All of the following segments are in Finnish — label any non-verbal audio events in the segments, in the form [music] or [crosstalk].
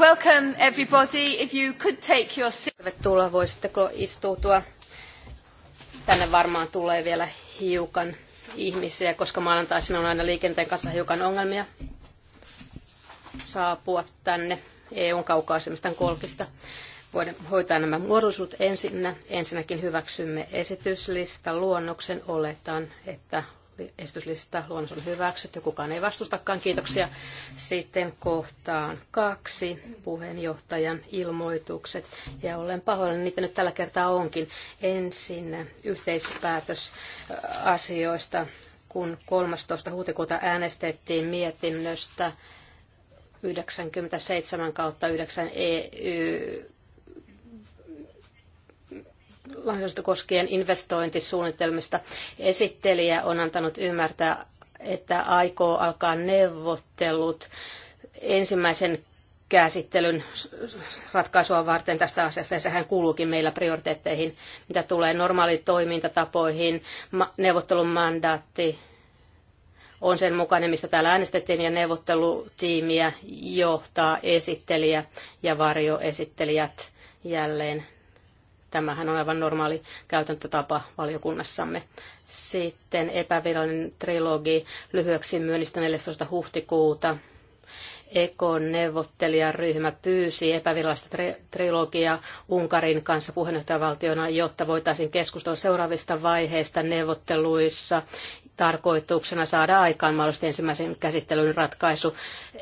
Welcome everybody. If you could take your... Tervetuloa, voisitteko istuutua? Tänne varmaan tulee vielä hiukan ihmisiä, koska maanantaisin on aina liikenteen kanssa hiukan ongelmia saapua tänne EUn kaukaisemmista kolkista. Voidaan hoitaa nämä muodollisuudet ensinnä. Ensinnäkin hyväksymme esityslistan luonnoksen. Oletan, että Esityslista luonnos on hyväksytty, kukaan ei vastustakaan. Kiitoksia. Sitten kohtaan kaksi puheenjohtajan ilmoitukset. Ja olen pahoillani, niitä nyt tällä kertaa onkin. Ensin yhteispäätös äh, asioista, kun 13. huhtikuuta äänestettiin mietinnöstä 97 kautta 9 EU lahjoitusta koskien investointisuunnitelmista. Esittelijä on antanut ymmärtää, että aikoo alkaa neuvottelut ensimmäisen käsittelyn ratkaisua varten tästä asiasta, ja sehän kuuluukin meillä prioriteetteihin, mitä tulee normaaliin toimintatapoihin, ma- neuvottelun mandaatti on sen mukainen, mistä täällä äänestettiin, ja neuvottelutiimiä johtaa esittelijä ja varjoesittelijät jälleen Tämähän on aivan normaali käytäntötapa valiokunnassamme. Sitten epävirallinen trilogi lyhyeksi myönnistä 14. huhtikuuta. Ekon neuvottelijaryhmä pyysi epävirallista trilogiaa Unkarin kanssa puheenjohtajavaltiona, jotta voitaisiin keskustella seuraavista vaiheista neuvotteluissa tarkoituksena saada aikaan mahdollisesti ensimmäisen käsittelyn ratkaisu.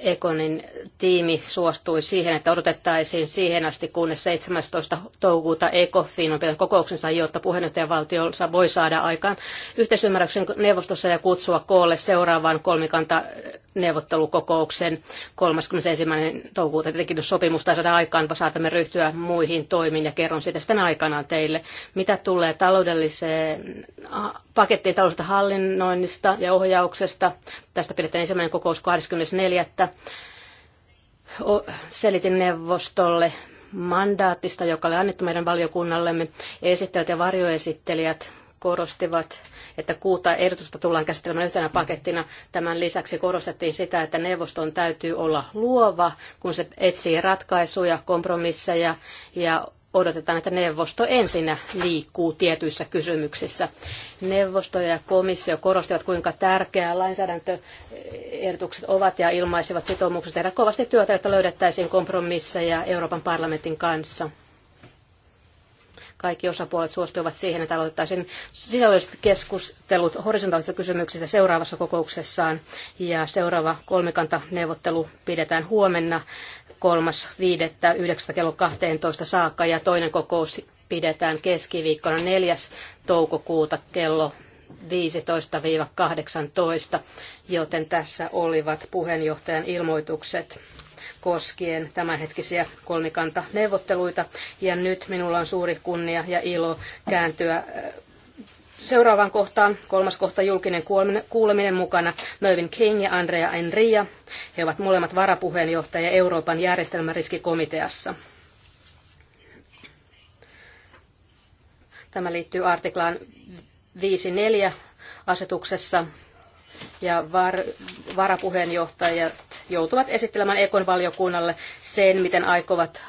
Ekonin tiimi suostui siihen, että odotettaisiin siihen asti, kunnes 17. toukokuuta Ekofin on pitänyt kokouksensa, jotta puheenjohtajavaltio voi saada aikaan yhteisymmärryksen neuvostossa ja kutsua koolle seuraavaan kolmikanta neuvottelukokouksen 31. toukokuuta. Tietenkin sopimusta saada aikaan, saatamme ryhtyä muihin toimiin ja kerron siitä sitten aikanaan teille. Mitä tulee taloudelliseen pakettiin taloudellisesta hallinnon markkinoinnista ja ohjauksesta. Tästä pidetään ensimmäinen kokous 24. Selitin neuvostolle mandaatista, joka oli annettu meidän valiokunnallemme. Esittelijät ja varjoesittelijät korostivat, että kuuta ehdotusta tullaan käsittelemään yhtenä pakettina. Tämän lisäksi korostettiin sitä, että neuvoston täytyy olla luova, kun se etsii ratkaisuja, kompromisseja ja odotetaan, että neuvosto ensinnä liikkuu tietyissä kysymyksissä. Neuvosto ja komissio korostivat, kuinka tärkeää lainsäädäntöehdotukset ovat ja ilmaisivat sitoumukset tehdä kovasti työtä, jotta löydettäisiin kompromisseja Euroopan parlamentin kanssa. Kaikki osapuolet suostuivat siihen, että aloitettaisiin sisällölliset keskustelut horisontaalisista kysymyksistä seuraavassa kokouksessaan. Ja seuraava kolmikantaneuvottelu pidetään huomenna kolmas kello 12 saakka ja toinen kokous pidetään keskiviikkona 4. toukokuuta kello 15-18, joten tässä olivat puheenjohtajan ilmoitukset koskien tämänhetkisiä neuvotteluita Ja nyt minulla on suuri kunnia ja ilo kääntyä seuraavaan kohtaan. Kolmas kohta julkinen kuuleminen mukana Mervyn King ja Andrea Enria. He ovat molemmat varapuheenjohtajia Euroopan järjestelmäriskikomiteassa. Tämä liittyy artiklaan 5.4 asetuksessa ja var, varapuheenjohtajat joutuvat esittelemään Ekon valiokunnalle sen, miten aikovat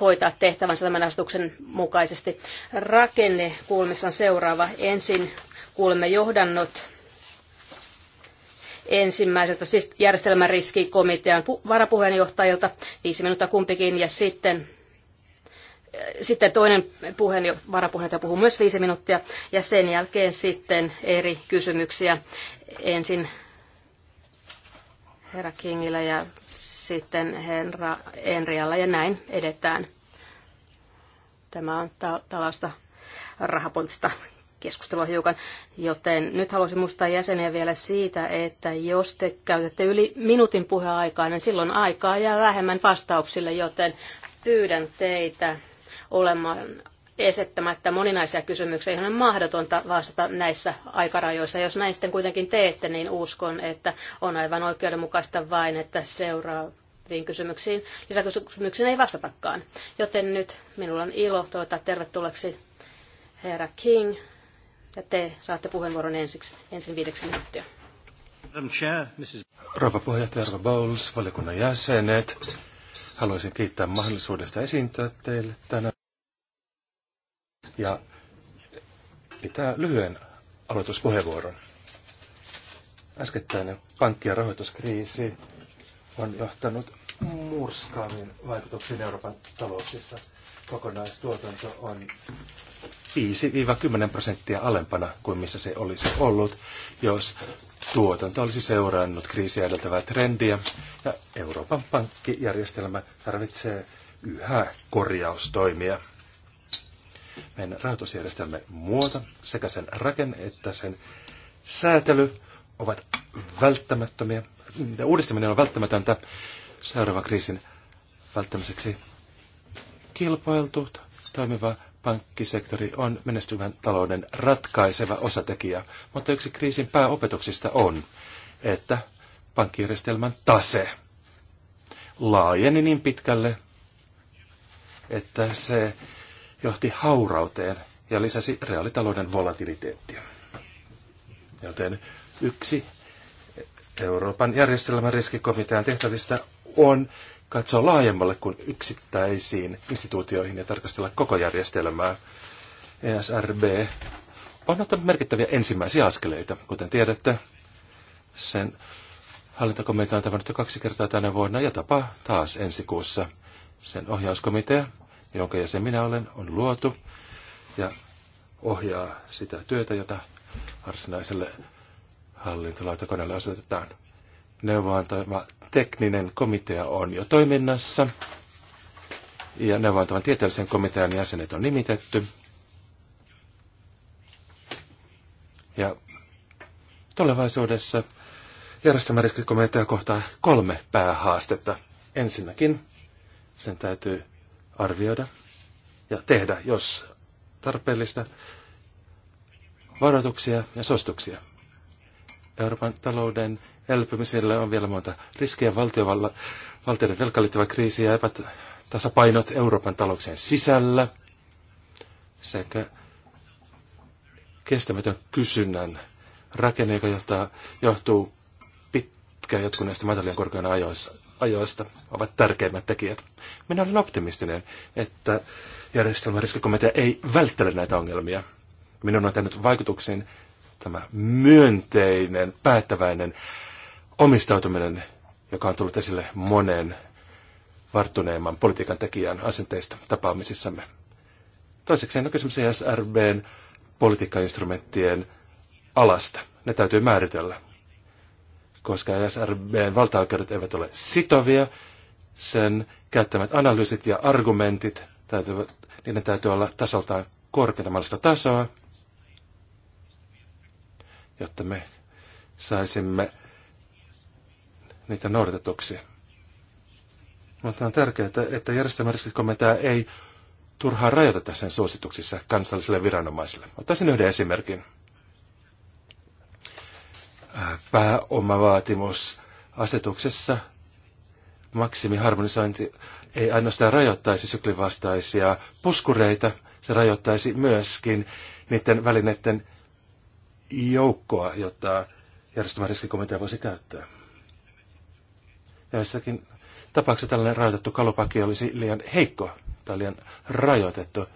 hoitaa tehtävänsä tämän asetuksen mukaisesti. Rakenne kuulemissa on seuraava. Ensin kuulemme johdannot ensimmäiseltä siis järjestelmän riskikomitean varapuheenjohtajilta, viisi minuuttia kumpikin, ja sitten äh, sitten toinen puheen, varapuheenjohtaja puhuu myös viisi minuuttia, ja sen jälkeen sitten eri kysymyksiä. Ensin herra Kingillä ja sitten Henra, Enrialla ja näin edetään. Tämä on ta- tällaista rahapoliittista keskustelua hiukan, joten nyt haluaisin muistaa jäseniä vielä siitä, että jos te käytätte yli minuutin puheaikaa, niin silloin aikaa jää vähemmän vastauksille, joten pyydän teitä olemaan esittämättä moninaisia kysymyksiä, ihan on mahdotonta vastata näissä aikarajoissa. Jos näin sitten kuitenkin teette, niin uskon, että on aivan oikeudenmukaista vain, että seuraa esitettäviin kysymyksiin. Lisäkysymyksiin ei vastatakaan. Joten nyt minulla on ilo toivottaa tervetulleeksi herra King. Ja te saatte puheenvuoron ensiksi, ensin viideksi minuuttia. Rouva puheenjohtaja Arva Bowles, valiokunnan jäsenet. Haluaisin kiittää mahdollisuudesta esiintyä teille tänään. Ja pitää lyhyen aloituspuheenvuoron. Äskettäinen pankki- ja rahoituskriisi on johtanut murskaavin vaikutuksiin Euroopan talouksissa. Kokonaistuotanto on 5-10 prosenttia alempana kuin missä se olisi ollut, jos tuotanto olisi seurannut kriisiä edeltävää trendiä. Ja Euroopan pankkijärjestelmä tarvitsee yhä korjaustoimia. Meidän rahoitusjärjestelmän muoto sekä sen rakenne että sen säätely ovat välttämättömiä. uudistaminen on välttämätöntä, seuraavan kriisin välttämiseksi. Kilpailtu toimiva pankkisektori on menestyvän talouden ratkaiseva osatekijä, mutta yksi kriisin pääopetuksista on, että pankkijärjestelmän tase laajeni niin pitkälle, että se johti haurauteen ja lisäsi reaalitalouden volatiliteettia. Joten yksi Euroopan järjestelmän riskikomitean tehtävistä on katsoa laajemmalle kuin yksittäisiin instituutioihin ja tarkastella koko järjestelmää. ESRB on ottanut merkittäviä ensimmäisiä askeleita. Kuten tiedätte, sen hallintokomitea on tavannut jo kaksi kertaa tänä vuonna ja tapa taas ensi kuussa. Sen ohjauskomitea, jonka jäsen minä olen, on luotu ja ohjaa sitä työtä, jota varsinaiselle hallintolautakoneelle osoitetaan neuvoantava tekninen komitea on jo toiminnassa ja neuvontavan tieteellisen komitean jäsenet on nimitetty. Ja tulevaisuudessa järjestelmäriskikomitea kohtaa kolme päähaastetta. Ensinnäkin sen täytyy arvioida ja tehdä, jos tarpeellista, varoituksia ja suosituksia. Euroopan talouden elpymiselle on vielä monta riskejä valtiovalla, valtioiden velkaan liittyvä kriisi ja epätasapainot Euroopan talouksien sisällä sekä kestämätön kysynnän rakenne, joka johtaa, johtuu pitkään jatkuneesta matalien korkean ajoista, ajoista, ovat tärkeimmät tekijät. Minä olen optimistinen, että järjestelmäriskikomitea ei välttele näitä ongelmia. Minun on tehnyt vaikutuksiin tämä myönteinen, päättäväinen omistautuminen, joka on tullut esille monen varttuneemman politiikan tekijän asenteista tapaamisissamme. Toiseksi on kysymys SRBn politiikkainstrumenttien alasta. Ne täytyy määritellä, koska SRBn valtaoikeudet eivät ole sitovia. Sen käyttämät analyysit ja argumentit, täytyy, niiden täytyy olla tasoltaan korkeammallista tasoa jotta me saisimme niitä noudatetuksi. Mutta on tärkeää, että järjestelmäriskikomentaja ei turhaan rajoiteta sen suosituksissa kansallisille viranomaisille. Ottaisin yhden esimerkin. Äh, pääomavaatimus asetuksessa maksimiharmonisointi ei ainoastaan rajoittaisi syklivastaisia puskureita, se rajoittaisi myöskin niiden välineiden joukkoa, jota järjestämä riskikomitea voisi käyttää. Joissakin tapauksessa tällainen rajoitettu kalupakki olisi liian heikko tai liian rajoitettu,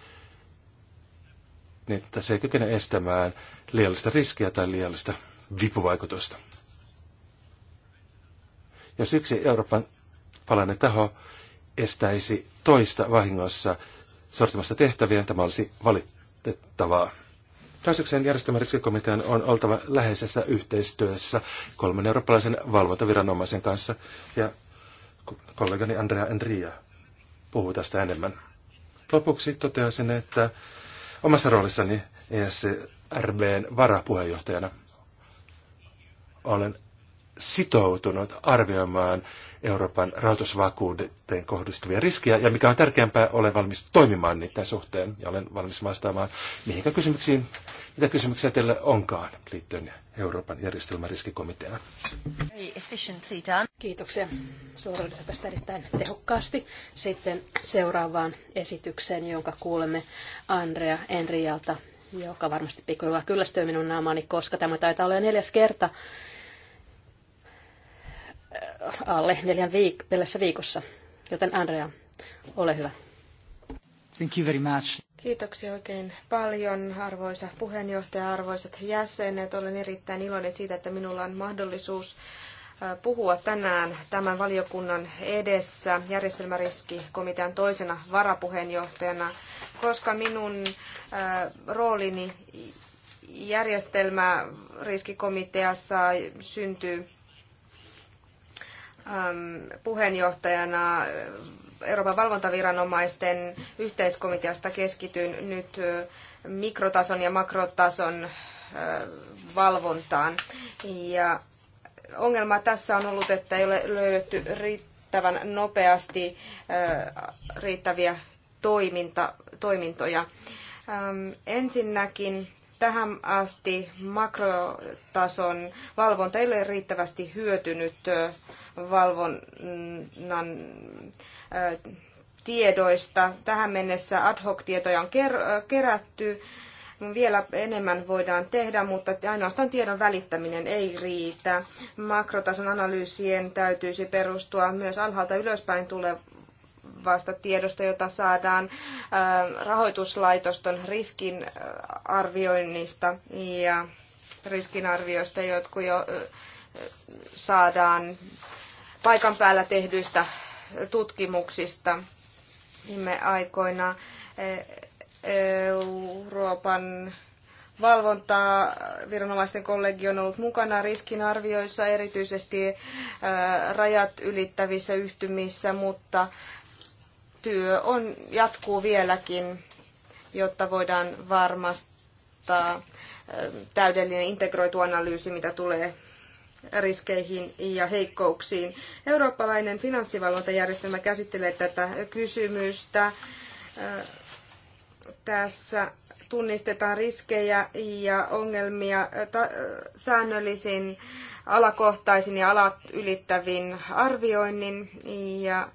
niin että se ei kykene estämään liiallista riskiä tai liiallista vipuvaikutusta. Jos yksi Euroopan palainen taho estäisi toista vahingossa sortimasta tehtäviä, tämä olisi valitettavaa. Toisekseen järjestelmän riskikomitean on oltava läheisessä yhteistyössä kolmen eurooppalaisen valvontaviranomaisen kanssa. Ja kollegani Andrea Enria puhuu tästä enemmän. Lopuksi toteaisin, että omassa roolissani ESRBn varapuheenjohtajana olen sitoutunut arvioimaan Euroopan rahoitusvakuuteen kohdistuvia riskejä, ja mikä on tärkeämpää, olen valmis toimimaan niiden suhteen, ja olen valmis vastaamaan mihinkä kysymyksiin, mitä kysymyksiä teillä onkaan liittyen Euroopan järjestelmäriskikomiteaan. Kiitoksia suoraan tästä erittäin tehokkaasti. Sitten seuraavaan esitykseen, jonka kuulemme Andrea Enrialta, joka varmasti pikkuhiljaa kyllästyy minun naamaani, koska tämä taitaa olla neljäs kerta, alle neljän viik- neljässä viikossa. Joten Andrea, ole hyvä. Thank you very much. Kiitoksia oikein paljon, arvoisa puheenjohtaja, arvoisat jäsenet. Olen erittäin iloinen siitä, että minulla on mahdollisuus puhua tänään tämän valiokunnan edessä järjestelmäriskikomitean toisena varapuheenjohtajana, koska minun roolini järjestelmäriskikomiteassa syntyy Ähm, puheenjohtajana äh, Euroopan valvontaviranomaisten yhteiskomiteasta keskityn nyt äh, mikrotason ja makrotason äh, valvontaan. Ja ongelma tässä on ollut, että ei ole löydetty riittävän nopeasti riittäviä toiminta, toimintoja. Ähm, ensinnäkin tähän asti makrotason valvonta ei ole riittävästi hyötynyt valvonnan tiedoista. Tähän mennessä ad hoc-tietoja on kerätty. Vielä enemmän voidaan tehdä, mutta ainoastaan tiedon välittäminen ei riitä. Makrotason analyysien täytyisi perustua myös alhaalta ylöspäin tulevasta tiedosta, jota saadaan rahoituslaitosten riskin arvioinnista ja riskinarvioista, jotka jo saadaan paikan päällä tehdyistä tutkimuksista viime aikoina. E, Euroopan valvontaa viranomaisten kollegi on ollut mukana riskinarvioissa, erityisesti e, rajat ylittävissä yhtymissä, mutta työ on, jatkuu vieläkin, jotta voidaan varmistaa e, täydellinen integroitu analyysi, mitä tulee riskeihin ja heikkouksiin. Eurooppalainen finanssivalvontajärjestelmä käsittelee tätä kysymystä. Tässä tunnistetaan riskejä ja ongelmia säännöllisin alakohtaisin ja alat ylittävin arvioinnin ja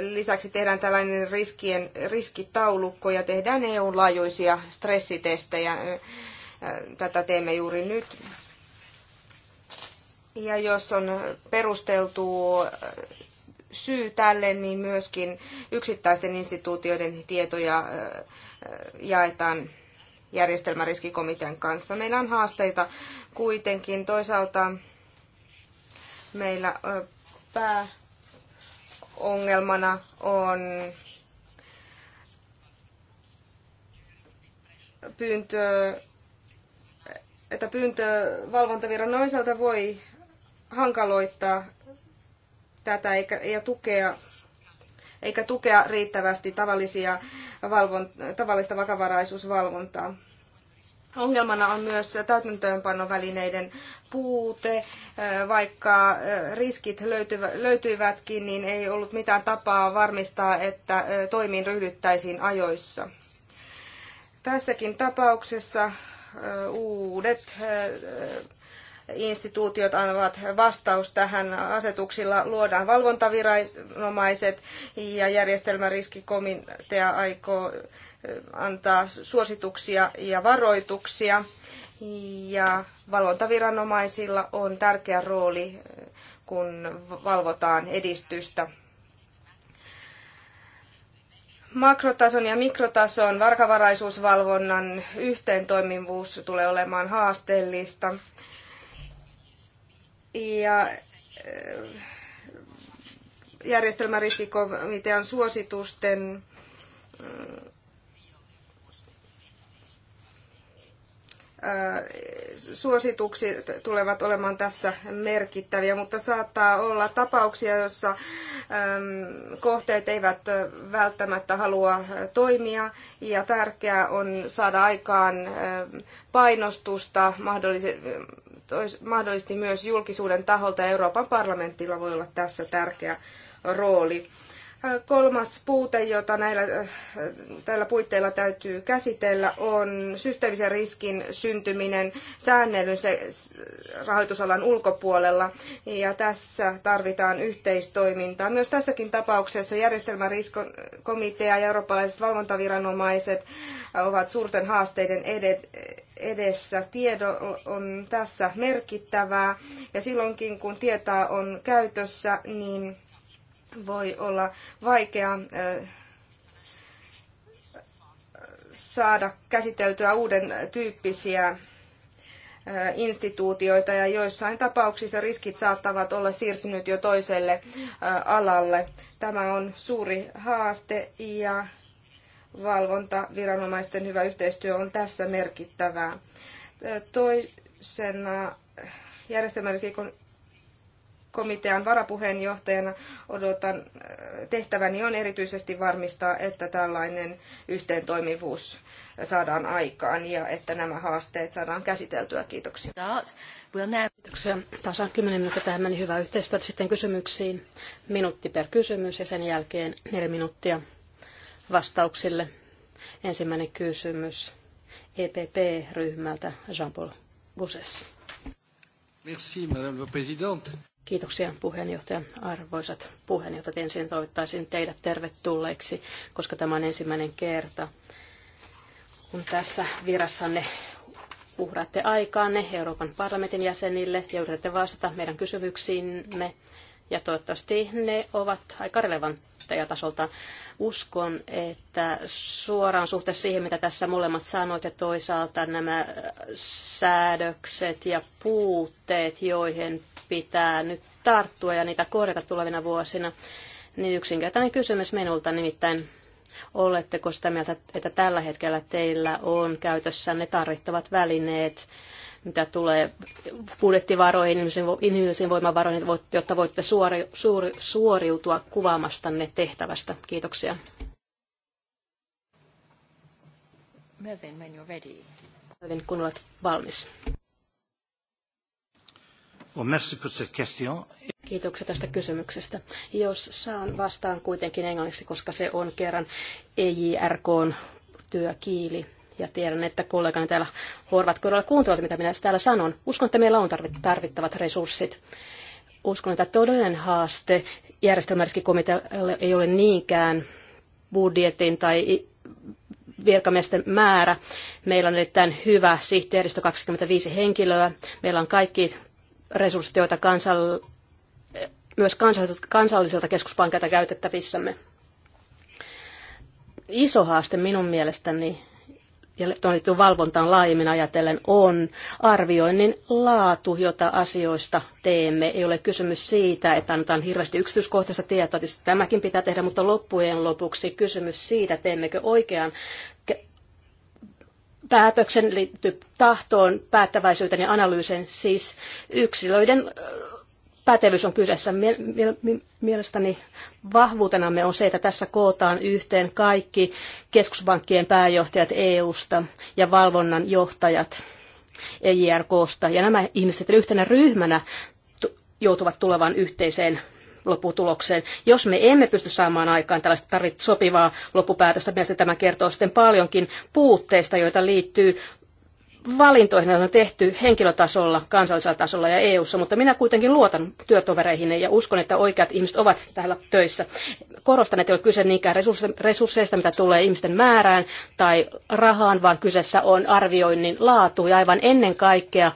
Lisäksi tehdään tällainen riskien, riskitaulukko ja tehdään EU-laajuisia stressitestejä Tätä teemme juuri nyt. Ja jos on perusteltu syy tälle, niin myöskin yksittäisten instituutioiden tietoja jaetaan järjestelmäriskikomitean kanssa. Meillä on haasteita kuitenkin. Toisaalta meillä pääongelmana on pyyntö että pyyntö valvontaviranomaiselta voi hankaloittaa tätä eikä, ja tukea, eikä tukea riittävästi tavallisia valvon, tavallista vakavaraisuusvalvontaa. Ongelmana on myös täytäntöönpanovälineiden puute, vaikka riskit löytyivätkin, niin ei ollut mitään tapaa varmistaa, että toimiin ryhdyttäisiin ajoissa. Tässäkin tapauksessa uudet instituutiot antavat vastaus tähän. Asetuksilla luodaan valvontaviranomaiset ja järjestelmäriskikomitea aikoo antaa suosituksia ja varoituksia. Ja valvontaviranomaisilla on tärkeä rooli, kun valvotaan edistystä makrotason ja mikrotason varkavaraisuusvalvonnan yhteentoimivuus tulee olemaan haasteellista. Ja eh, järjestelmäriskikomitean suositusten eh, suositukset tulevat olemaan tässä merkittäviä, mutta saattaa olla tapauksia, joissa kohteet eivät välttämättä halua toimia ja tärkeää on saada aikaan painostusta mahdollisesti myös julkisuuden taholta ja Euroopan parlamentilla voi olla tässä tärkeä rooli. Kolmas puute, jota näillä, tällä puitteilla täytyy käsitellä, on systeemisen riskin syntyminen säännellyn se, rahoitusalan ulkopuolella. Ja tässä tarvitaan yhteistoimintaa. Myös tässäkin tapauksessa järjestelmäriskomitea ja eurooppalaiset valvontaviranomaiset ovat suurten haasteiden edessä. Tiedo on tässä merkittävää ja silloinkin kun tietoa on käytössä, niin voi olla vaikea saada käsiteltyä uuden tyyppisiä instituutioita ja joissain tapauksissa riskit saattavat olla siirtynyt jo toiselle alalle. Tämä on suuri haaste ja valvontaviranomaisten hyvä yhteistyö on tässä merkittävää. Toisena järjestelmän komitean varapuheenjohtajana odotan, äh, tehtäväni on erityisesti varmistaa, että tällainen yhteentoimivuus saadaan aikaan ja että nämä haasteet saadaan käsiteltyä. Kiitoksia. Kiitoksia. Tasan 10 minuuttia tähän meni hyvää yhteistyötä. Sitten kysymyksiin minuutti per kysymys ja sen jälkeen neljä minuuttia vastauksille. Ensimmäinen kysymys EPP-ryhmältä Jean-Paul Gosses. Merci, Madame la Présidente. Kiitoksia puheenjohtaja. Arvoisat puheenjohtajat, ensin toivottaisin teidät tervetulleiksi, koska tämä on ensimmäinen kerta, kun tässä virassanne uhraatte aikaanne Euroopan parlamentin jäsenille ja yritätte vastata meidän kysymyksiimme. Ja toivottavasti ne ovat aika relevantteja tasolta. Uskon, että suoraan suhteessa siihen, mitä tässä molemmat sanoit, ja toisaalta nämä säädökset ja puutteet, joihin pitää nyt tarttua ja niitä korjata tulevina vuosina, niin yksinkertainen kysymys minulta nimittäin. Oletteko sitä mieltä, että tällä hetkellä teillä on käytössä ne tarvittavat välineet, mitä tulee budjettivaroihin, inhimillisiin voimavaroihin, jotta voitte suori, suori, suoriutua kuvaamastanne tehtävästä? Kiitoksia. Mervin, when you're ready. Mervin, kun olet valmis. Kiitoksia tästä kysymyksestä. Jos saan vastaan kuitenkin englanniksi, koska se on kerran EJRKn työkiili. Ja tiedän, että kollegani täällä horvat korvalla kuuntelevat, mitä minä täällä sanon. Uskon, että meillä on tarvittavat resurssit. Uskon, että todellinen haaste järjestelmäriskikomitealle ei ole niinkään budjetin tai virkamiesten määrä. Meillä on erittäin hyvä sihteeristö, 25 henkilöä. Meillä on kaikki resurssit, joita kansal- myös kansallisilta keskuspankilta käytettävissämme. Iso haaste minun mielestäni ja liittyy valvontaan laajemmin ajatellen, on arvioinnin laatu, jota asioista teemme. Ei ole kysymys siitä, että annetaan hirveästi yksityiskohtaista tietoa, tietysti tämäkin pitää tehdä, mutta loppujen lopuksi kysymys siitä, teemmekö oikean päätöksen liittyy tahtoon, päättäväisyyteen ja analyysin, siis yksilöiden pätevyys on kyseessä. Mielestäni vahvuutenamme on se, että tässä kootaan yhteen kaikki keskuspankkien pääjohtajat EU-sta ja valvonnan johtajat EJRKsta. Ja nämä ihmiset yhtenä ryhmänä joutuvat tulevaan yhteiseen lopputulokseen. Jos me emme pysty saamaan aikaan tällaista tarvit sopivaa loppupäätöstä, mielestäni tämä kertoo sitten paljonkin puutteista, joita liittyy valintoihin, joita on tehty henkilötasolla, kansallisella tasolla ja EU-ssa, mutta minä kuitenkin luotan työtovereihin ja uskon, että oikeat ihmiset ovat täällä töissä. Korostan, että ei ole kyse niinkään resursseista, mitä tulee ihmisten määrään tai rahaan, vaan kyseessä on arvioinnin laatu ja aivan ennen kaikkea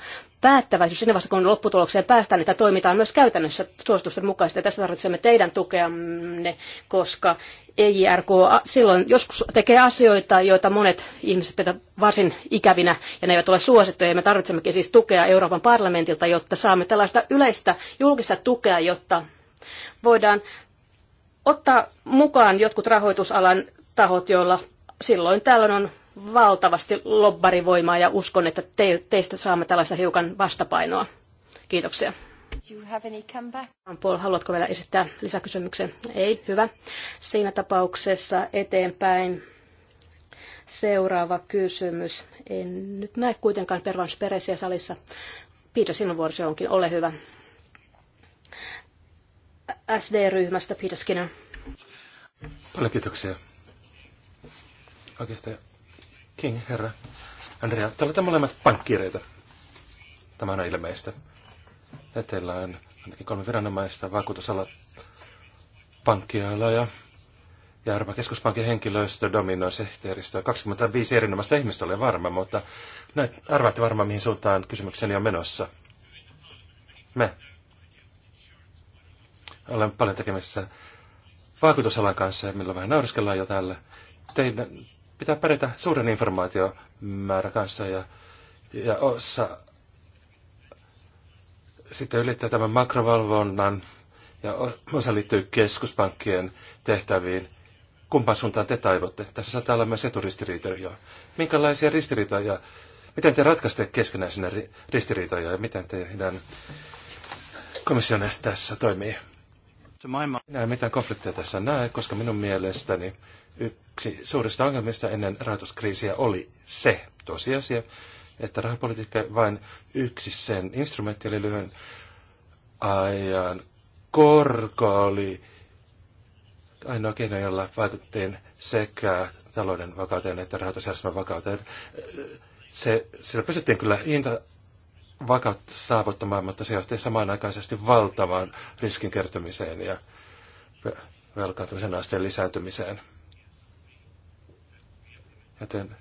päättäväisyys siinä vaiheessa, kun lopputulokseen päästään, että toimitaan myös käytännössä suositusten mukaisesti. Ja tässä tarvitsemme teidän tukeanne, koska EIRK silloin joskus tekee asioita, joita monet ihmiset pitävät varsin ikävinä, ja ne eivät ole suosittuja, ja me tarvitsemmekin siis tukea Euroopan parlamentilta, jotta saamme tällaista yleistä julkista tukea, jotta voidaan ottaa mukaan jotkut rahoitusalan tahot, joilla silloin tällöin on valtavasti lobbarivoimaa ja uskon, että te, teistä saamme tällaista hiukan vastapainoa. Kiitoksia. Paul, haluatko vielä esittää lisäkysymyksen? Ei, hyvä. Siinä tapauksessa eteenpäin. Seuraava kysymys. En nyt näe kuitenkaan Pervans Peresiä salissa. Peter, sinun vuorosi onkin. Ole hyvä. SD-ryhmästä Peter Skinner. Paljon kiitoksia. Oikeastaan King, herra. Andrea, te olette molemmat pankkireita. Tämä on ilmeistä. Ja teillä on ainakin kolme viranomaista, vakuutusala, pankkiala ja Järvä keskuspankin henkilöstö dominoi sehteeristöä. 25 erinomaista ihmistä olen varma, mutta näet, arvaatte varmaan, mihin suuntaan kysymykseni on menossa. Me. Olen paljon tekemässä vaikutusalan kanssa ja milloin vähän nauriskellaan jo täällä. Teidän, pitää pärjätä suuren informaatiomäärän kanssa ja, ja osa sitten ylittää tämän makrovalvonnan ja osa liittyy keskuspankkien tehtäviin. Kumpaan suuntaan te taivotte? Tässä saattaa olla myös eturistiriitoja. Minkälaisia ristiriitoja? Miten te ratkaiste keskenäisenä ristiriitoja ja miten teidän komissionne tässä toimii? Minä en mitään konflikteja tässä näe, koska minun mielestäni yksi suurista ongelmista ennen rahoituskriisiä oli se tosiasia, että rahapolitiikka vain yksi sen instrumentti oli lyhyen ajan korko oli ainoa keino, jolla vaikuttiin sekä talouden vakauteen että rahoitusjärjestelmän vakauteen. Se, sillä pystyttiin kyllä hinta vakautta saavuttamaan, mutta se johti samanaikaisesti valtavaan riskin kertymiseen ja velkaantumisen asteen lisääntymiseen joten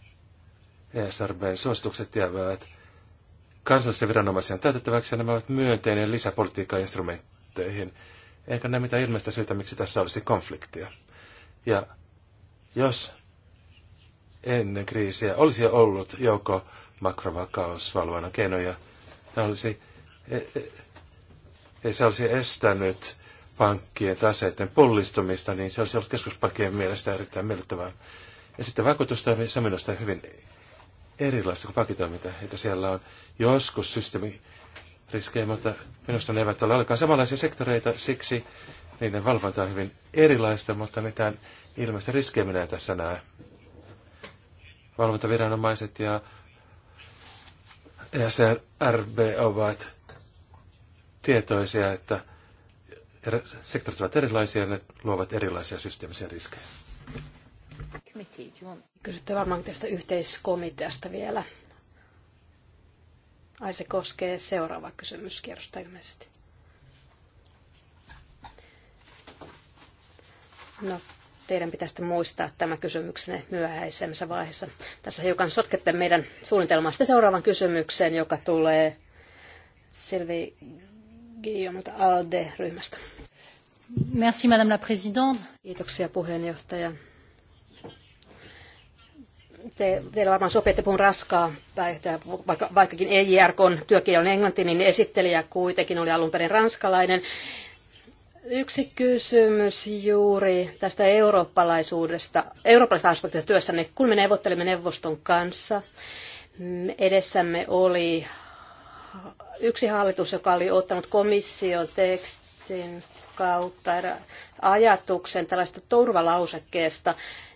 ESRB:n suositukset jäävät kansallisten viranomaisien täytettäväksi ja nämä ovat myönteinen lisäpolitiikan instrumentteihin. Eikä näe mitään ilmeistä syytä, miksi tässä olisi konfliktia. Ja jos ennen kriisiä olisi ollut joko makrovakausvalvonnan keinoja, tämä olisi, e, e, ei se olisi estänyt pankkien taseiden pullistumista, niin se olisi ollut keskuspankkien mielestä erittäin miellyttävää. Ja sitten vaikutustoiminta, se on hyvin erilaista kuin pakitoiminta, että siellä on joskus systeemiriskejä, mutta minusta ne eivät ole ollenkaan samanlaisia sektoreita, siksi niiden valvonta on hyvin erilaista, mutta mitään ilmeistä riskejä minä tässä näe. Valvontaviranomaiset ja ESRB ovat tietoisia, että sektorit ovat erilaisia ja ne luovat erilaisia systeemisiä riskejä. Kysytte varmaan tästä yhteiskomiteasta vielä. Ai se koskee seuraava kysymyskierrosta ilmeisesti. No, teidän pitäisi muistaa tämä kysymyksenne myöhäisemmässä vaiheessa. Tässä hiukan sotkette meidän suunnitelmaa sitten seuraavan kysymykseen, joka tulee Silvi Guillaume ALDE-ryhmästä. Merci, Madame la Présidente. Kiitoksia puheenjohtaja te vielä varmaan sopii, että puhun raskaa päihtöä, vaikka, vaikkakin EJRK on työkielinen englanti, niin esittelijä kuitenkin oli alun perin ranskalainen. Yksi kysymys juuri tästä eurooppalaisuudesta, eurooppalaisesta aspektista niin Kun me neuvottelimme neuvoston kanssa, edessämme oli yksi hallitus, joka oli ottanut tekstin kautta ajatuksen tällaista turvalausekkeesta,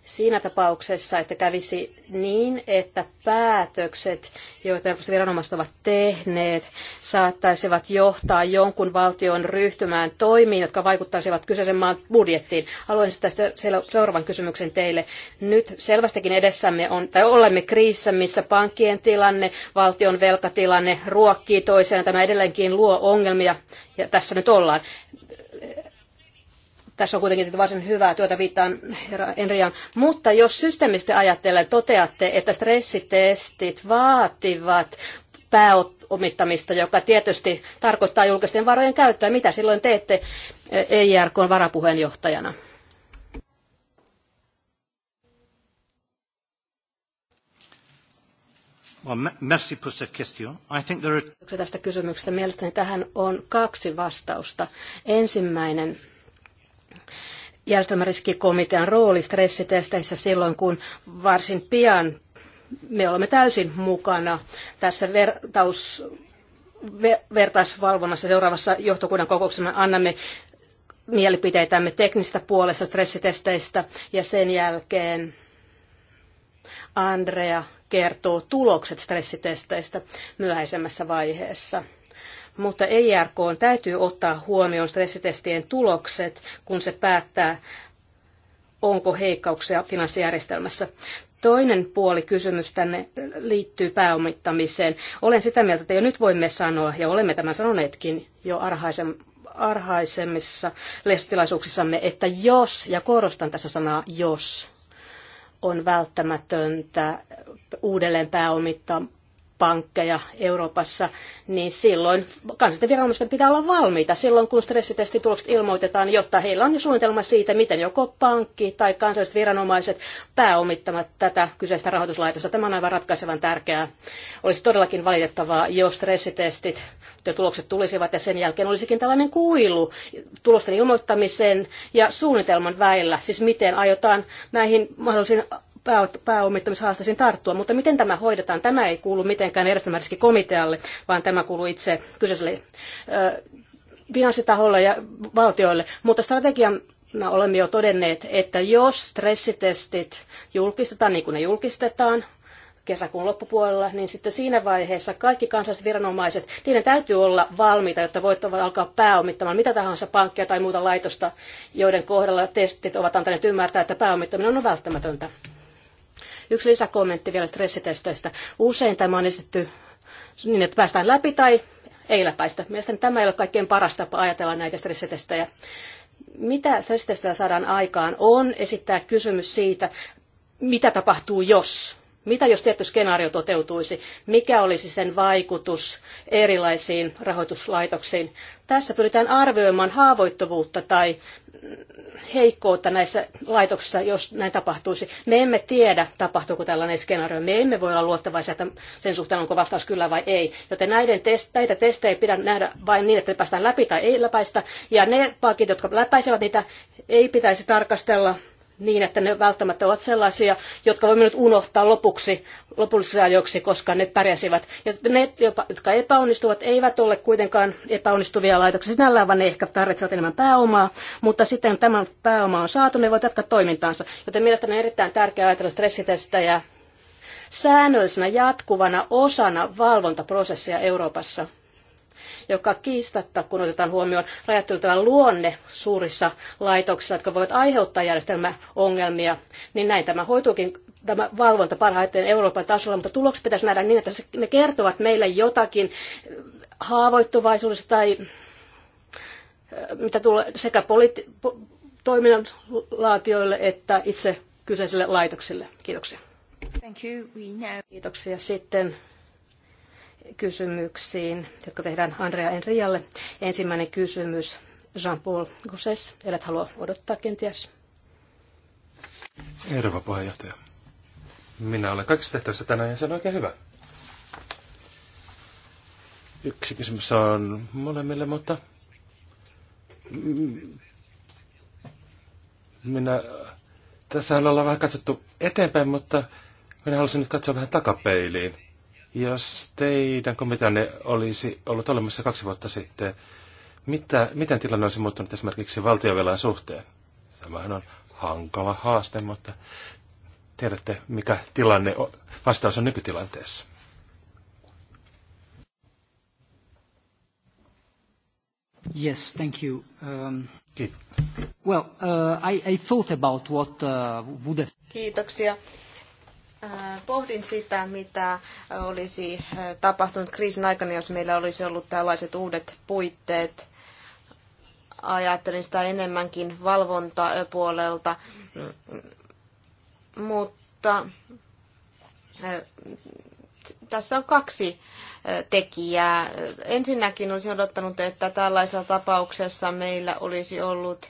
siinä tapauksessa, että kävisi niin, että päätökset, joita viranomaiset ovat tehneet, saattaisivat johtaa jonkun valtion ryhtymään toimiin, jotka vaikuttaisivat kyseisen maan budjettiin. Haluaisin tästä seuraavan kysymyksen teille. Nyt selvästikin edessämme on, tai olemme kriisissä, missä pankkien tilanne, valtion velkatilanne ruokkii toiseen. Tämä edelleenkin luo ongelmia, ja tässä nyt ollaan tässä on kuitenkin varsin hyvää työtä, viittaan herra Enrian. Mutta jos systeemisesti ajattelen, toteatte, että stressitestit vaativat pääomittamista, joka tietysti tarkoittaa julkisten varojen käyttöä. Mitä silloin teette EIRKn eh, e varapuheenjohtajana? Merci pour cette question. I think there are... Tästä kysymyksestä mielestäni tähän on kaksi vastausta. Ensimmäinen järjestelmäriskikomitean rooli stressitesteissä silloin, kun varsin pian me olemme täysin mukana tässä vertaus, ver, vertaisvalvonnassa seuraavassa johtokunnan kokouksessa. Me annamme mielipiteitämme teknistä puolesta stressitesteistä ja sen jälkeen Andrea kertoo tulokset stressitesteistä myöhäisemmässä vaiheessa mutta EIRK on täytyy ottaa huomioon stressitestien tulokset, kun se päättää, onko heikkauksia finanssijärjestelmässä. Toinen puoli kysymys tänne liittyy pääomittamiseen. Olen sitä mieltä, että jo nyt voimme sanoa, ja olemme tämän sanoneetkin jo arhaisen, arhaisemmissa lehtitilaisuuksissamme, että jos, ja korostan tässä sanaa jos, on välttämätöntä uudelleen pääomittaa pankkeja Euroopassa, niin silloin kansallisten viranomaisten pitää olla valmiita silloin, kun stressitestitulokset ilmoitetaan, jotta heillä on jo suunnitelma siitä, miten joko pankki tai kansalliset viranomaiset pääomittavat tätä kyseistä rahoituslaitosta. Tämä on aivan ratkaisevan tärkeää. Olisi todellakin valitettavaa, jos stressitestit ja tulokset tulisivat ja sen jälkeen olisikin tällainen kuilu tulosten ilmoittamisen ja suunnitelman väillä, siis miten aiotaan näihin mahdollisiin pääomittamishaasteisiin tarttua, mutta miten tämä hoidetaan? Tämä ei kuulu mitenkään järjestelmäriskikomitealle, vaan tämä kuuluu itse kyseiselle ö, finanssitaholle ja valtioille. Mutta strategian olemme jo todenneet, että jos stressitestit julkistetaan niin kuin ne julkistetaan, kesäkuun loppupuolella, niin sitten siinä vaiheessa kaikki kansalliset viranomaiset, niiden täytyy olla valmiita, jotta voit alkaa pääomittamaan mitä tahansa pankkia tai muuta laitosta, joiden kohdalla testit ovat antaneet ymmärtää, että pääomittaminen on välttämätöntä. Yksi lisäkommentti vielä stressitesteistä. Usein tämä on esitetty niin, että päästään läpi tai ei läpäistä. Mielestäni tämä ei ole kaikkein paras tapa ajatella näitä stressitestejä. Mitä stressitestillä saadaan aikaan on esittää kysymys siitä, mitä tapahtuu jos. Mitä jos tietty skenaario toteutuisi? Mikä olisi sen vaikutus erilaisiin rahoituslaitoksiin? Tässä pyritään arvioimaan haavoittuvuutta tai heikkoutta näissä laitoksissa, jos näin tapahtuisi. Me emme tiedä, tapahtuuko tällainen skenaario. Me emme voi olla luottavaisia että sen suhteen, onko vastaus kyllä vai ei. Joten näiden test, näitä testejä ei pidä nähdä vain niin, että päästään läpi tai ei läpäistä. Ja ne pakit, jotka läpäisevät niitä, ei pitäisi tarkastella niin, että ne välttämättä ovat sellaisia, jotka voimme nyt unohtaa lopuksi, lopullisiksi ajoiksi, koska ne pärjäsivät. Ja ne, jotka epäonnistuvat, eivät ole kuitenkaan epäonnistuvia laitoksia sinällään, vaan ne ehkä tarvitsevat enemmän pääomaa, mutta sitten tämän pääoma on saatu, ne voivat jatkaa toimintaansa. Joten mielestäni on erittäin tärkeää ajatella stressitestejä ja säännöllisenä jatkuvana osana valvontaprosessia Euroopassa – joka kiistatta, kun otetaan huomioon rajattelutavan luonne suurissa laitoksissa, jotka voivat aiheuttaa järjestelmäongelmia, niin näin tämä hoituukin tämä valvonta parhaiten Euroopan tasolla, mutta tulokset pitäisi nähdä niin, että ne kertovat meille jotakin haavoittuvaisuudesta tai mitä tulee sekä politi- toiminnan laatioille että itse kyseisille laitoksille. Kiitoksia. Kiitoksia. Sitten kysymyksiin, jotka tehdään Andrea Enrialle. Ensimmäinen kysymys, Jean-Paul Gosses, elät halua odottaa kenties. Erva puheenjohtaja. Minä olen kaikissa tehtävissä tänään ja se on oikein hyvä. Yksi kysymys on molemmille, mutta minä, tässä ollaan vähän katsottu eteenpäin, mutta minä haluaisin nyt katsoa vähän takapeiliin jos teidän komiteanne olisi ollut olemassa kaksi vuotta sitten, mitä, miten tilanne olisi muuttunut esimerkiksi valtiovelan suhteen? Tämähän on hankala haaste, mutta tiedätte, mikä tilanne on, vastaus on nykytilanteessa. Yes, thank you. Um, Kiitos. Well, uh, I, I thought about what uh, would have... Kiitoksia. Äh, pohdin sitä, mitä olisi äh, tapahtunut kriisin aikana, jos meillä olisi ollut tällaiset uudet puitteet. Ajattelin sitä enemmänkin valvontapuolelta, mm, mutta äh, tässä on kaksi tekijää. Ensinnäkin olisin odottanut, että tällaisessa tapauksessa meillä olisi ollut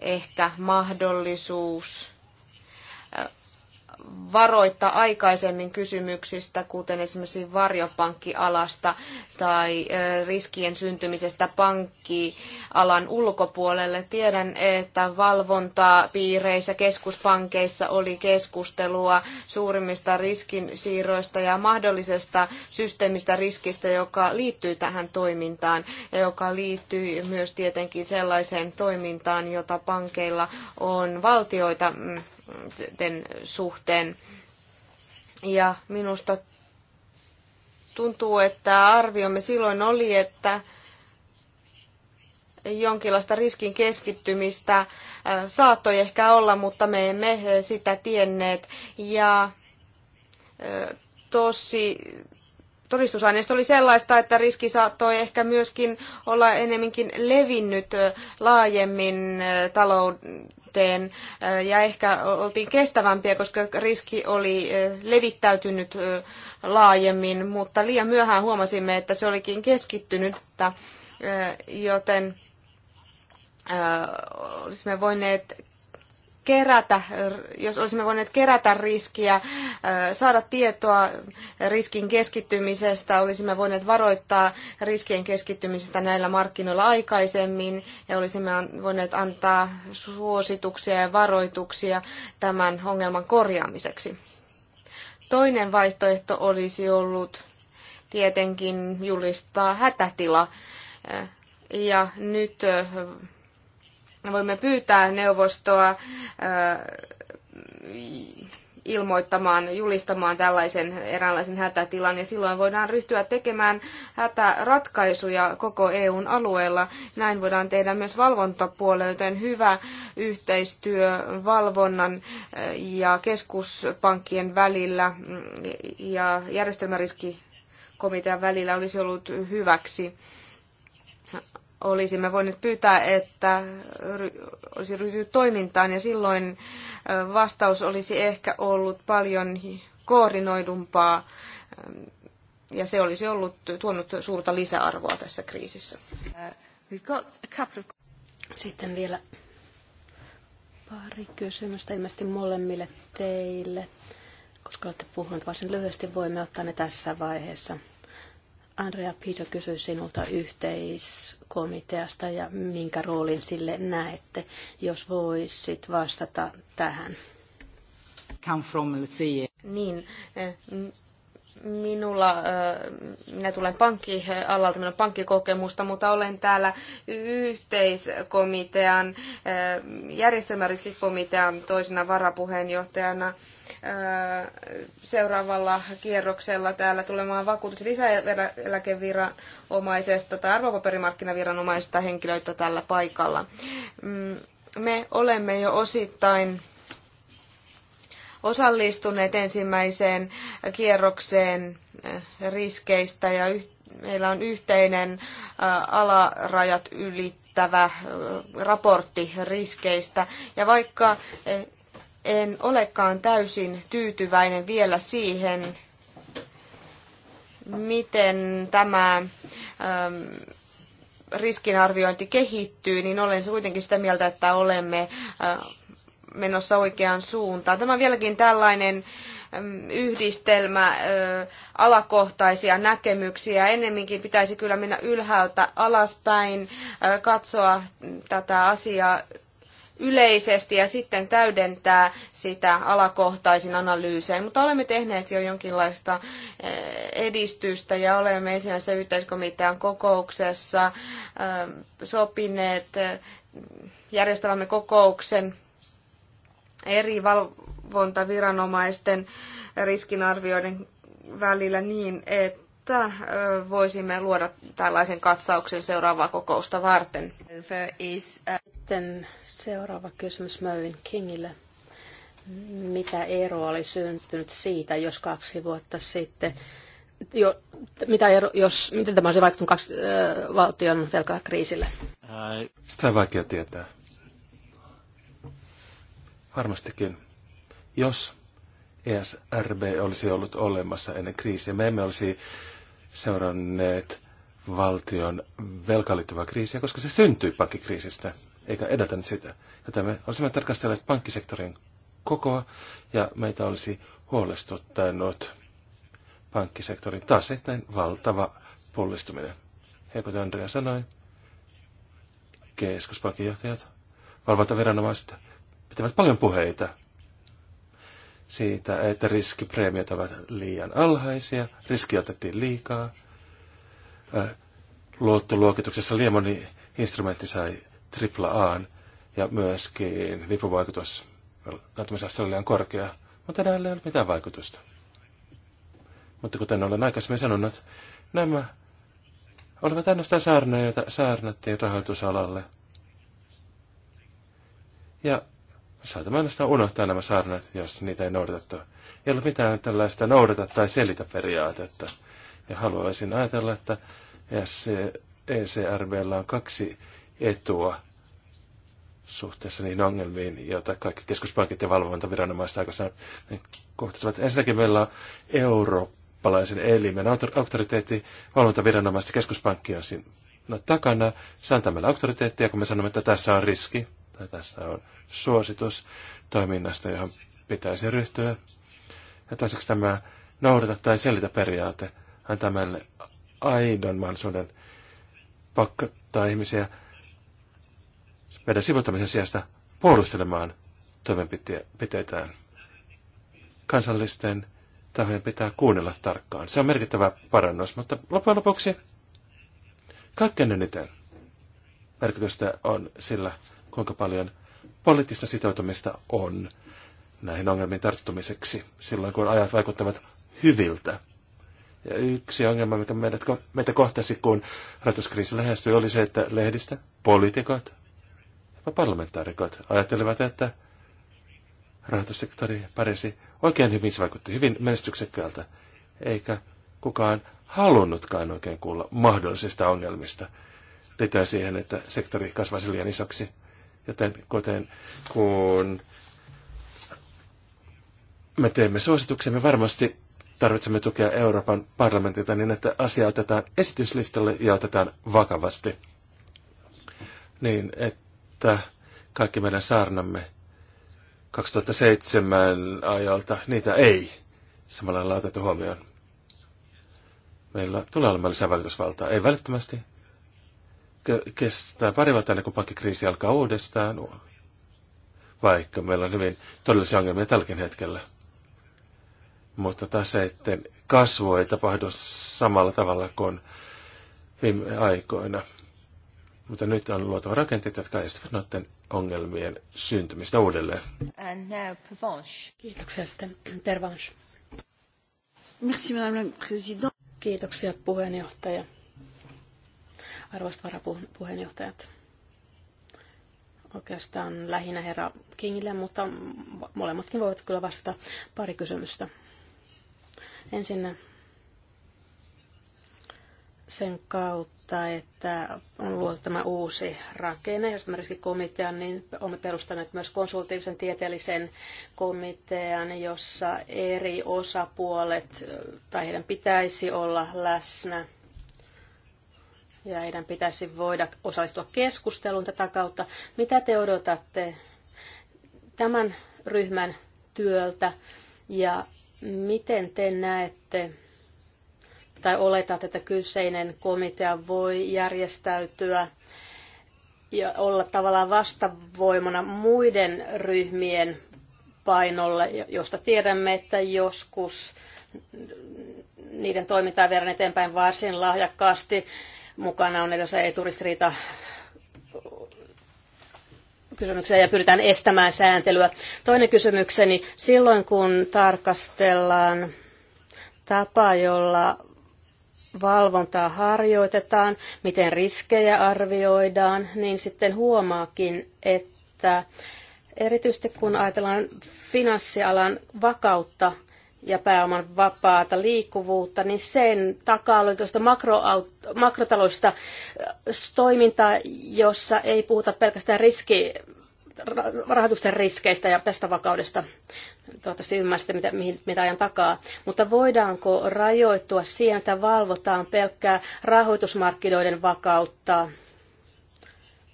ehkä mahdollisuus varoittaa aikaisemmin kysymyksistä, kuten esimerkiksi varjopankkialasta tai riskien syntymisestä pankkialan ulkopuolelle. Tiedän, että valvontapiireissä, keskuspankeissa oli keskustelua suurimmista riskinsiirroista ja mahdollisesta systeemistä riskistä, joka liittyy tähän toimintaan ja joka liittyy myös tietenkin sellaiseen toimintaan, jota pankeilla on valtioita mm, suhteen. Ja minusta tuntuu, että arviomme silloin oli, että jonkinlaista riskin keskittymistä äh, saattoi ehkä olla, mutta me emme äh, sitä tienneet. Ja äh, tosi todistusaineisto oli sellaista, että riski saattoi ehkä myöskin olla enemminkin levinnyt laajemmin talouden talouteen äh, ja ehkä oltiin kestävämpiä, koska riski oli äh, levittäytynyt äh, laajemmin, mutta liian myöhään huomasimme, että se olikin keskittynyt, joten olisimme voineet kerätä, jos olisimme voineet kerätä riskiä, saada tietoa riskin keskittymisestä, olisimme voineet varoittaa riskien keskittymisestä näillä markkinoilla aikaisemmin ja olisimme voineet antaa suosituksia ja varoituksia tämän ongelman korjaamiseksi. Toinen vaihtoehto olisi ollut tietenkin julistaa hätätila. Ja nyt voimme pyytää neuvostoa ilmoittamaan, julistamaan tällaisen eräänlaisen hätätilan ja silloin voidaan ryhtyä tekemään hätäratkaisuja koko EUn alueella. Näin voidaan tehdä myös valvontapuolella, joten hyvä yhteistyö valvonnan ja keskuspankkien välillä mm, ja järjestelmäriskikomitean välillä olisi ollut hyväksi olisimme voineet pyytää, että olisi ryhtynyt toimintaan ja silloin vastaus olisi ehkä ollut paljon koordinoidumpaa ja se olisi ollut tuonut suurta lisäarvoa tässä kriisissä. Sitten vielä pari kysymystä ilmeisesti molemmille teille, koska olette puhunut varsin lyhyesti, voimme ottaa ne tässä vaiheessa. Andrea Pito kysyi sinulta yhteiskomiteasta ja minkä roolin sille näette, jos voisit vastata tähän. Come from, let's see. Niin, eh, Minulla, minä tulen pankkialalta, minulla on pankkikokemusta, mutta olen täällä yhteiskomitean, järjestelmäriskikomitean toisena varapuheenjohtajana seuraavalla kierroksella täällä tulemaan vakuutus- ja lisäeläkeviranomaisesta tai arvopaperimarkkinaviranomaisesta henkilöitä tällä paikalla. Mm, me olemme jo osittain osallistuneet ensimmäiseen kierrokseen eh, riskeistä ja meillä on yhteinen eh, alarajat ylittävä eh, raportti riskeistä. Ja vaikka en olekaan täysin tyytyväinen vielä siihen, miten tämä ehm, riskinarviointi kehittyy, niin olen kuitenkin sitä mieltä, että olemme menossa oikeaan suuntaan. Tämä on vieläkin tällainen yhdistelmä alakohtaisia näkemyksiä. Ennemminkin pitäisi kyllä mennä ylhäältä alaspäin, katsoa tätä asiaa yleisesti ja sitten täydentää sitä alakohtaisin analyysein. Mutta olemme tehneet jo jonkinlaista edistystä ja olemme ensimmäisessä yhteiskomitean kokouksessa sopineet järjestävämme kokouksen eri valvontaviranomaisten riskinarvioiden välillä niin, että voisimme luoda tällaisen katsauksen seuraavaa kokousta varten. Sitten seuraava kysymys Mövin Kingille. Mitä eroa oli syntynyt siitä, jos kaksi vuotta sitten jo, mitä ero, jos, miten tämä olisi vaikuttanut kaksi, äh, valtion velkakriisille? Sitä on vaikea tietää. Varmastikin, jos ESRB olisi ollut olemassa ennen kriisiä, me emme olisi seuranneet valtion velkaan liittyvää kriisiä, koska se syntyi pankkikriisistä, eikä edeltänyt sitä. Joten me olisimme tarkastelleet pankkisektorin kokoa ja meitä olisi huolestuttanut pankkisektorin taas sitten valtava pullistuminen. Ja kuten Andrea sanoi, keskuspankinjohtajat, valvontaviranomaiset pitävät paljon puheita siitä, että riskipreemiot ovat liian alhaisia, riski otettiin liikaa. Luottoluokituksessa Liemoni instrumentti sai tripla aan ja myöskin vipuvaikutus kaatumisaste oli liian korkea, mutta näillä ei ole mitään vaikutusta. Mutta kuten olen aikaisemmin sanonut, nämä olivat ainoastaan saarnoja, joita saarnattiin rahoitusalalle. Ja saatamme ainoastaan unohtaa nämä saarnat, jos niitä ei noudatettu. Ei ole mitään tällaista noudata tai selitä periaatetta. Ja haluaisin ajatella, että ECRBllä on kaksi etua suhteessa niihin ongelmiin, joita kaikki keskuspankit ja valvontaviranomaiset aikaisemmin kohtasivat. Ensinnäkin meillä on eurooppalaisen elimen auktoriteetti, valvontaviranomaisten keskuspankki on siinä no, takana. Se antaa meille auktoriteettia, kun me sanomme, että tässä on riski tai tässä on suositus toiminnasta, johon pitäisi ryhtyä. Ja toiseksi tämä noudata tai selitä periaate antaa meille aidon mahdollisuuden pakottaa ihmisiä meidän sivuttamisen sijasta puolustelemaan toimenpiteitään. Kansallisten tahojen pitää kuunnella tarkkaan. Se on merkittävä parannus, mutta loppujen lopuksi kaikkein eniten merkitystä on sillä, kuinka paljon poliittista sitoutumista on näihin ongelmiin tarttumiseksi silloin, kun ajat vaikuttavat hyviltä. Ja yksi ongelma, mikä meidät, meitä kohtasi, kun rahoituskriisi lähestyi, oli se, että lehdistä, poliitikot, ja parlamentaarikot ajattelivat, että rahoitussektori pärjäsi oikein hyvin, se vaikutti hyvin menestyksekkäältä, eikä kukaan halunnutkaan oikein kuulla mahdollisista ongelmista liittyen siihen, että sektori kasvaisi liian isoksi. Joten kuten kun me teemme suosituksia, me varmasti tarvitsemme tukea Euroopan parlamentilta niin, että asia otetaan esityslistalle ja otetaan vakavasti. Niin, että kaikki meidän saarnamme 2007 ajalta, niitä ei samalla lailla otettu huomioon. Meillä tulee olemaan lisää Ei välittömästi, kestää pari vuotta ennen kuin pankkikriisi alkaa uudestaan, vaikka meillä on hyvin todellisia ongelmia tälläkin hetkellä. Mutta taseiden kasvu ei tapahdu samalla tavalla kuin viime aikoina. Mutta nyt on luotava rakenteet, jotka estävät noiden ongelmien syntymistä uudelleen. And now, Kiitoksia sitten, Pervanche. Merci, Madame la Kiitoksia puheenjohtaja arvoisat varapuheenjohtajat. Oikeastaan lähinnä herra Kingille, mutta molemmatkin voivat kyllä vastata pari kysymystä. Ensin sen kautta, että on luotu tämä uusi rakenne, josta mä komitean, niin olemme perustaneet myös konsultiivisen tieteellisen komitean, jossa eri osapuolet tai heidän pitäisi olla läsnä ja heidän pitäisi voida osallistua keskusteluun tätä kautta. Mitä te odotatte tämän ryhmän työltä ja miten te näette tai oletat, että kyseinen komitea voi järjestäytyä ja olla tavallaan vastavoimana muiden ryhmien painolle, josta tiedämme, että joskus niiden toimintaa viedään eteenpäin varsin lahjakkaasti Mukana on ei eturistiriita kysymyksiä ja pyritään estämään sääntelyä. Toinen kysymykseni, silloin kun tarkastellaan tapaa, jolla valvontaa harjoitetaan, miten riskejä arvioidaan, niin sitten huomaakin, että erityisesti kun ajatellaan finanssialan vakautta, ja pääoman vapaata liikkuvuutta, niin sen takaa oli tuosta makrotaloudesta äh, toimintaa, jossa ei puhuta pelkästään riski, rahoitusten riskeistä ja tästä vakaudesta. Toivottavasti ymmärsitte, mitä, mihin, mitä ajan takaa. Mutta voidaanko rajoittua siihen, että valvotaan pelkkää rahoitusmarkkinoiden vakautta?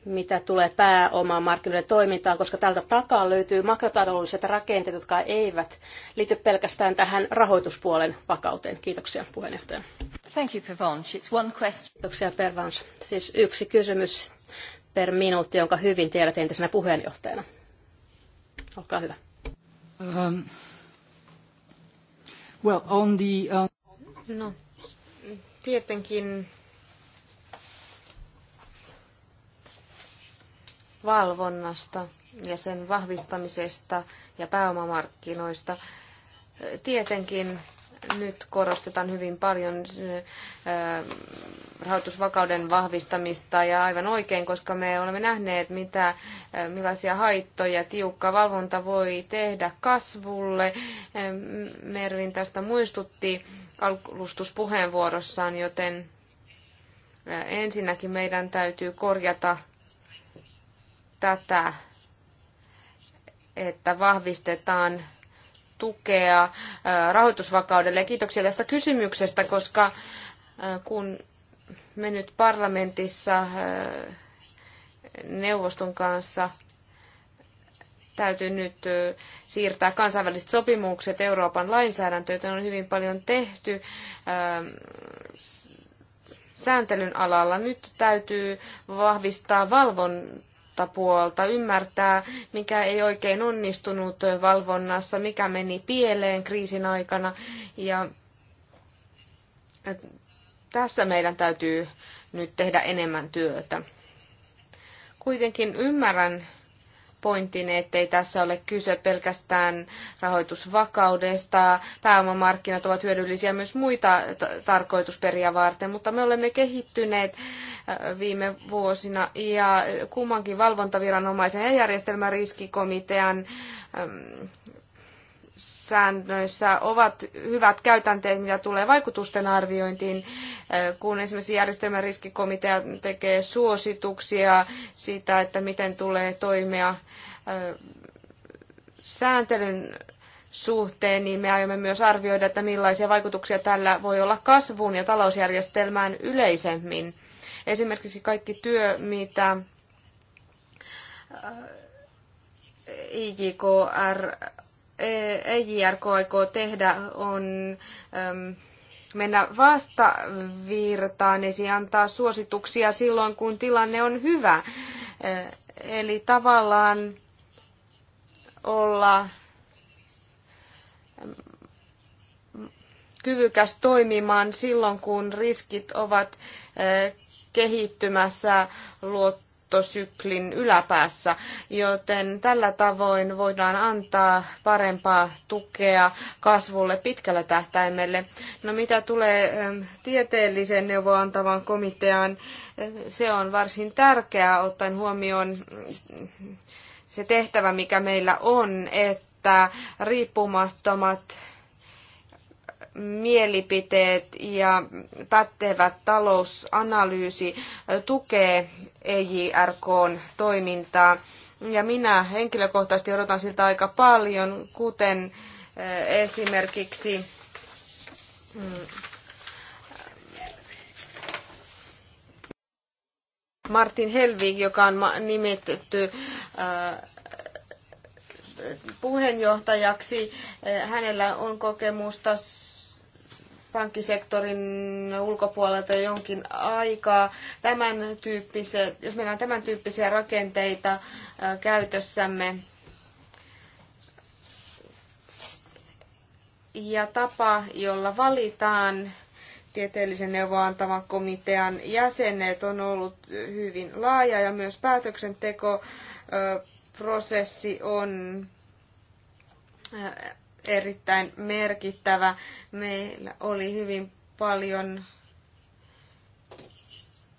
mitä tulee pääomamarkkinoiden toimintaan, koska tältä takaa löytyy makrotaloudelliset rakenteet, jotka eivät liity pelkästään tähän rahoituspuolen vakauteen. Kiitoksia puheenjohtaja. Thank you, Pervanche. It's one question. Kiitoksia, Pervanche. Siis yksi kysymys per minuutti, jonka hyvin tiedät entisenä puheenjohtajana. Olkaa hyvä. Um, well, on the, uh... No, tietenkin valvonnasta ja sen vahvistamisesta ja pääomamarkkinoista. Tietenkin nyt korostetaan hyvin paljon rahoitusvakauden vahvistamista ja aivan oikein, koska me olemme nähneet, mitä, millaisia haittoja tiukka valvonta voi tehdä kasvulle. Mervin tästä muistutti alustuspuheenvuorossaan, joten ensinnäkin meidän täytyy korjata tätä, että vahvistetaan tukea rahoitusvakaudelle. kiitoksia tästä kysymyksestä, koska kun me nyt parlamentissa neuvoston kanssa täytyy nyt siirtää kansainväliset sopimukset Euroopan lainsäädäntöön, on hyvin paljon tehty sääntelyn alalla. Nyt täytyy vahvistaa valvon puolta, ymmärtää, mikä ei oikein onnistunut valvonnassa, mikä meni pieleen kriisin aikana. Ja tässä meidän täytyy nyt tehdä enemmän työtä. Kuitenkin ymmärrän pointin, ettei tässä ole kyse pelkästään rahoitusvakaudesta. Pääomamarkkinat ovat hyödyllisiä myös muita tarkoitusperiä varten, mutta me olemme kehittyneet äh, viime vuosina ja kummankin valvontaviranomaisen ja järjestelmäriskikomitean äm, säännöissä ovat hyvät käytänteet, mitä tulee vaikutusten arviointiin, äh, kun esimerkiksi järjestelmän riskikomitea tekee suosituksia siitä, että miten tulee toimia äh, sääntelyn suhteen, niin me aiomme myös arvioida, että millaisia vaikutuksia tällä voi olla kasvuun ja talousjärjestelmään yleisemmin. Esimerkiksi kaikki työ, mitä äh, IJKR EJRK aikoo tehdä on mennä vastavirtaan, eli antaa suosituksia silloin, kun tilanne on hyvä. Eli tavallaan olla kyvykäs toimimaan silloin, kun riskit ovat kehittymässä luottoon muuttosyklin yläpäässä, joten tällä tavoin voidaan antaa parempaa tukea kasvulle pitkällä tähtäimelle. No mitä tulee ähm, tieteellisen neuvoa antavan komiteaan, äh, se on varsin tärkeää ottaen huomioon se tehtävä, mikä meillä on, että riippumattomat mielipiteet ja pätevä talousanalyysi tukee EJRKn toimintaa. Ja minä henkilökohtaisesti odotan siltä aika paljon, kuten eh, esimerkiksi mm, Martin Helvig, joka on nimitetty eh, puheenjohtajaksi. Eh, hänellä on kokemusta pankkisektorin ulkopuolelta jo jonkin aikaa. Tämän tyyppisiä, jos meillä on tämän tyyppisiä rakenteita äh, käytössämme ja tapa, jolla valitaan tieteellisen neuvoantavan komitean jäsenet on ollut hyvin laaja ja myös äh, prosessi on äh, erittäin merkittävä. Meillä oli hyvin paljon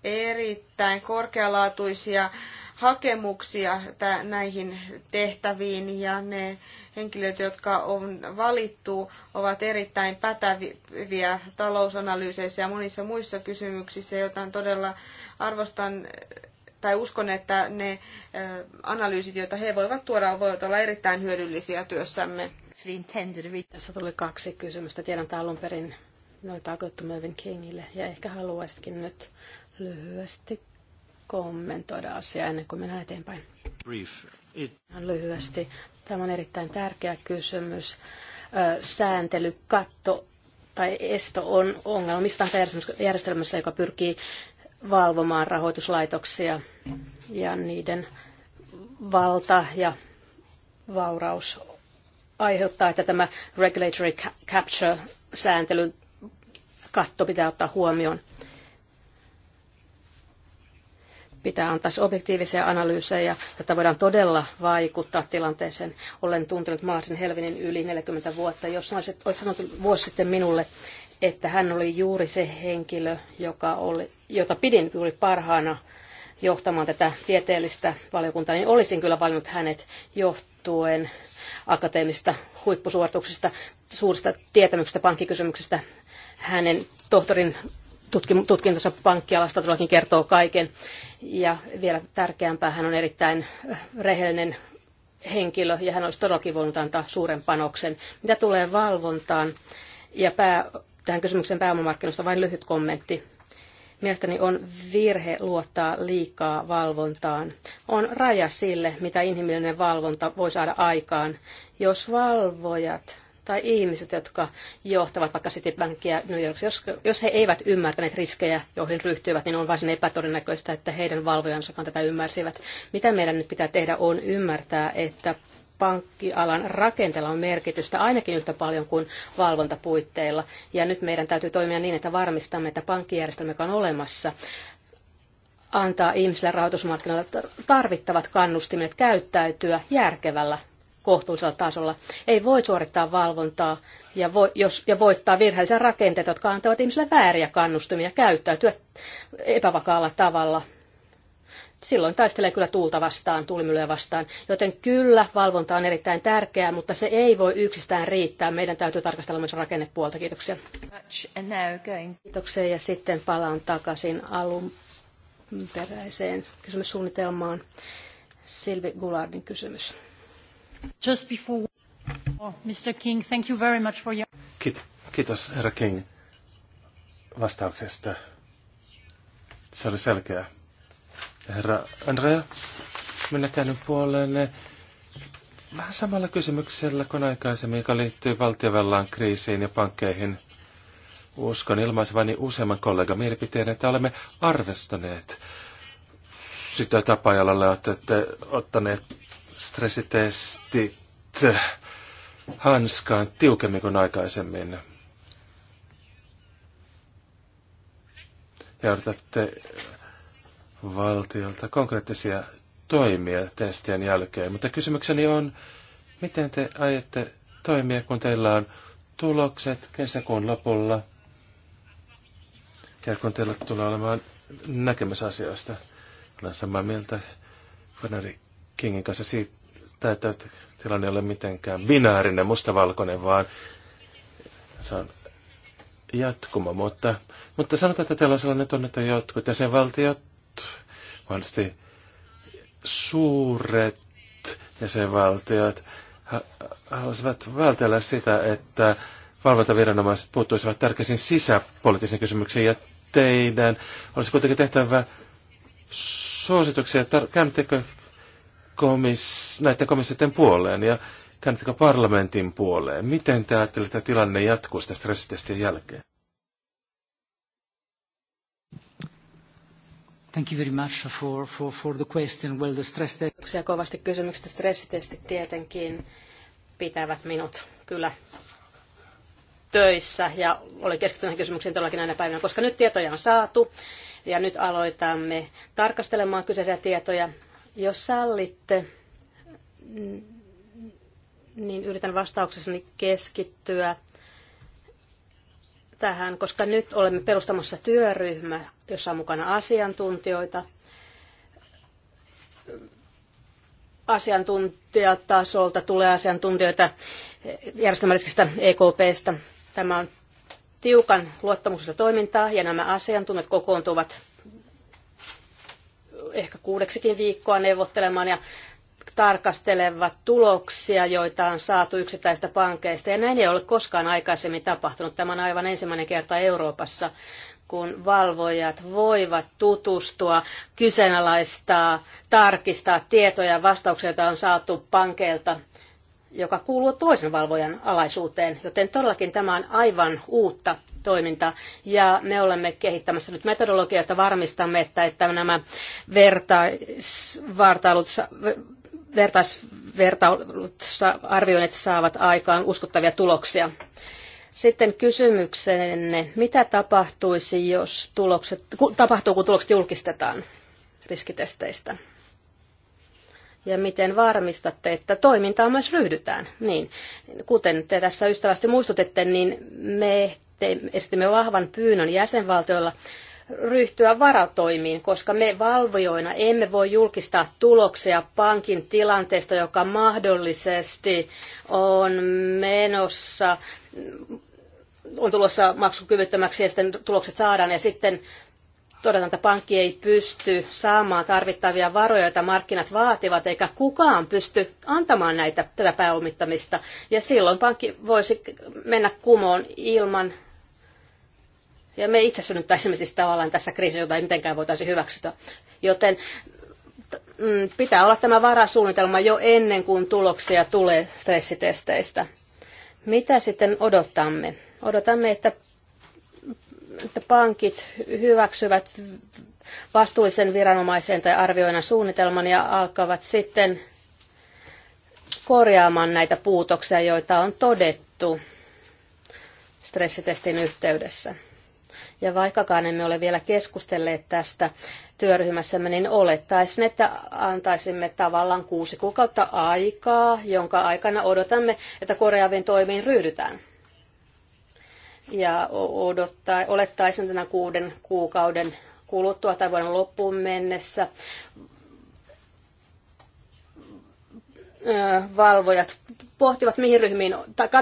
erittäin korkealaatuisia hakemuksia näihin tehtäviin ja ne henkilöt, jotka on valittu, ovat erittäin päteviä talousanalyyseissä ja monissa muissa kysymyksissä, joita todella arvostan tai uskon, että ne analyysit, joita he voivat tuoda, voivat olla erittäin hyödyllisiä työssämme. Tässä tuli kaksi kysymystä. Tiedän, että alun perin ne oli tarkoitettu Melvin Kingille, ja ehkä haluaisitkin nyt lyhyesti kommentoida asiaa ennen kuin mennään eteenpäin. Brief. It... Lyhyesti. Tämä on erittäin tärkeä kysymys. Sääntely, katto tai esto on ongelma mistä järjestelmässä, joka pyrkii valvomaan rahoituslaitoksia ja niiden valta ja vauraus aiheuttaa, että tämä regulatory capture-sääntelyn katto pitää ottaa huomioon. Pitää antaa objektiivisia analyysejä, jotta voidaan todella vaikuttaa tilanteeseen. Olen tuntenut Maarsin Helvinin yli 40 vuotta. Jos olisit sanonut vuosi sitten minulle, että hän oli juuri se henkilö, joka oli, jota pidin juuri parhaana johtamaan tätä tieteellistä valiokuntaa, niin olisin kyllä valinnut hänet johtuen akateemisista huippusuorituksista, suurista tietämyksistä, pankkikysymyksistä. Hänen tohtorin tutkintonsa pankkialasta todellakin kertoo kaiken. Ja vielä tärkeämpää, hän on erittäin rehellinen henkilö ja hän olisi todellakin voinut antaa suuren panoksen. Mitä tulee valvontaan ja pää, tähän kysymykseen pääomamarkkinoista vain lyhyt kommentti. Mielestäni on virhe luottaa liikaa valvontaan. On raja sille, mitä inhimillinen valvonta voi saada aikaan, jos valvojat tai ihmiset, jotka johtavat vaikka Citibankia New Yorkissa, jos, jos he eivät ymmärtäneet riskejä, joihin ryhtyivät, niin on varsin epätodennäköistä, että heidän valvojansakaan tätä ymmärsivät. Mitä meidän nyt pitää tehdä on ymmärtää, että pankkialan rakenteella on merkitystä ainakin yhtä paljon kuin valvontapuitteilla. Ja nyt meidän täytyy toimia niin, että varmistamme, että pankkijärjestelmä, joka on olemassa, antaa ihmisille rahoitusmarkkinoilla tarvittavat kannustimet käyttäytyä järkevällä kohtuullisella tasolla. Ei voi suorittaa valvontaa ja, jos, ja voittaa virheellisiä rakenteita, jotka antavat ihmisille vääriä kannustimia käyttäytyä epävakaalla tavalla silloin taistelee kyllä tuulta vastaan, tuulimyllyä vastaan. Joten kyllä valvonta on erittäin tärkeää, mutta se ei voi yksistään riittää. Meidän täytyy tarkastella myös rakennepuolta. Kiitoksia. Kiitoksia ja sitten palaan takaisin alunperäiseen kysymyssuunnitelmaan. Silvi Goulardin kysymys. Just before... oh, Mr. King, thank you very much for your... Kiitos, kiitos herra King vastauksesta. Se oli selkeää. Herra Andrea, minä käännyn puolelle. vähän samalla kysymyksellä kuin aikaisemmin, joka liittyy valtiovallan kriisiin ja pankkeihin. Uskon ilmaisevani useamman kollegan mielipiteen, että olemme arvostaneet sitä tapaa, jolla olette ottaneet stressitestit hanskaan tiukemmin kuin aikaisemmin. Ja odotatte valtiolta konkreettisia toimia testien jälkeen, mutta kysymykseni on, miten te aiotte toimia, kun teillä on tulokset kesäkuun lopulla ja kun teillä tulee olemaan näkemys asiasta. Olen samaa mieltä Fenari Kingin kanssa siitä, että tilanne ei ole mitenkään binäärinen, mustavalkoinen, vaan se on jatkuma. Mutta, mutta sanotaan, että teillä on sellainen tunne, että jotkut jäsenvaltiot sitten suuret jäsenvaltiot halusivat vältellä sitä, että valvontaviranomaiset puuttuisivat tärkeisiin sisäpoliittisiin kysymyksiin ja teidän olisi kuitenkin tehtävä suosituksia. että käännettekö komis- näiden komissioiden puoleen ja käännettekö parlamentin puoleen? Miten te ajattelette, että tilanne jatkuu sitä stressitestien jälkeen? Thank you very much for, for, for the question. Well, the stress test... Kiitoksia kovasti kysymyksestä. stressitesti tietenkin pitävät minut kyllä töissä ja olen keskittynyt kysymykseen todellakin näinä päivinä, koska nyt tietoja on saatu ja nyt aloitamme tarkastelemaan kyseisiä tietoja. Jos sallitte, niin yritän vastauksessani keskittyä tähän, koska nyt olemme perustamassa työryhmää jossa on mukana asiantuntijoita, asiantuntijatasolta tulee asiantuntijoita järjestelmällisestä EKPstä. Tämä on tiukan luottamuksesta toimintaa ja nämä asiantuntijat kokoontuvat ehkä kuudeksikin viikkoa neuvottelemaan ja tarkastelevat tuloksia, joita on saatu yksittäisistä pankeista. Ja näin ei ole koskaan aikaisemmin tapahtunut. Tämä on aivan ensimmäinen kerta Euroopassa kun valvojat voivat tutustua, kyseenalaistaa, tarkistaa tietoja ja vastauksia, joita on saatu pankeilta, joka kuuluu toisen valvojan alaisuuteen. Joten todellakin tämä on aivan uutta toimintaa. Ja me olemme kehittämässä nyt metodologiaa, että varmistamme, että, että nämä vertaisvartailut vertaisvertailussa arvioinnit saavat aikaan uskottavia tuloksia. Sitten kysymyksenne, mitä tapahtuisi, jos tulokset, tapahtuu, kun tulokset julkistetaan riskitesteistä? Ja miten varmistatte, että toimintaa myös ryhdytään? Niin, kuten te tässä ystävästi muistutette, niin me teimme, esitimme vahvan pyynnön jäsenvaltioilla ryhtyä varatoimiin, koska me valvojoina emme voi julkistaa tuloksia pankin tilanteesta, joka mahdollisesti on menossa on tulossa maksukyvyttömäksi ja sitten tulokset saadaan ja sitten todetaan, että pankki ei pysty saamaan tarvittavia varoja, joita markkinat vaativat, eikä kukaan pysty antamaan näitä, tätä pääomittamista. Ja silloin pankki voisi mennä kumoon ilman, ja me itse synnyttäisimme siis tavallaan tässä kriisissä, jota ei mitenkään voitaisiin hyväksyä. Joten mm, pitää olla tämä varasuunnitelma jo ennen kuin tuloksia tulee stressitesteistä. Mitä sitten odotamme? Odotamme, että, että pankit hyväksyvät vastuullisen viranomaisen tai arvioinnan suunnitelman ja alkavat sitten korjaamaan näitä puutoksia, joita on todettu stressitestin yhteydessä. Ja vaikkakaan emme ole vielä keskustelleet tästä työryhmässämme, niin olettaisin, että antaisimme tavallaan kuusi kuukautta aikaa, jonka aikana odotamme, että korjaaviin toimiin ryhdytään. Ja odottaa, olettaisin tänä kuuden kuukauden kuluttua tai vuoden loppuun mennessä valvojat pohtivat, mihin ryhmiin,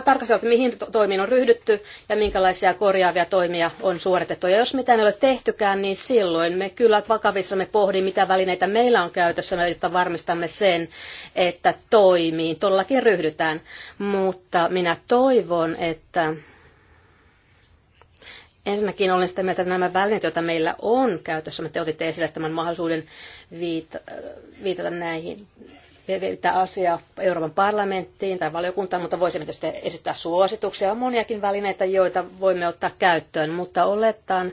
tarkastelevat, mihin toimiin on ryhdytty ja minkälaisia korjaavia toimia on suoritettu. Ja jos mitään ei ole tehtykään, niin silloin me kyllä vakavissamme pohdimme, mitä välineitä meillä on käytössä, jotta varmistamme sen, että toimiin todellakin ryhdytään. Mutta minä toivon, että Ensinnäkin olen sitä mieltä, että nämä välineet, joita meillä on käytössä, me te otitte esille tämän mahdollisuuden viitata näihin viedä asia Euroopan parlamenttiin tai valiokuntaan, mutta voisimme tietysti esittää suosituksia. On moniakin välineitä, joita voimme ottaa käyttöön, mutta oletan,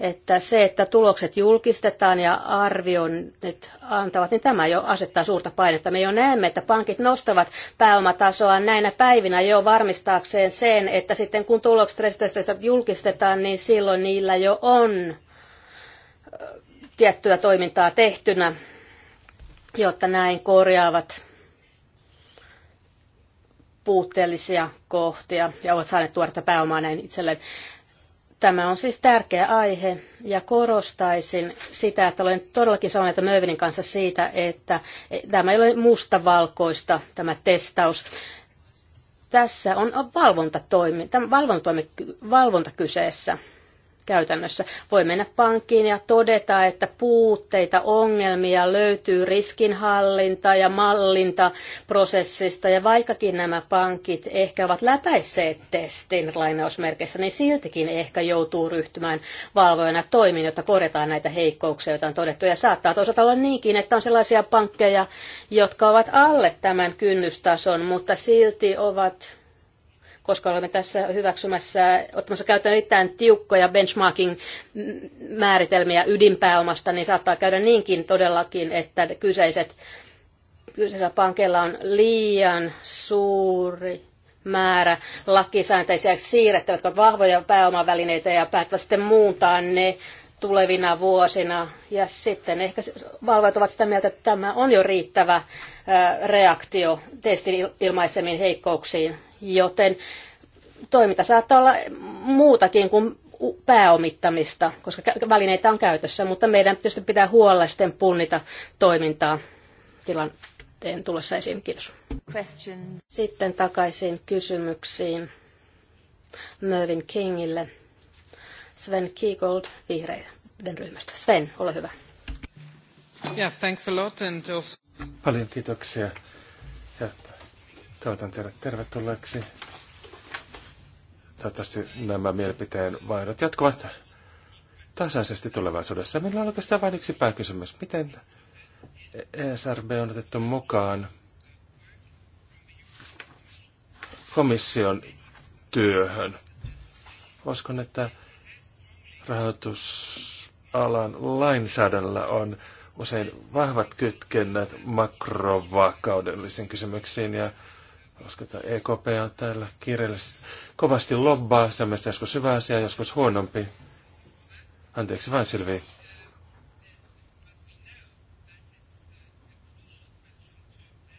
että se, että tulokset julkistetaan ja arvioinnit antavat, niin tämä jo asettaa suurta painetta. Me jo näemme, että pankit nostavat pääomatasoa näinä päivinä jo varmistaakseen sen, että sitten kun tulokset julkistetaan, niin silloin niillä jo on tiettyä toimintaa tehtynä jotta näin korjaavat puutteellisia kohtia ja ovat saaneet tuoretta pääomaa näin itselleen. Tämä on siis tärkeä aihe ja korostaisin sitä, että olen todellakin samaa mieltä Mövinin kanssa siitä, että tämä ei ole mustavalkoista tämä testaus. Tässä on valvontatoimi, valvontatoimi, valvonta kyseessä käytännössä. Voi mennä pankkiin ja todeta, että puutteita, ongelmia löytyy riskinhallinta ja mallinta prosessista. Ja vaikkakin nämä pankit ehkä ovat läpäisseet testin lainausmerkeissä, niin siltikin ehkä joutuu ryhtymään valvojana toimiin, jotta korjataan näitä heikkouksia, joita on todettu. Ja saattaa toisaalta olla niinkin, että on sellaisia pankkeja, jotka ovat alle tämän kynnystason, mutta silti ovat koska olemme tässä hyväksymässä, ottamassa käyttöön erittäin tiukkoja benchmarking-määritelmiä ydinpääomasta, niin saattaa käydä niinkin todellakin, että kyseiset, kyseisellä pankilla on liian suuri määrä lakisääntäisiä siirrettä, jotka vahvoja pääomavälineitä ja päättävät sitten muuntaa ne tulevina vuosina. Ja sitten ehkä valvojat ovat sitä mieltä, että tämä on jo riittävä reaktio testin ilmaisemiin heikkouksiin joten toiminta saattaa olla muutakin kuin pääomittamista, koska välineitä on käytössä, mutta meidän tietysti pitää huolella sitten punnita toimintaa tilanteen tullessa esiin. Kiitos. Sitten takaisin kysymyksiin Mervin Kingille. Sven Kiegold, vihreiden ryhmästä. Sven, ole hyvä. Yeah, thanks a lot and also... Paljon kiitoksia Toivotan teille tervetulleeksi. Toivottavasti nämä mielipiteen vaihdot jatkuvat tasaisesti tulevaisuudessa. Minulla on oikeastaan vain yksi pääkysymys. Miten ESRB on otettu mukaan komission työhön? Uskon, että rahoitusalan lainsäädännöllä on usein vahvat kytkennät makrovakaudellisiin kysymyksiin ja koska tämä EKP on täällä kiireellisesti kovasti lobbaa. Se on mielestäni joskus hyvä asia, joskus huonompi. Anteeksi vain Silvi.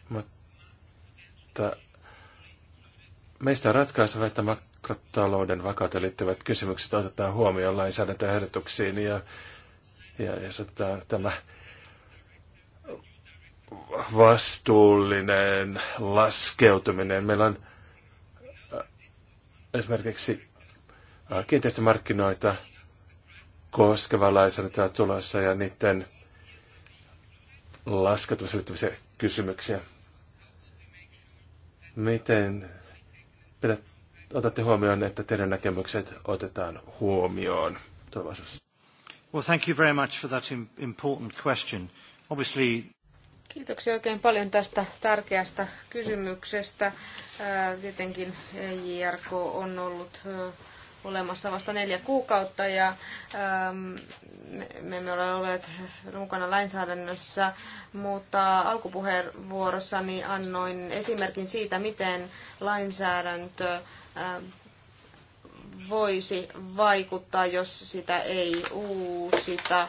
Mutta meistä on ratkaiseva, että makrotalouden vakauteen liittyvät kysymykset otetaan huomioon lainsäädäntöehdotuksiin ja, ja, ja tämä vastuullinen laskeutuminen. Meillä on äh, esimerkiksi äh, kiinteistömarkkinoita koskeva lainsäädäntö tulossa ja niiden laskeutumisen liittyviä kysymyksiä. Miten otatte huomioon, että teidän näkemykset otetaan huomioon tulevaisuudessa? Well, thank you very much for that important question. Obviously... Kiitoksia oikein paljon tästä tärkeästä kysymyksestä. Tietenkin e JRK on ollut olemassa vasta neljä kuukautta ja me emme ole olleet mukana lainsäädännössä, mutta alkupuheenvuorossani annoin esimerkin siitä, miten lainsäädäntö voisi vaikuttaa, jos sitä ei uusita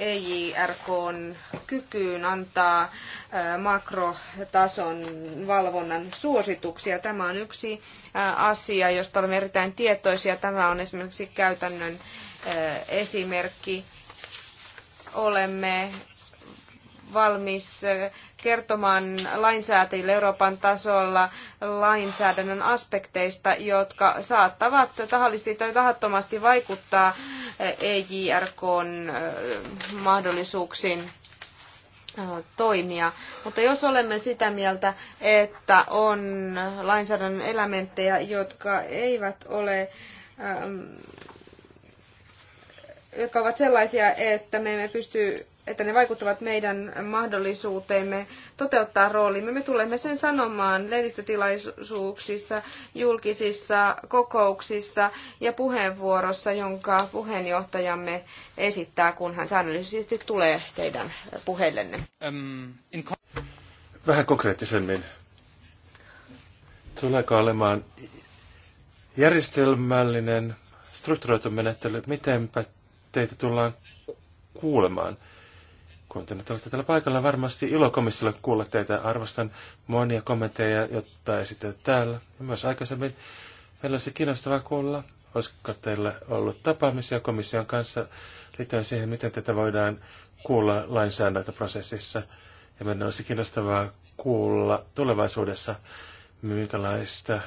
EJRKn kykyyn antaa makrotason valvonnan suosituksia. Tämä on yksi asia, josta olemme erittäin tietoisia. Tämä on esimerkiksi käytännön esimerkki. Olemme valmis kertomaan lainsäätäjille Euroopan tasolla lainsäädännön aspekteista, jotka saattavat tahallisesti tai tahattomasti vaikuttaa EJRKn mahdollisuuksiin toimia. Mutta jos olemme sitä mieltä, että on lainsäädännön elementtejä, jotka eivät ole jotka ovat sellaisia, että me emme pysty että ne vaikuttavat meidän mahdollisuuteemme toteuttaa roolimme. Me tulemme sen sanomaan lehdistötilaisuuksissa, julkisissa kokouksissa ja puheenvuorossa, jonka puheenjohtajamme esittää, kun hän säännöllisesti tulee teidän puheillenne. Ähm, Vähän konkreettisemmin. Tuleeko olemaan järjestelmällinen, strukturoitu menettely, mitenpä teitä tullaan kuulemaan – kun te nyt olette täällä paikalla, niin varmasti ilokomissiolle kuulla teitä. Arvostan monia kommentteja, jotta esitetään täällä. Ja myös aikaisemmin meillä olisi kiinnostavaa kuulla, olisiko teillä ollut tapaamisia komission kanssa liittyen siihen, miten tätä voidaan kuulla lainsäädäntöprosessissa. Ja meidän olisi kiinnostavaa kuulla tulevaisuudessa, minkälaista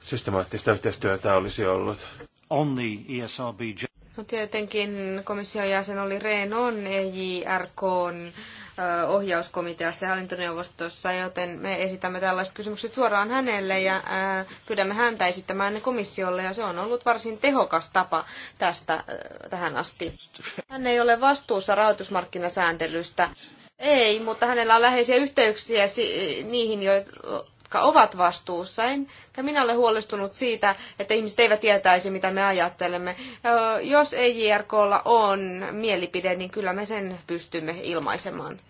systemaattista yhteistyötä olisi ollut. On the ESRB No tietenkin komission jäsen oli Rehn e on EJRK ohjauskomiteassa ja hallintoneuvostossa, joten me esitämme tällaiset kysymykset suoraan hänelle ja pyydämme häntä esittämään ne komissiolle ja se on ollut varsin tehokas tapa tästä tähän asti. Hän ei ole vastuussa rahoitusmarkkinasääntelystä. Ei, mutta hänellä on läheisiä yhteyksiä niihin, jotka ovat vastuussa. Enkä minä ole huolestunut siitä, että ihmiset eivät tietäisi, mitä me ajattelemme. Jos EJRKlla on mielipide, niin kyllä me sen pystymme ilmaisemaan.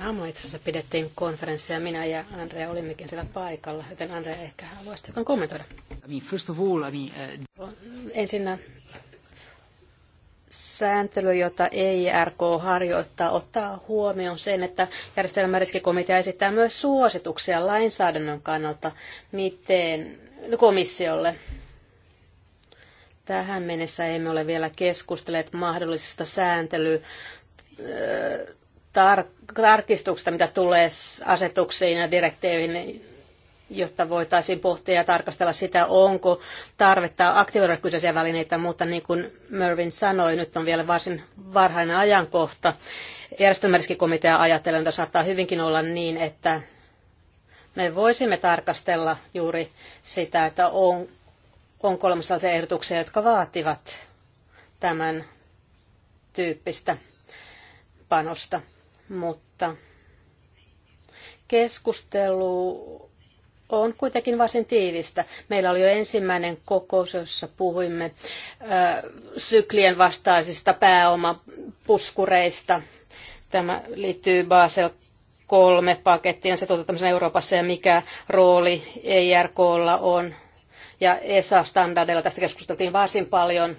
Aamu itse asiassa pidettiin konferenssia, minä ja Andrea olimmekin siellä paikalla, joten Andrea ehkä haluaisi hiukan kommentoida. I mean, first of all, I mean, uh... Ensinnä sääntely, jota EIRK harjoittaa, ottaa huomioon sen, että järjestelmäriskikomitea esittää myös suosituksia lainsäädännön kannalta, miten komissiolle. Tähän mennessä emme ole vielä keskustelleet mahdollisista sääntely tarkistuksista, mitä tulee asetuksiin ja direktiiviin jotta voitaisiin pohtia ja tarkastella sitä, onko tarvetta aktivoida kyseisiä välineitä, mutta niin kuin Mervin sanoi, nyt on vielä varsin varhainen ajankohta. Järjestelmäriskikomitea ajatellen, että saattaa hyvinkin olla niin, että me voisimme tarkastella juuri sitä, että on, onko kolmessa sellaisia ehdotuksia, jotka vaativat tämän tyyppistä panosta, mutta keskustelu on kuitenkin varsin tiivistä. Meillä oli jo ensimmäinen kokous, jossa puhuimme syklien vastaisista pääomapuskureista. Tämä liittyy Basel kolme pakettiin se toteuttamisena Euroopassa ja mikä rooli EIRKlla on. Ja ESA-standardeilla tästä keskusteltiin varsin paljon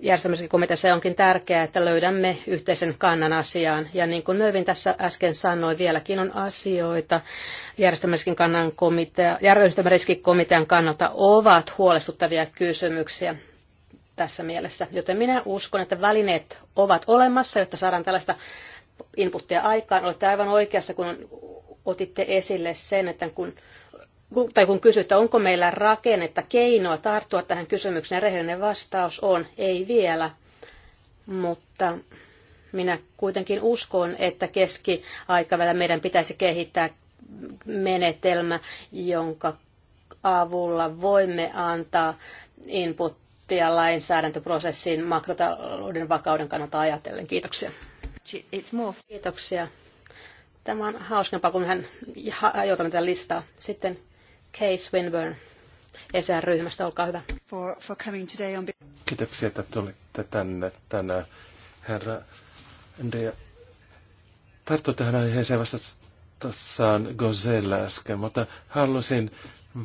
järjestämiskomiteassa ja onkin tärkeää, että löydämme yhteisen kannan asiaan. Ja niin kuin Nöövin tässä äsken sanoi, vieläkin on asioita järjestämiskin kannan komitea, komitean kannalta ovat huolestuttavia kysymyksiä tässä mielessä. Joten minä uskon, että välineet ovat olemassa, jotta saadaan tällaista inputtia aikaan. Olette aivan oikeassa, kun otitte esille sen, että kun tai kun että onko meillä rakennetta, keinoa tarttua tähän kysymykseen, rehellinen vastaus on, ei vielä. Mutta minä kuitenkin uskon, että keskiaikavälillä meidän pitäisi kehittää menetelmä, jonka avulla voimme antaa inputtia lainsäädäntöprosessiin makrotalouden vakauden kannalta ajatellen. Kiitoksia. Kiitoksia. Tämä on hauskempaa, kun hän hajotamme tätä listaa. Sitten Kay Swinburne ESR-ryhmästä, olkaa hyvä. For, for coming today on... Kiitoksia, että tulitte tänne tänään, herra Andrea. Tarttu tähän aiheeseen vastatassaan Gozella äsken, mutta halusin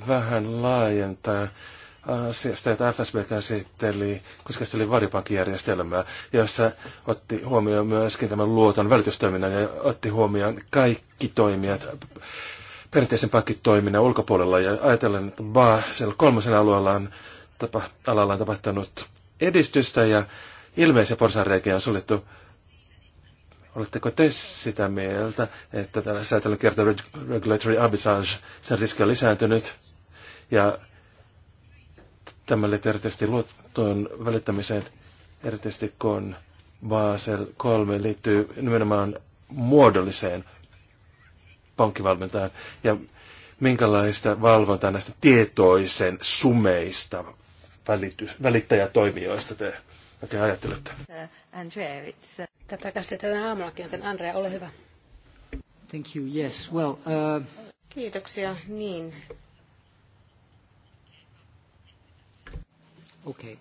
vähän laajentaa asiasta, että FSB käsitteli, koska se oli varjopankijärjestelmää, jossa otti huomioon myöskin tämän luoton välitystoiminnan ja otti huomioon kaikki toimijat perinteisen pankkitoiminnan ulkopuolella ja ajatellen, että Basel kolmosen alueella on, tapa, alalla on tapahtunut edistystä ja ilmeisiä porsareikiä on suljettu. Oletteko te sitä mieltä, että tällä säätelyn kerta regulatory arbitrage, sen riski on lisääntynyt ja tämä liittyy erityisesti luottoon välittämiseen, erityisesti kun Basel 3 liittyy nimenomaan muodolliseen pankkivalmentajan ja minkälaista valvontaa näistä tietoisen sumeista välity, välittäjätoimijoista te oikein ajattelette? Uh, uh, Tätä käsitellään aamullakin, joten Andrea, ole hyvä. Thank you, yes, well... Uh... Kiitoksia, niin. Okay.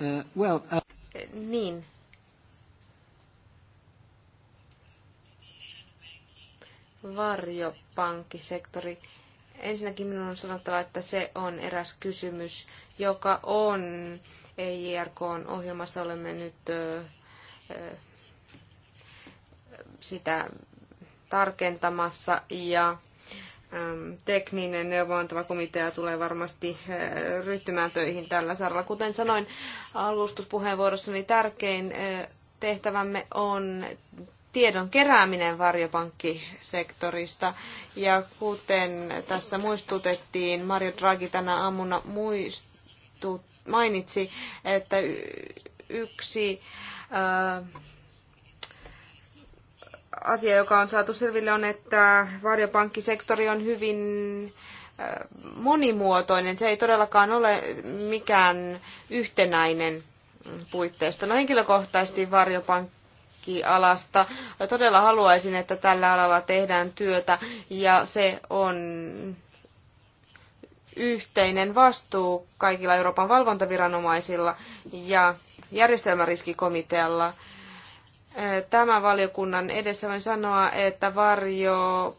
Uh, well, uh... Niin, varjopankkisektori. Ensinnäkin minun on sanottava, että se on eräs kysymys, joka on EJRK-ohjelmassa. Olemme nyt sitä tarkentamassa ja tekninen neuvontava komitea tulee varmasti ryhtymään töihin tällä saralla. Kuten sanoin alustuspuheenvuorossani, tärkein tehtävämme on tiedon kerääminen varjopankkisektorista. Ja kuten tässä muistutettiin, Mario Draghi tänä aamuna muistut, mainitsi, että yksi äh, asia, joka on saatu selville, on, että varjopankkisektori on hyvin monimuotoinen. Se ei todellakaan ole mikään yhtenäinen puitteista. No henkilökohtaisesti varjopankki musiikkialasta. Todella haluaisin, että tällä alalla tehdään työtä ja se on yhteinen vastuu kaikilla Euroopan valvontaviranomaisilla ja järjestelmäriskikomitealla. Tämän valiokunnan edessä voin sanoa, että varjo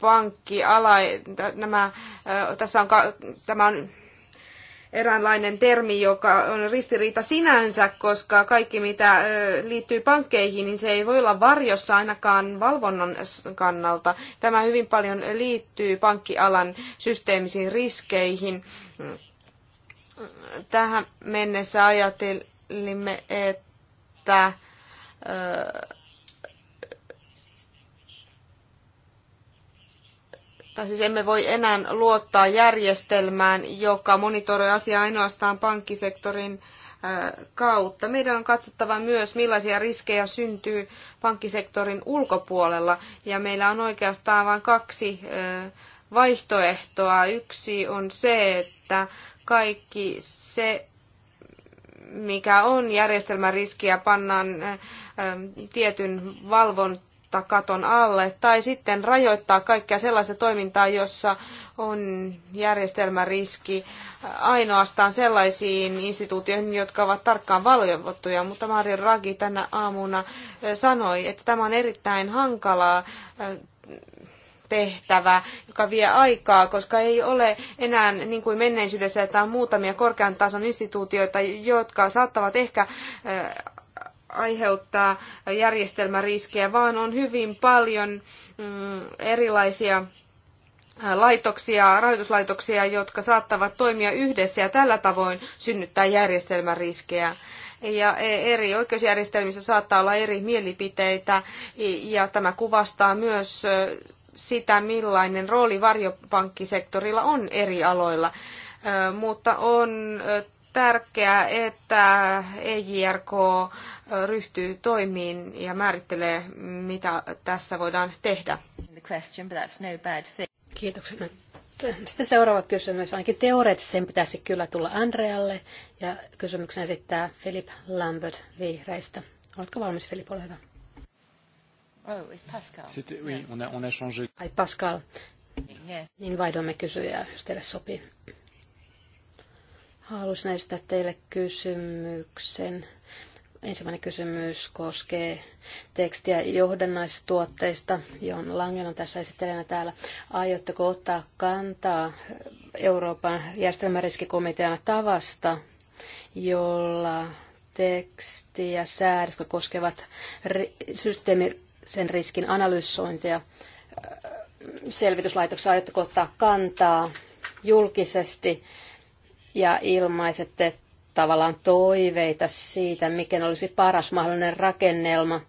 pankkiala, nämä, tässä on, tämä on eräänlainen termi, joka on ristiriita sinänsä, koska kaikki mitä liittyy pankkeihin, niin se ei voi olla varjossa ainakaan valvonnan kannalta. Tämä hyvin paljon liittyy pankkialan systeemisiin riskeihin. Tähän mennessä ajattelimme, että tai siis emme voi enää luottaa järjestelmään, joka monitoroi asiaa ainoastaan pankkisektorin kautta. Meidän on katsottava myös, millaisia riskejä syntyy pankkisektorin ulkopuolella, ja meillä on oikeastaan vain kaksi vaihtoehtoa. Yksi on se, että kaikki se, mikä on järjestelmäriskiä, pannaan tietyn valvontaan kautta katon alle tai sitten rajoittaa kaikkea sellaista toimintaa, jossa on järjestelmäriski ainoastaan sellaisiin instituutioihin, jotka ovat tarkkaan valvottuja. Mutta Mario Raki tänä aamuna eh, sanoi, että tämä on erittäin hankalaa eh, tehtävä, joka vie aikaa, koska ei ole enää niin kuin menneisyydessä, että on muutamia korkean tason instituutioita, jotka saattavat ehkä eh, aiheuttaa järjestelmäriskejä, vaan on hyvin paljon mm, erilaisia laitoksia, rahoituslaitoksia, jotka saattavat toimia yhdessä ja tällä tavoin synnyttää järjestelmäriskejä. Ja e, eri oikeusjärjestelmissä saattaa olla eri mielipiteitä ja tämä kuvastaa myös sitä, millainen rooli varjopankkisektorilla on eri aloilla. Mutta on tärkeää, että EJRK ryhtyy toimiin ja määrittelee, mitä tässä voidaan tehdä. No Kiitoksia. No, sitten seuraava kysymys. Ainakin teoreettisen pitäisi kyllä tulla Andrealle. Ja kysymyksen esittää Philip Lambert vihreistä. Oletko valmis, Philip? Ole hyvä. Oh, it's Pascal. Oui, on on Ai Pascal. Yeah. Niin vaihdoimme kysyjää, jos teille sopii. Haluaisin esittää teille kysymyksen. Ensimmäinen kysymys koskee tekstiä johdannaistuotteista, johon Langen on tässä esittelemä täällä. Aiotteko ottaa kantaa Euroopan järjestelmäriskikomitean tavasta, jolla teksti ja säädöstö koskevat ri- systeemisen riskin analysointia selvityslaitoksessa aiotteko ottaa kantaa julkisesti ja ilmaisette tavallaan toiveita siitä, mikä olisi paras mahdollinen rakennelma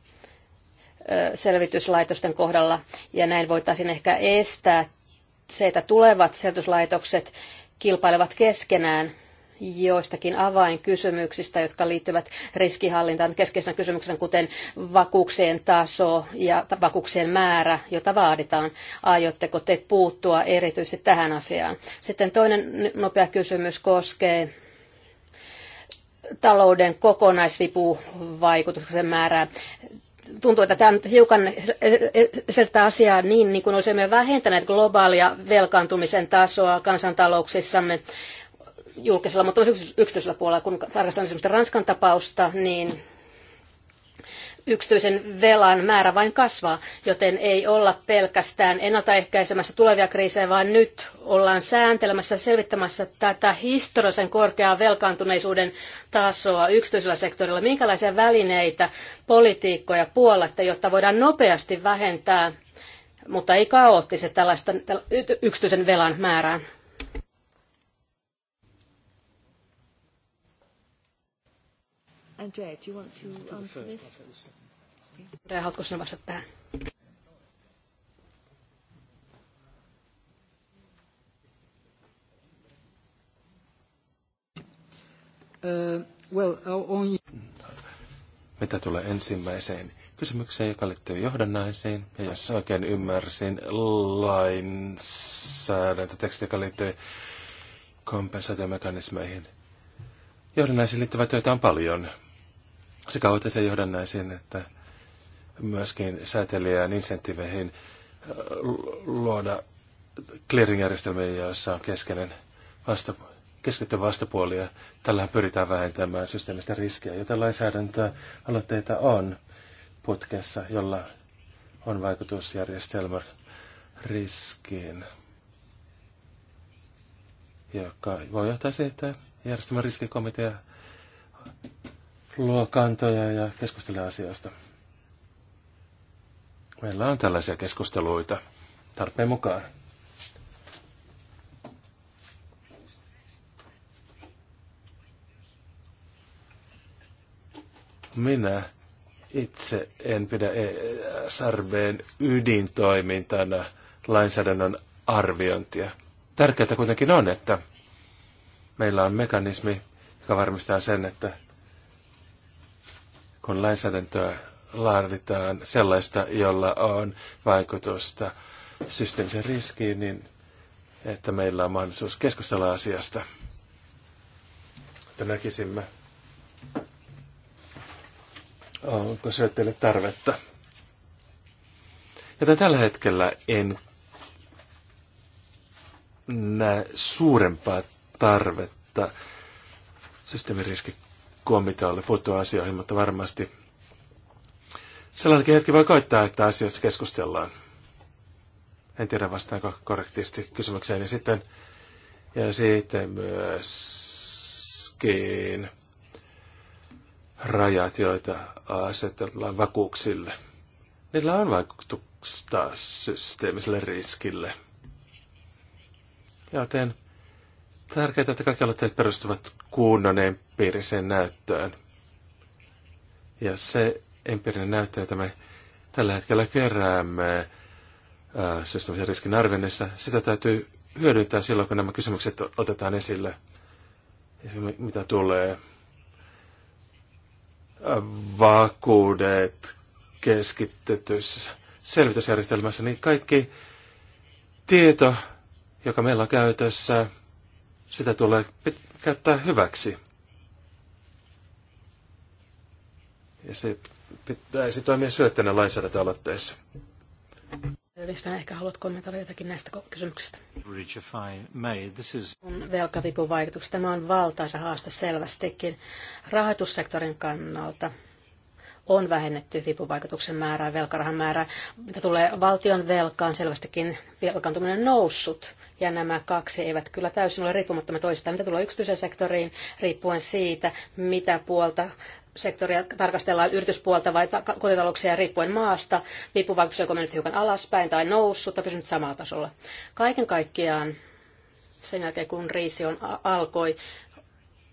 selvityslaitosten kohdalla, ja näin voitaisiin ehkä estää se, että tulevat selvityslaitokset kilpailevat keskenään joistakin avainkysymyksistä, jotka liittyvät riskihallintaan keskeisenä kysymyksenä, kuten vakuuksien taso ja vakuuksien määrä, jota vaaditaan. Aiotteko te puuttua erityisesti tähän asiaan? Sitten toinen nopea kysymys koskee talouden kokonaisvipuvaikutuksen määrää tuntuu, että tämä nyt hiukan selittää asiaa niin, niin kuin olisimme vähentäneet globaalia velkaantumisen tasoa kansantalouksissamme, julkisella, mutta myös yksityisellä puolella. Kun tarkastellaan esimerkiksi Ranskan tapausta, niin yksityisen velan määrä vain kasvaa, joten ei olla pelkästään ennaltaehkäisemässä tulevia kriisejä, vaan nyt ollaan sääntelemässä selvittämässä tätä historiallisen korkeaa velkaantuneisuuden tasoa yksityisellä sektorilla. Minkälaisia välineitä politiikkoja puolette, jotta voidaan nopeasti vähentää, mutta ei kaoottisesti tällaista yksityisen velan määrää? Andrea, do you want to answer this? Andrea, haluatko sinä vastata tähän? Uh, well, on... Mitä tulee ensimmäiseen kysymykseen, joka liittyy johdannaisiin, ja jos oikein ymmärsin, lainsäädäntöteksti, joka liittyy kompensaatiomekanismeihin. Johdannaisiin liittyvää työtä on paljon sekä uutiseen johdannaisiin että myöskin säätelijään insentiveihin äh, luoda clearing-järjestelmiä, joissa on keskeinen vasta, keskitty vastapuoli, ja tällähän pyritään vähentämään systeemistä riskiä, joten lainsäädäntöä aloitteita on putkessa, jolla on vaikutusjärjestelmän riskiin, joka voi johtaa siitä, että järjestelmän riskikomitea luo kantoja ja keskustele asiasta. Meillä on tällaisia keskusteluita tarpeen mukaan. Minä itse en pidä ESRBn ydintoimintana lainsäädännön arviointia. Tärkeää kuitenkin on, että meillä on mekanismi, joka varmistaa sen, että kun lainsäädäntöä laaditaan sellaista, jolla on vaikutusta systeemisen riskiin, niin että meillä on mahdollisuus keskustella asiasta. Että näkisimme, onko se teille tarvetta. Ja tällä hetkellä en näe suurempaa tarvetta systeemiriskin komitealle puuttua asioihin, mutta varmasti sellainenkin hetki voi koittaa, että asioista keskustellaan. En tiedä vastaanko korrektisti kysymykseen. Ja sitten, ja sitten myöskin rajat, joita asetellaan vakuuksille. Niillä on vaikutusta systeemiselle riskille. Joten tärkeää, että kaikki aloitteet perustuvat kunnon empiiriseen näyttöön. Ja se empiirinen näyttö, jota me tällä hetkellä keräämme systeemisen riskin arvioinnissa, sitä täytyy hyödyntää silloin, kun nämä kysymykset otetaan esille, mitä tulee vakuudet keskittetyssä selvitysjärjestelmässä, niin kaikki tieto, joka meillä on käytössä, sitä tulee käyttää hyväksi. Ja se pitäisi toimia syöttänä lainsäädäntöaloitteessa. Lisää ehkä haluat kommentoida jotakin näistä kysymyksistä. On velkavipuvaikutus. Tämä on valtaisa haaste selvästikin. Rahoitussektorin kannalta on vähennetty vipuvaikutuksen määrää, velkarahan määrää. Mitä tulee valtion velkaan, selvästikin velkaantuminen noussut ja nämä kaksi eivät kyllä täysin ole riippumattomia toisistaan. Mitä tulee yksityiseen sektoriin, riippuen siitä, mitä puolta sektoria tarkastellaan yrityspuolta vai kotitalouksia riippuen maasta, vipuvaikutus joko mennyt hiukan alaspäin tai noussut tai pysynyt samalla tasolla. Kaiken kaikkiaan sen jälkeen, kun riisi on, alkoi,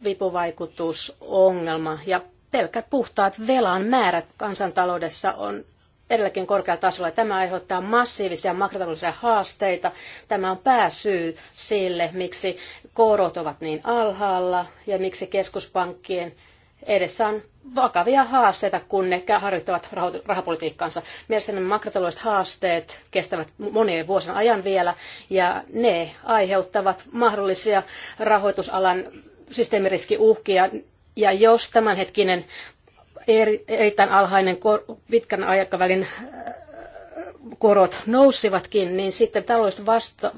vipuvaikutusongelma ja pelkät puhtaat velan määrät kansantaloudessa on edelläkin korkealla tasolla. Tämä aiheuttaa massiivisia makrotaloudellisia haasteita. Tämä on pääsyy sille, miksi korot ovat niin alhaalla ja miksi keskuspankkien edessä on vakavia haasteita, kun ne harjoittavat rahapolitiikkaansa. Mielestäni makrotaloudelliset haasteet kestävät monien vuosien ajan vielä, ja ne aiheuttavat mahdollisia rahoitusalan systeemiriskiuhkia. Ja jos tämänhetkinen eri, erittäin alhainen kor, pitkän aikavälin äh, korot nousivatkin, niin sitten taloudelliset vasta,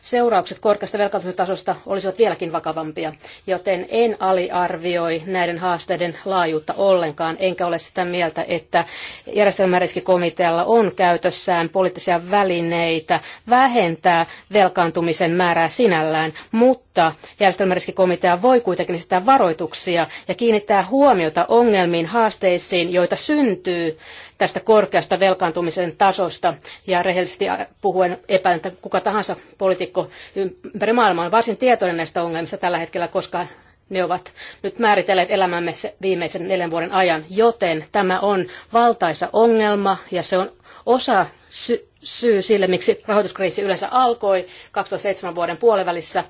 seuraukset korkeasta velkaantumistasosta olisivat vieläkin vakavampia, joten en aliarvioi näiden haasteiden laajuutta ollenkaan, enkä ole sitä mieltä, että järjestelmäriskikomitealla on käytössään poliittisia välineitä vähentää velkaantumisen määrää sinällään, mutta järjestelmäriskikomitea voi kuitenkin esittää varoituksia ja kiinnittää huomiota ongelmiin, haasteisiin, joita syntyy tästä korkeasta velkaantumisen tasosta. Ja rehellisesti puhuen epäilen, että kuka tahansa poliitikko ympäri maailmaa on varsin tietoinen näistä ongelmista tällä hetkellä, koska ne ovat nyt määritelleet elämämme viimeisen neljän vuoden ajan, joten tämä on valtaisa ongelma ja se on osa sy- syy sille, miksi rahoituskriisi yleensä alkoi 2007 vuoden puolivälissä.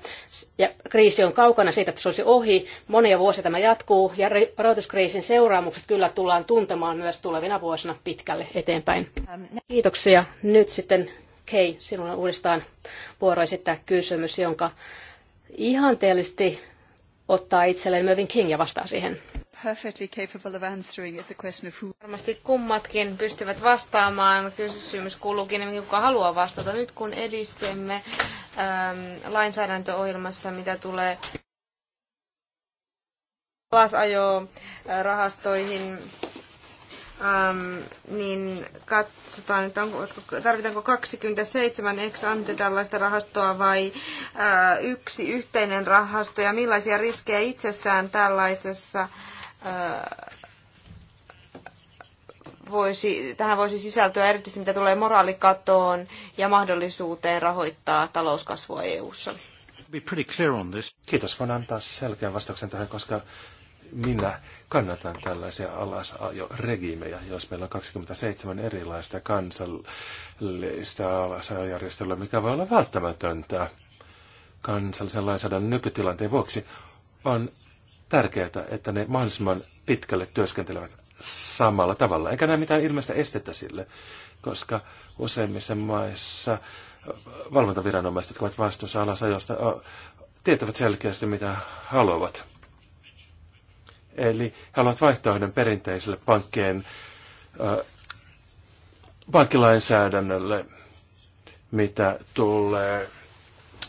Ja kriisi on kaukana siitä, että se olisi ohi. Monia vuosia tämä jatkuu ja rahoituskriisin seuraamukset kyllä tullaan tuntemaan myös tulevina vuosina pitkälle eteenpäin. Ähm, Kiitoksia. Nyt sitten Kei, sinulla on uudestaan vuoro esittää kysymys, jonka ihanteellisesti ottaa itselleen Mövin King ja vastaa siihen perfectly capable of answering. a question of who... Varmasti kummatkin pystyvät vastaamaan. Kysymys kuuluukin, kuka haluaa vastata. Nyt kun edistämme ähm, lainsäädäntöohjelmassa, mitä tulee alasajo rahastoihin, ähm, niin katsotaan, että onko, tarvitaanko 27 ex ante tällaista rahastoa vai äh, yksi yhteinen rahasto ja millaisia riskejä itsessään tällaisessa voisi, tähän voisi sisältyä erityisesti mitä tulee moraalikatoon ja mahdollisuuteen rahoittaa talouskasvua EU-ssa. Kiitos, voin antaa selkeän vastauksen tähän, koska minä kannatan tällaisia alasajoregimejä, jos meillä on 27 erilaista kansallista alasajojärjestelyä, mikä voi olla välttämätöntä kansallisen lainsäädännön nykytilanteen vuoksi, on tärkeää, että ne mahdollisimman pitkälle työskentelevät samalla tavalla. Eikä näe mitään ilmeistä estettä sille, koska useimmissa maissa valvontaviranomaiset, jotka ovat vastuussa alasajosta, tietävät selkeästi, mitä haluavat. Eli he haluavat vaihtoehdon perinteiselle pankkien pankkilainsäädännölle, mitä tulee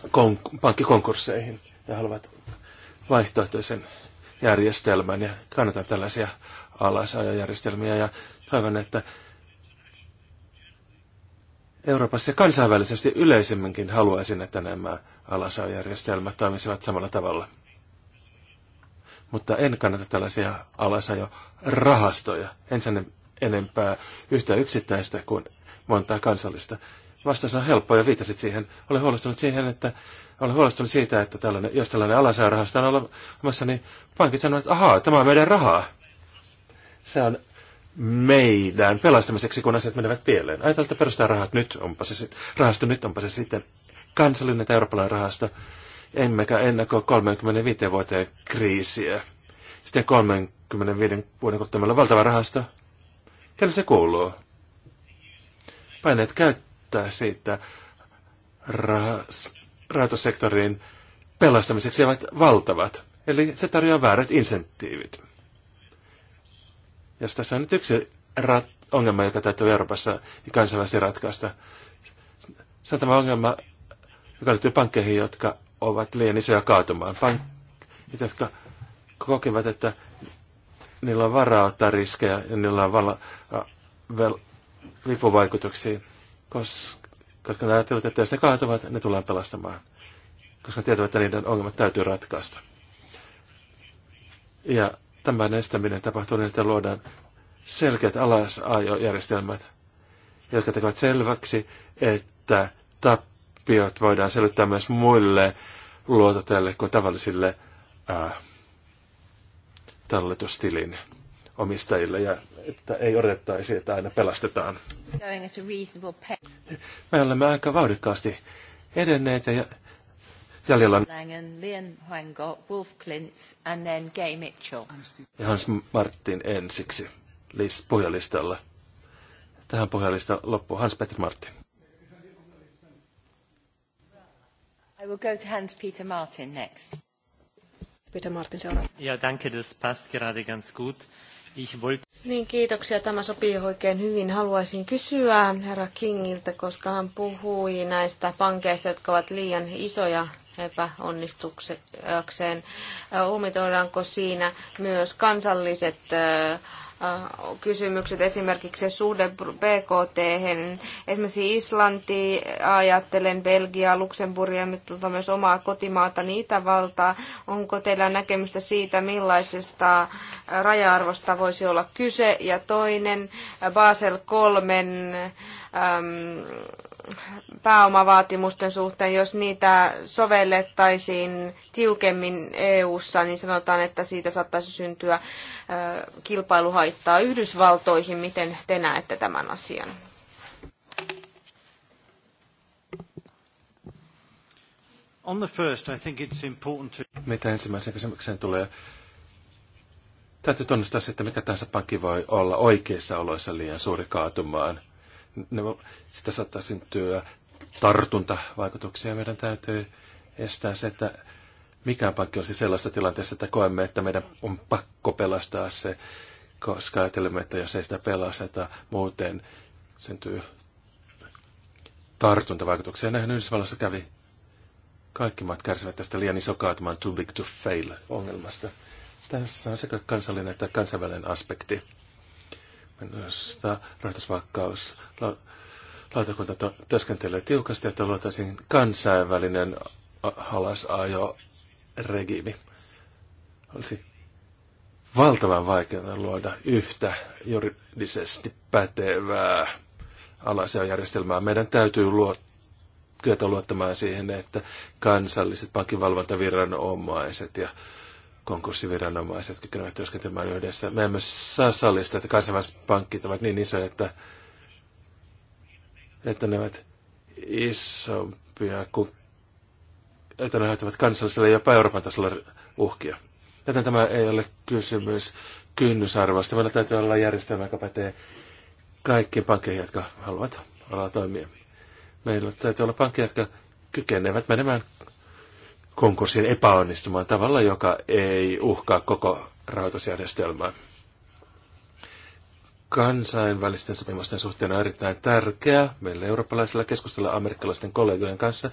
pank- pankkikonkursseihin. Ja haluavat vaihtoehtoisen järjestelmän ja kannatan tällaisia alasajajärjestelmiä ja toivon, että Euroopassa ja kansainvälisesti yleisemminkin haluaisin, että nämä alasajajärjestelmät toimisivat samalla tavalla. Mutta en kannata tällaisia alasajorahastoja. En sen enempää yhtä yksittäistä kuin montaa kansallista. Vastaus on helppo ja viitasit siihen. Olen huolestunut siihen, että olen huolestunut siitä, että tällainen, jos tällainen alasairahasto on olemassa, niin pankit sanovat, että ahaa, tämä on meidän rahaa. Se on meidän pelastamiseksi, kun asiat menevät pieleen. Ajatellaan, että perustaa rahat nyt, onpa se rahasto nyt, onpa se sitten kansallinen tai eurooppalainen rahasto. Emmekä ennakoi 35 vuoteen kriisiä. Sitten 35 vuoden kuluttua meillä on valtava rahasto. Kelle se kuuluu? Paineet käyttää siitä rahasta rahoitussektorin pelastamiseksi ovat valtavat. Eli se tarjoaa väärät insentiivit. Jos tässä on nyt yksi rat- ongelma, joka täytyy Euroopassa ja kansainvälisesti ratkaista, se on tämä ongelma, joka liittyy pankkeihin, jotka ovat liian isoja kaatumaan. Pankit, jotka kokevat, että niillä on varaa ottaa riskejä ja niillä on vala- vel- vipuvaikutuksia, koska koska ne ajattelevat, että jos ne kaatuvat, ne tullaan pelastamaan, koska tietävät, että niiden ongelmat täytyy ratkaista. Ja tämän estäminen tapahtuu niin, että luodaan selkeät alasajojärjestelmät, jotka tekevät selväksi, että tappiot voidaan selittää myös muille luototajille kuin tavallisille ää, äh, talletustilin omistajille ja että ei odotettaisi, että aina pelastetaan. Me olemme aika vauhdikkaasti edenneet ja jäljellä on ja Hans Martin ensiksi list, pohjalistalla. Tähän pohjalista loppuu Hans-Peter Martin. I will go to Hans-Peter Martin next. Peter Martin seuraava. Ja, danke, das passt gerade ganz gut. Niin, kiitoksia. Tämä sopii oikein hyvin. Haluaisin kysyä herra Kingiltä, koska hän puhui näistä pankeista, jotka ovat liian isoja epäonnistuksekseen. Huomioidaanko siinä myös kansalliset Äh, kysymykset, esimerkiksi suhde BKT, -hen. esimerkiksi Islanti, ajattelen Belgiaa, Luxemburgia, mutta myös omaa kotimaata, niin Itävaltaa. Onko teillä näkemystä siitä, millaisesta äh, raja-arvosta voisi olla kyse? Ja toinen, äh, Basel kolmen ähm, pääomavaatimusten suhteen, jos niitä sovellettaisiin tiukemmin EU-ssa, niin sanotaan, että siitä saattaisi syntyä kilpailuhaittaa Yhdysvaltoihin. Miten te näette tämän asian? On the first, I think it's important to... Mitä ensimmäisen kysymykseen tulee? Täytyy tunnistaa se, että mikä tahansa pankki voi olla oikeissa oloissa liian suuri kaatumaan – ne, sitä saattaa syntyä tartuntavaikutuksia. Meidän täytyy estää se, että mikään pankki olisi sellaisessa tilanteessa, että koemme, että meidän on pakko pelastaa se, koska ajattelemme, että jos ei sitä pelasteta, muuten syntyy tartuntavaikutuksia. Näinhän Yhdysvalloissa kävi. Kaikki maat kärsivät tästä liian iso kaatumaan too big to fail ongelmasta. Tässä on sekä kansallinen että kansainvälinen aspekti. Minusta rahoitusvakaus lautakunta työskentelee tiukasti, että luotaisiin kansainvälinen alasajoregiimi. Olisi valtavan vaikeaa luoda yhtä juridisesti pätevää alasajojärjestelmää. Meidän täytyy luottaa kyetä luottamaan siihen, että kansalliset pankkivalvontaviranomaiset ja konkurssiviranomaiset kykenevät työskentelemään yhdessä. Me emme saa sallista, että kansainväliset pankkit ovat niin isoja, että, että ne ovat isompia kuin että ne aiheuttavat kansalliselle ja jopa Euroopan tasolla uhkia. Joten tämä ei ole kysymys kynnysarvosta. Meillä täytyy olla järjestelmä, joka pätee kaikkiin pankkeihin, jotka haluavat olla toimia. Meillä täytyy olla pankkeja, jotka kykenevät menemään konkurssin epäonnistumaan tavalla, joka ei uhkaa koko rahoitusjärjestelmää. Kansainvälisten sopimusten suhteen on erittäin tärkeää meille eurooppalaisilla keskustella amerikkalaisten kollegojen kanssa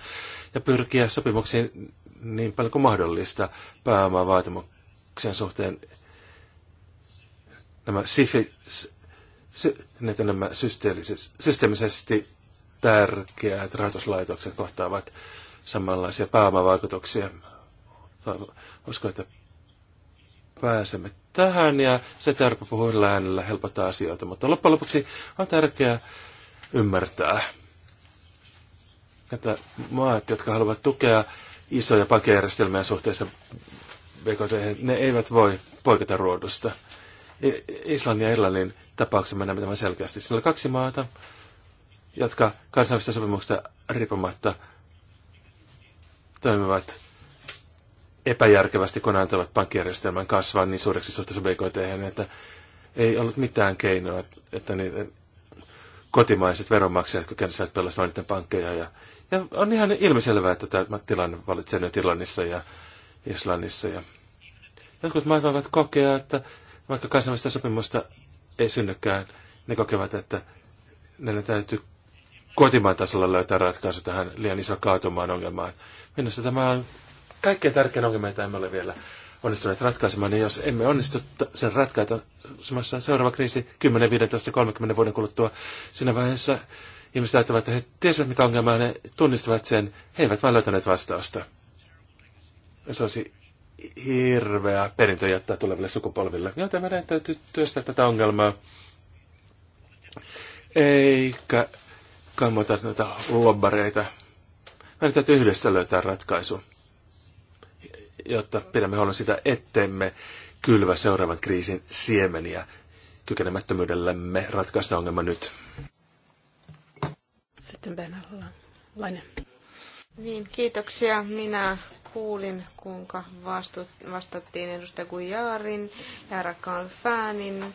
ja pyrkiä sopimuksiin niin paljon kuin mahdollista pääomavaatimuksen suhteen. Nämä SIFI, sy, nämä systeemisesti tärkeät rahoituslaitokset kohtaavat samanlaisia pääomavaikutuksia. Uskon, että pääsemme tähän ja se tarpa puhuu äänellä helpottaa asioita, mutta loppujen lopuksi on tärkeää ymmärtää, että maat, jotka haluavat tukea isoja pankkijärjestelmiä suhteessa BKT, ne eivät voi poiketa ruodusta. Islannin ja Irlannin tapauksessa mennään tämän selkeästi. Siinä oli kaksi maata, jotka kansainvälistä sopimuksista riippumatta – toimivat epäjärkevästi, kun antavat pankkijärjestelmän kasvaa niin suureksi suhteessa BKT, että ei ollut mitään keinoa, että niiden eh, kotimaiset veronmaksajat, jotka kärsivät pelastaa niiden pankkeja. Ja, ja on ihan ilmiselvää, että tämä tilanne valitsee nyt Irlannissa ja Islannissa. Ja jotkut maat voivat kokea, että vaikka kansainvälistä sopimusta ei synnykään, ne kokevat, että ne täytyy kotimaan tasolla löytää ratkaisu tähän liian iso kaatumaan ongelmaan. Minusta tämä on kaikkein tärkein ongelma, jota emme ole vielä onnistuneet ratkaisemaan, niin jos emme onnistu sen ratkaisemassa seuraava kriisi 10, 15, 30 vuoden kuluttua, siinä vaiheessa ihmiset ajattelevat, että he tiesivät mikä ongelma on, tunnistavat sen, he eivät vain löytäneet vastausta. Se olisi hirveä perintö jättää tuleville sukupolville. Joten meidän täytyy työstää tätä ongelmaa. Eikä kammoita näitä lobbareita. Meidän täytyy yhdessä löytää ratkaisu, jotta pidämme huolen sitä, ettemme kylvä seuraavan kriisin siemeniä kykenemättömyydellämme ratkaista ongelma nyt. Sitten Benalainen. Niin, kiitoksia. Minä kuulin, kuinka vastattiin edustaja Gujarin ja Rakan Fäänin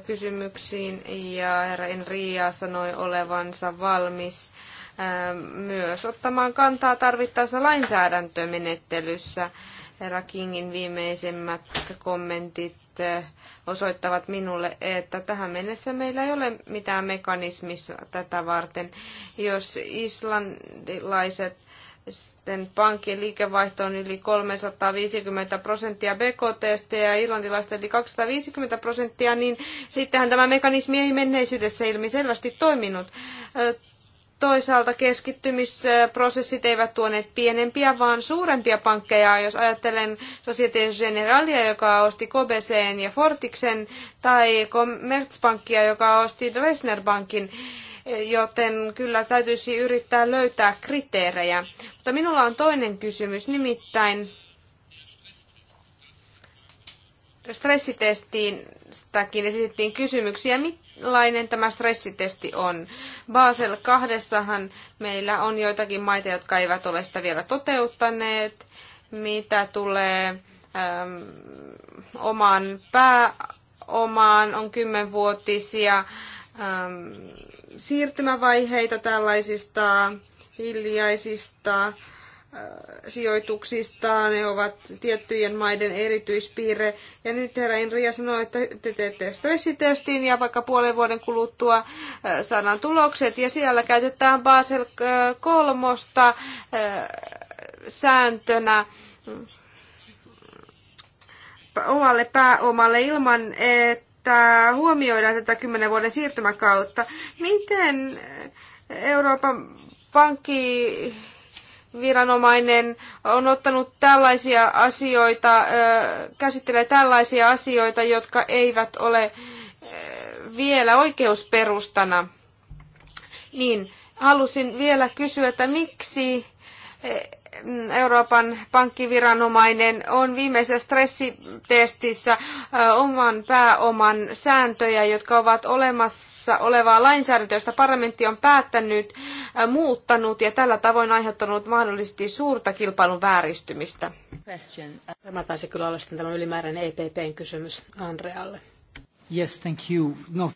kysymyksiin ja herra Enria sanoi olevansa valmis ähm, myös ottamaan kantaa tarvittaessa lainsäädäntömenettelyssä. Herra Kingin viimeisimmät kommentit äh, osoittavat minulle, että tähän mennessä meillä ei ole mitään mekanismissa tätä varten. Jos Islandilaiset sitten pankin liikevaihto on yli 350 prosenttia BKT: ja irlantilaista yli 250 prosenttia, niin sittenhän tämä mekanismi ei menneisyydessä ilmi selvästi toiminut. Toisaalta keskittymisprosessit eivät tuoneet pienempiä, vaan suurempia pankkeja. Jos ajattelen Societe Generalia, joka osti KBCn ja Fortiksen, tai Commerzbankia, joka osti Dresdner Bankin, joten kyllä täytyisi yrittää löytää kriteerejä. Mutta minulla on toinen kysymys, nimittäin stressitestistäkin esitettiin kysymyksiä, millainen tämä stressitesti on. Basel kahdessahan meillä on joitakin maita, jotka eivät ole sitä vielä toteuttaneet, mitä tulee äm, oman pääomaan, on kymmenvuotisia äm, siirtymävaiheita tällaisista hiljaisista äh, sijoituksista, ne ovat tiettyjen maiden erityispiirre. Ja nyt herra Inria sanoi, että te teette stressitestin ja vaikka puolen vuoden kuluttua äh, saadaan tulokset ja siellä käytetään Basel äh, kolmosta sääntönä omalle pääomalle ilman, että että huomioidaan tätä kymmenen vuoden siirtymäkautta. Miten eh, Euroopan pankki viranomainen on ottanut tällaisia asioita, eh, käsittelee tällaisia asioita, jotka eivät ole eh, vielä oikeusperustana. Niin, halusin vielä kysyä, että miksi Euroopan pankkiviranomainen on viimeisessä stressitestissä oman pääoman sääntöjä, jotka ovat olemassa olevaa lainsäädäntöä, josta parlamentti on päättänyt, muuttanut ja tällä tavoin aiheuttanut mahdollisesti suurta kilpailun vääristymistä. Tämä taisi kyllä olla sitten tämä ylimääräinen EPPn kysymys Andrealle. Yes, thank you. No.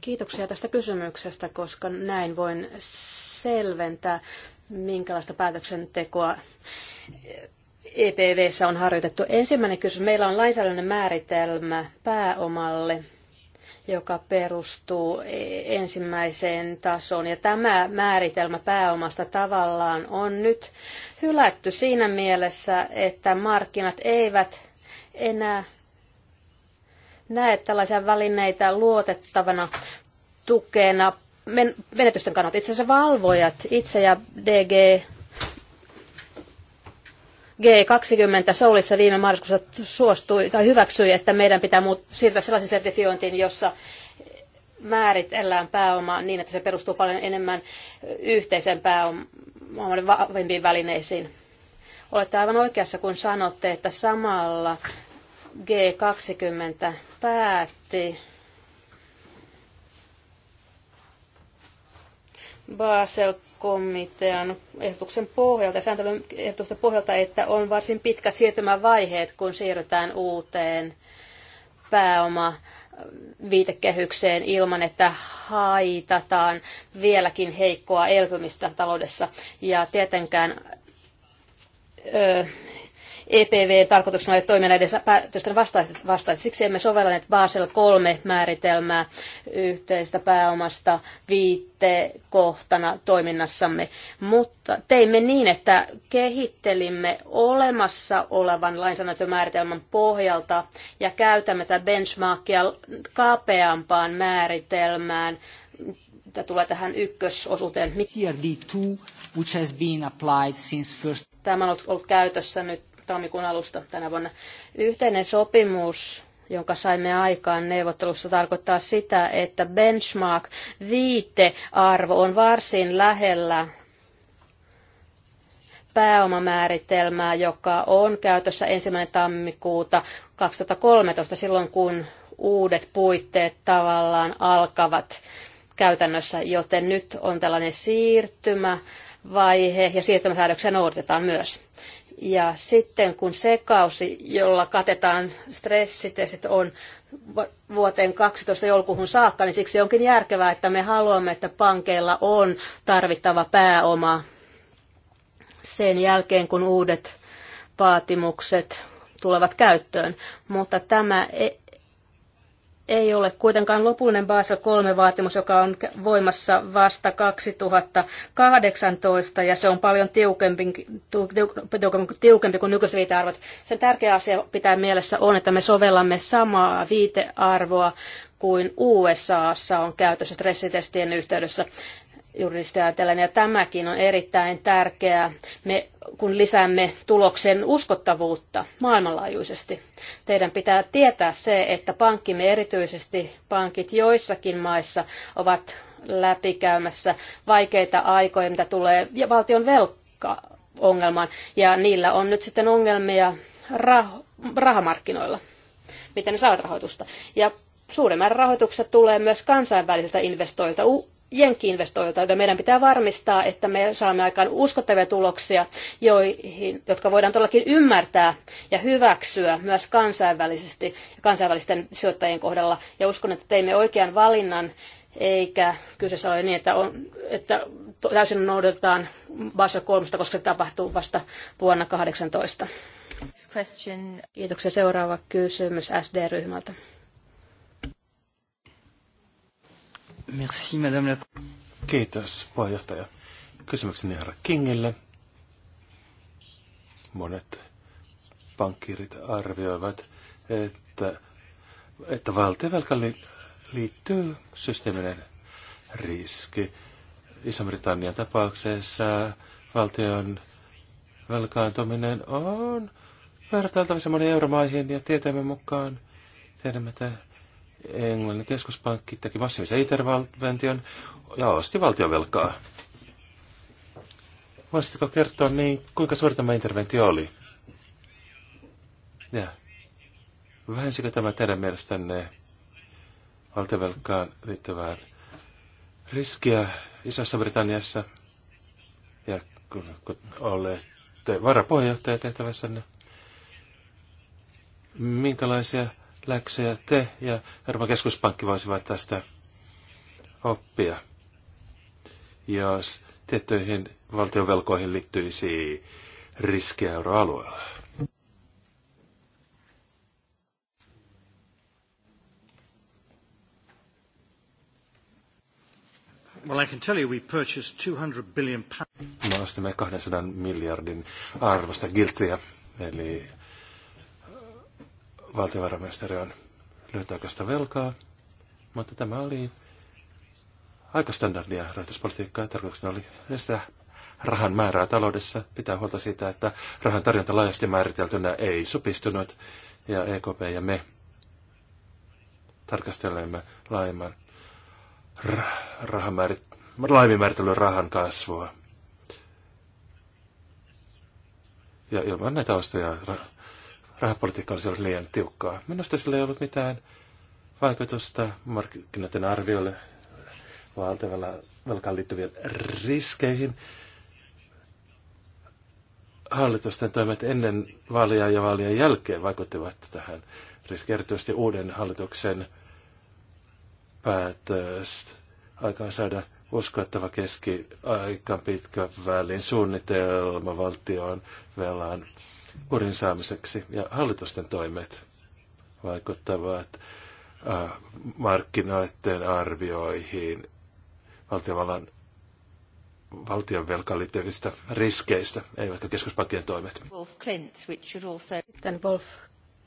Kiitoksia tästä kysymyksestä, koska näin voin selventää minkälaista päätöksentekoa EPVssä on harjoitettu. Ensimmäinen kysymys. Meillä on lainsäädännön määritelmä pääomalle, joka perustuu ensimmäiseen tasoon. Ja tämä määritelmä pääomasta tavallaan on nyt hylätty siinä mielessä, että markkinat eivät enää näe tällaisia välineitä luotettavana tukena menetysten kannalta. Itse asiassa valvojat itse ja DG G20 Soulissa viime marraskuussa suostui tai hyväksyi, että meidän pitää muut, siirtyä sellaisen sertifiointiin, jossa määritellään pääoma niin, että se perustuu paljon enemmän yhteisen pääoman vahvimpiin välineisiin. Olette aivan oikeassa, kun sanotte, että samalla G20 päätti Basel-komitean ehdotuksen pohjalta, sääntelyn ehdotuksen pohjalta, että on varsin pitkä siirtymävaiheet, kun siirrytään uuteen pääoma äh, viitekehykseen ilman, että haitataan vieläkin heikkoa elpymistä taloudessa. Ja tietenkään EPV tarkoituksena oli toimia näiden päätösten vastaisesti. Siksi emme sovellaneet Basel 3 määritelmää yhteistä pääomasta viittekohtana toiminnassamme, mutta teimme niin, että kehittelimme olemassa olevan lainsäädäntömääritelmän pohjalta ja käytämme tätä benchmarkia kapeampaan määritelmään mitä tulee tähän ykkösosuuteen. CRD2, which has been applied since first... Tämä on ollut käytössä nyt tammikuun alusta tänä vuonna. Yhteinen sopimus, jonka saimme aikaan neuvottelussa, tarkoittaa sitä, että benchmark viitearvo on varsin lähellä pääomamääritelmää, joka on käytössä ensimmäinen tammikuuta 2013, silloin kun uudet puitteet tavallaan alkavat käytännössä, joten nyt on tällainen siirtymävaihe ja siirtymäsäädöksiä noudatetaan myös. Ja sitten kun sekausi, jolla katetaan stressitestit, on vuoteen 12 joulukuuhun saakka, niin siksi onkin järkevää, että me haluamme, että pankeilla on tarvittava pääoma sen jälkeen, kun uudet vaatimukset tulevat käyttöön. Mutta tämä e- ei ole kuitenkaan lopullinen Basel 3-vaatimus, joka on voimassa vasta 2018, ja se on paljon tiukempi, tiukempi, tiukempi kuin nykyiset viitearvot. Sen tärkeä asia pitää mielessä on, että me sovellamme samaa viitearvoa kuin USAssa on käytössä stressitestien yhteydessä juridisesti ajatellen, ja tämäkin on erittäin tärkeää, me, kun lisäämme tuloksen uskottavuutta maailmanlaajuisesti. Teidän pitää tietää se, että pankkimme, erityisesti pankit joissakin maissa, ovat läpikäymässä vaikeita aikoja, mitä tulee ja valtion velkaongelmaan, ja niillä on nyt sitten ongelmia rah- rahamarkkinoilla, miten ne saavat rahoitusta. Ja suuremman rahoituksesta tulee myös kansainvälisiltä investoilta, jenkkiinvestoijilta, joten meidän pitää varmistaa, että me saamme aikaan uskottavia tuloksia, joihin, jotka voidaan todellakin ymmärtää ja hyväksyä myös kansainvälisesti ja kansainvälisten sijoittajien kohdalla. Ja uskon, että teimme oikean valinnan, eikä kyseessä ole niin, että, on, että täysin noudatetaan Basel 3, koska se tapahtuu vasta vuonna 2018. Kiitoksia. Seuraava kysymys SD-ryhmältä. Merci, madame la... Kiitos, puheenjohtaja. Kysymykseni herra Kingille. Monet pankkiirit arvioivat, että, että li, liittyy systeeminen riski. Iso-Britannian tapauksessa valtion velkaantuminen on vertailtavissa moniin euromaihin ja tietämme mukaan tiedämme, että Englannin keskuspankki teki massiivisen intervention ja osti valtionvelkaa. Voisitko kertoa, niin kuinka suuri tämä interventio oli? Ja vähensikö tämä teidän mielestänne valtionvelkaan liittyvään riskiä Isossa Britanniassa? Ja kun, kun olette varapuheenjohtaja tehtävässänne, minkälaisia läksyjä te ja Euroopan keskuspankki voisivat tästä oppia, jos tiettyihin valtionvelkoihin liittyisi riskiä euroalueella? Well, I can tell you we purchased 200 billion pounds. Me ostimme 200 miljardin arvosta giltiä, eli valtiovarainministeri on lyhytaikaista velkaa, mutta tämä oli aika standardia rahoituspolitiikkaa. Tarkoituksena oli estää rahan määrää taloudessa, pitää huolta siitä, että rahan tarjonta laajasti määriteltynä ei supistunut, ja EKP ja me tarkastelemme laajemman laimimäärittelyn rahan kasvua. Ja ilman näitä ostoja rahapolitiikka olisi ollut liian tiukkaa. Minusta sillä ei ollut mitään vaikutusta markkinoiden arvioille valtavalla velkaan liittyviin riskeihin. Hallitusten toimet ennen vaalia ja vaalien jälkeen vaikuttivat tähän riskiin, erityisesti uuden hallituksen päätös aikaan saada uskottava keski aika pitkä välin suunnitelma valtion velan kurin saamiseksi. Ja hallitusten toimet vaikuttavat äh, markkinoiden arvioihin, valtiovallan valtion liittyvistä riskeistä, eivätkä keskuspankkien toimet. Wolf Klintz, which should also... Wolf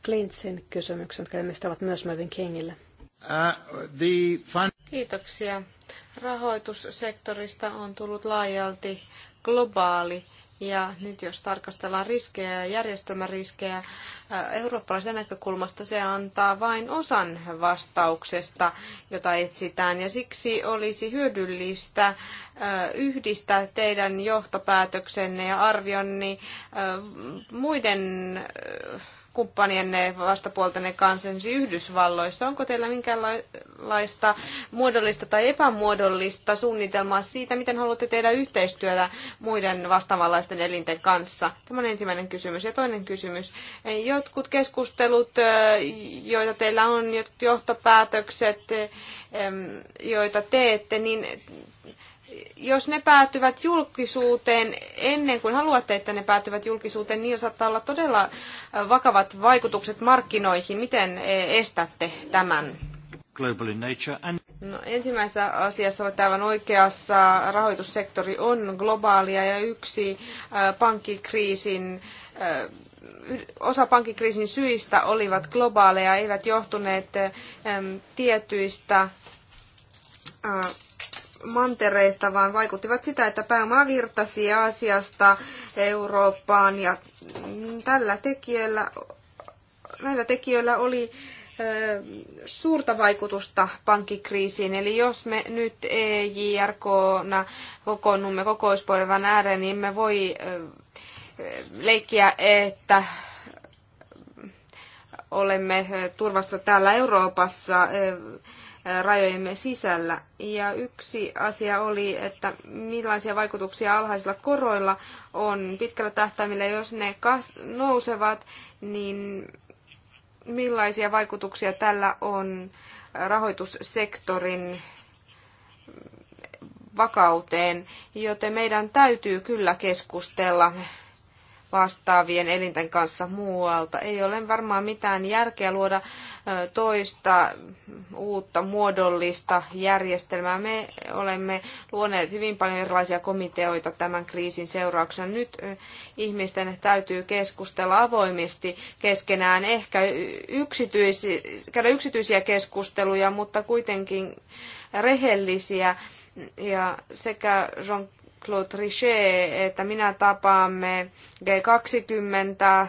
Klintzin kysymykset, jotka ilmeisesti ovat myös Mervyn Kingille. Uh, the fun... Kiitoksia. Rahoitussektorista on tullut laajalti globaali ja nyt jos tarkastellaan riskejä ja järjestelmäriskejä eurooppalaisen näkökulmasta, se antaa vain osan vastauksesta, jota etsitään. Ja siksi olisi hyödyllistä yhdistää teidän johtopäätöksenne ja arvionni muiden kumppanienne vastapuoltenne kanssa esimerkiksi Yhdysvalloissa. Onko teillä minkäänlaista muodollista tai epämuodollista suunnitelmaa siitä, miten haluatte tehdä yhteistyötä muiden vastaavanlaisten elinten kanssa? Tämä on ensimmäinen kysymys. Ja toinen kysymys. Jotkut keskustelut, joita teillä on, jotkut johtopäätökset, joita teette, niin jos ne päätyvät julkisuuteen ennen kuin haluatte, että ne päätyvät julkisuuteen, niin saattaa olla todella vakavat vaikutukset markkinoihin. Miten e, estätte tämän? Global in nature and... no, ensimmäisessä asiassa olet aivan oikeassa. Rahoitussektori on globaalia ja yksi äh, pankkikriisin äh, osa pankkikriisin syistä olivat globaaleja, eivät johtuneet tietyistä mantereista, vaan vaikuttivat sitä, että pääoma virtasi Aasiasta Eurooppaan ja tällä tekijällä, näillä tekijöillä oli suurta vaikutusta pankkikriisiin. Eli jos me nyt EJRK-na kokoonnumme kokouspäivän ääreen, niin me voi leikkiä, että olemme turvassa täällä Euroopassa rajojemme sisällä. Ja yksi asia oli, että millaisia vaikutuksia alhaisilla koroilla on pitkällä tähtäimellä, jos ne nousevat, niin millaisia vaikutuksia tällä on rahoitussektorin vakauteen, joten meidän täytyy kyllä keskustella vastaavien elinten kanssa muualta. Ei ole varmaan mitään järkeä luoda toista uutta muodollista järjestelmää. Me olemme luoneet hyvin paljon erilaisia komiteoita tämän kriisin seurauksena. Nyt ihmisten täytyy keskustella avoimesti keskenään, ehkä yksityisi, käydä yksityisiä keskusteluja, mutta kuitenkin rehellisiä. Ja sekä Jean Claude Trichet, että minä tapaamme G20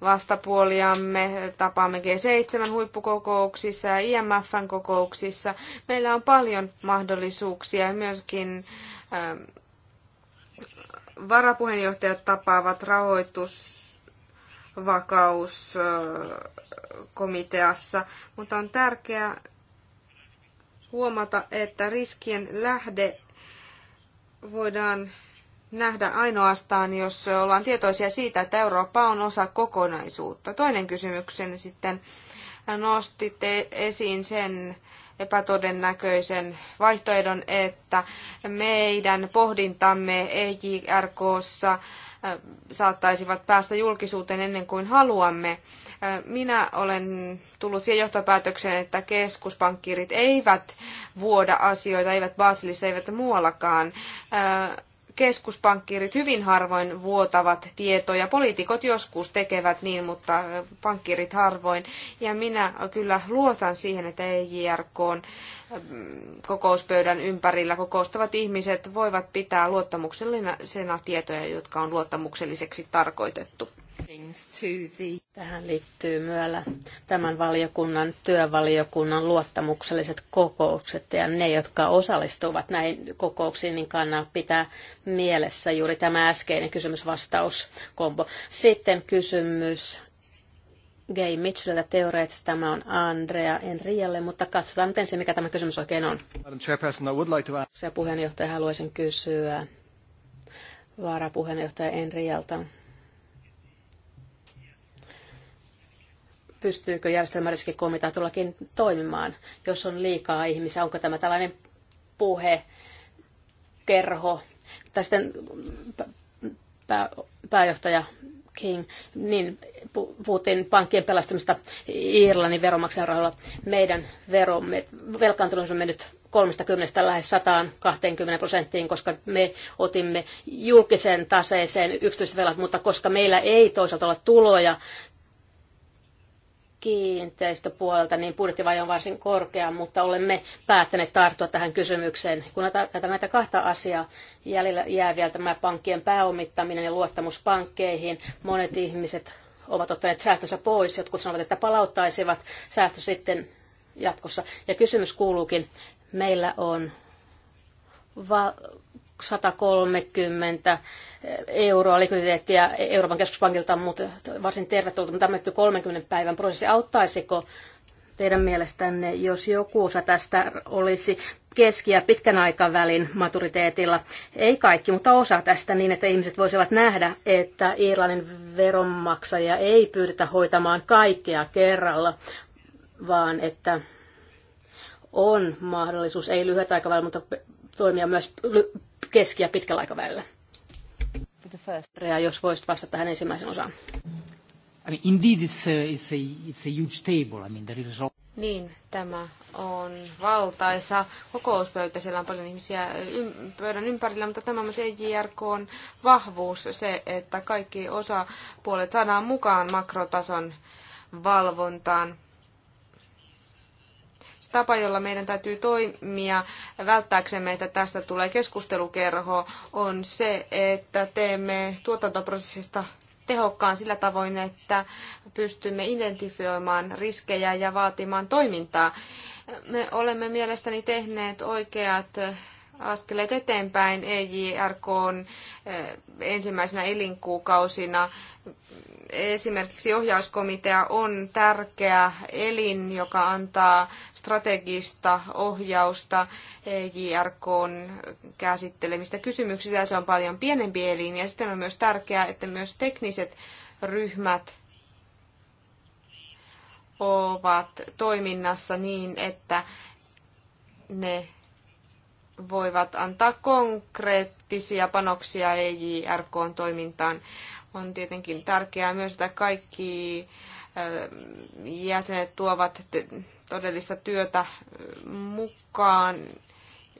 vastapuoliamme, tapaamme G7-huippukokouksissa ja IMFn kokouksissa. Meillä on paljon mahdollisuuksia myöskin ähm, varapuheenjohtajat tapaavat rahoitusvakauskomiteassa, mutta on tärkeää huomata, että riskien lähde voidaan nähdä ainoastaan, jos ollaan tietoisia siitä, että Eurooppa on osa kokonaisuutta. Toinen kysymyksen sitten nostitte esiin sen epätodennäköisen vaihtoehdon, että meidän pohdintamme EJRKssa saattaisivat päästä julkisuuteen ennen kuin haluamme. Minä olen tullut siihen johtopäätökseen, että keskuspankkiirit eivät vuoda asioita, eivät Basilissa, eivät muuallakaan keskuspankkiirit hyvin harvoin vuotavat tietoja. Poliitikot joskus tekevät niin, mutta pankkiirit harvoin. Ja minä kyllä luotan siihen, että EJRK on mm, kokouspöydän ympärillä kokoustavat ihmiset voivat pitää luottamuksellisena tietoja, jotka on luottamukselliseksi tarkoitettu. Tähän liittyy myöllä tämän valiokunnan, työvaliokunnan luottamukselliset kokoukset ja ne, jotka osallistuvat näihin kokouksiin, niin kannattaa pitää mielessä juuri tämä äskeinen kysymys-vastauskombo. Sitten kysymys Gay Mitchelliltä teoreettisesti tämä on Andrea Enrialle, mutta katsotaan nyt ensin, mikä tämä kysymys oikein on. Se puheenjohtaja haluaisin kysyä varapuheenjohtaja Enrialta pystyykö järjestelmäriskikomitea tullakin toimimaan, jos on liikaa ihmisiä, onko tämä tällainen puhe, kerho, tai sitten mm, pää, pääjohtaja King, niin puhuttiin pankkien pelastamista Irlannin veronmaksajan rahoilla. Meidän veromme, velkaantuneisuus on mennyt 30 lähes 120 prosenttiin, koska me otimme julkisen taseeseen yksityiset velat, mutta koska meillä ei toisaalta ole tuloja, kiinteistöpuolelta, niin budjettivaje on varsin korkea, mutta olemme päättäneet tarttua tähän kysymykseen. Kun näitä, näitä kahta asiaa jäljellä jää vielä tämä pankkien pääomittaminen ja luottamus pankkeihin, monet ihmiset ovat ottaneet säästönsä pois, jotkut sanovat, että palauttaisivat säästö sitten jatkossa. Ja kysymys kuuluukin, meillä on 130 euroa likviditeettiä Euroopan keskuspankilta, mutta varsin tervetullut. Mutta 30 päivän prosessi auttaisiko teidän mielestänne, jos joku osa tästä olisi keski- ja pitkän aikavälin maturiteetilla, ei kaikki, mutta osa tästä niin, että ihmiset voisivat nähdä, että Irlannin veronmaksajia ei pyydetä hoitamaan kaikkea kerralla, vaan että on mahdollisuus, ei lyhyet aikavälillä, mutta toimia myös keski- ja pitkällä aikavälillä first. Rea, jos voisit vastata tähän ensimmäisen osaan. I mean, indeed, it's a, it's a, it's a huge table. I mean, there is a... Niin, tämä on valtaisa kokouspöytä. Siellä on paljon ihmisiä pöydän ympärillä, mutta tämä on myös EJRK on vahvuus, se, että kaikki osapuolet saadaan mukaan makrotason valvontaan tapa, jolla meidän täytyy toimia välttääksemme, että tästä tulee keskustelukerho, on se, että teemme tuotantoprosessista tehokkaan sillä tavoin, että pystymme identifioimaan riskejä ja vaatimaan toimintaa. Me olemme mielestäni tehneet oikeat askeleet eteenpäin EJRK on eh, ensimmäisenä elinkuukausina. Esimerkiksi ohjauskomitea on tärkeä elin, joka antaa strategista ohjausta on e käsittelemistä kysymyksistä. Se on paljon pienempi elin ja sitten on myös tärkeää, että myös tekniset ryhmät ovat toiminnassa niin, että ne voivat antaa konkreettisia panoksia ejrk toimintaan. On tietenkin tärkeää myös, että kaikki jäsenet tuovat todellista työtä mukaan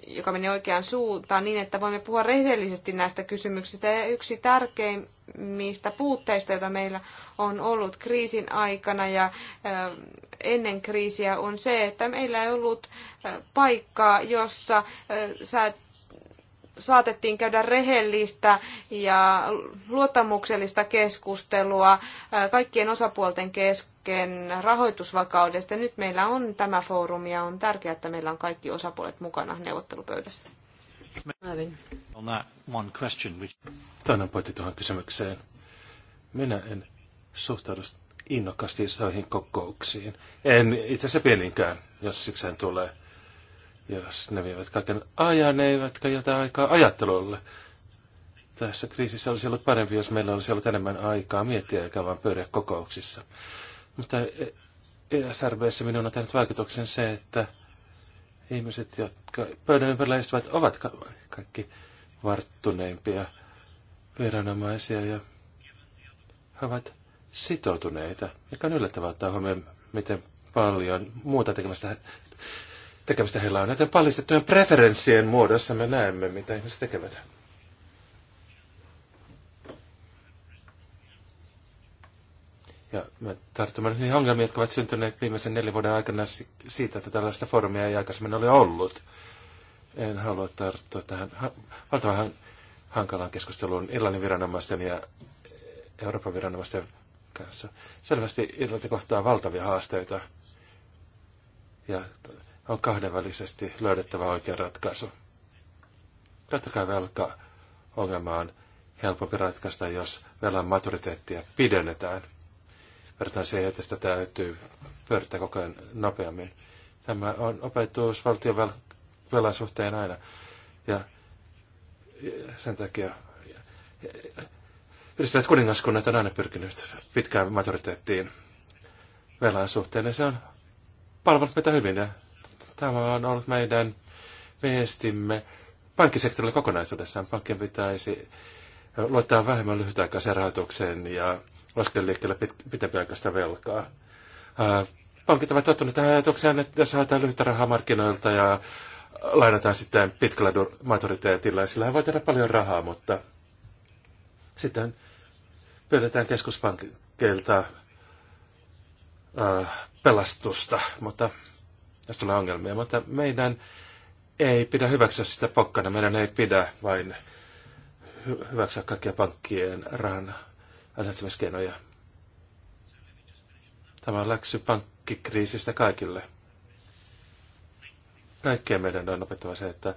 joka meni oikeaan suuntaan niin, että voimme puhua rehellisesti näistä kysymyksistä. Ja yksi tärkeimmistä puutteista, joita meillä on ollut kriisin aikana ja ennen kriisiä, on se, että meillä ei ollut paikkaa, jossa saatettiin käydä rehellistä ja luottamuksellista keskustelua äh, kaikkien osapuolten kesken rahoitusvakaudesta. Nyt meillä on tämä foorumi ja on tärkeää, että meillä on kaikki osapuolet mukana neuvottelupöydässä. Toinen pointti tuohon kysymykseen. Minä en suhtaudu innokkaasti isoihin kokouksiin. En itse asiassa pieninkään, jos sikseen tulee – jos ne vievät kaiken ajan, eivätkä jätä aikaa ajattelulle. Tässä kriisissä olisi ollut parempi, jos meillä olisi ollut enemmän aikaa miettiä eikä vain pyöriä kokouksissa. Mutta ESRBssä minun on tehnyt vaikutuksen se, että ihmiset, jotka pöydän ympärillä istuvat, ovat ka- kaikki varttuneimpia viranomaisia ja he ovat sitoutuneita, mikä on yllättävää ottaa huomioon, miten paljon muuta tekemästä tekemistä heillä on. Näiden paljastettujen preferenssien muodossa me näemme, mitä ihmiset tekevät. Ja me tartumme niihin ongelmiin, jotka ovat syntyneet viimeisen neljän vuoden aikana siitä, että tällaista foorumia ei aikaisemmin ole ollut. En halua tarttua tähän valtavan hankalaan keskusteluun Irlannin viranomaisten ja Euroopan viranomaisten kanssa. Selvästi Irlanti kohtaa valtavia haasteita. Ja on kahdenvälisesti löydettävä oikea ratkaisu. Totta kai velka-ongelma on helpompi ratkaista, jos velan maturiteettia pidennetään. Vertaan siihen, että sitä täytyy pyörittää koko ajan nopeammin. Tämä on opetus valtion vel- velan suhteen aina. Ja sen takia yhdistyvät kuningaskunnat on aina pyrkinyt pitkään maturiteettiin velan suhteen. Ja se on palvelut meitä hyvin ja Tämä on ollut meidän viestimme pankkisektorille kokonaisuudessaan. Pankkien pitäisi luottaa vähemmän lyhytaikaisen rahoitukseen ja laskea liikkeelle pit- pitempiaikaista velkaa. Ää, pankit ovat tottuneet tähän ajatukseen, että saadaan lyhyttä rahaa markkinoilta ja lainataan sitten pitkällä maturiteetilla ja niin sillä voi tehdä paljon rahaa, mutta sitten pyydetään keskuspankkeilta pelastusta, mutta tässä tulee ongelmia, mutta meidän ei pidä hyväksyä sitä pokkana. Meidän ei pidä vain hy- hyväksyä kaikkia pankkien rahan ansaitsemiskeinoja. Tämä on läksy pankkikriisistä kaikille. Kaikkien meidän on opettava se, että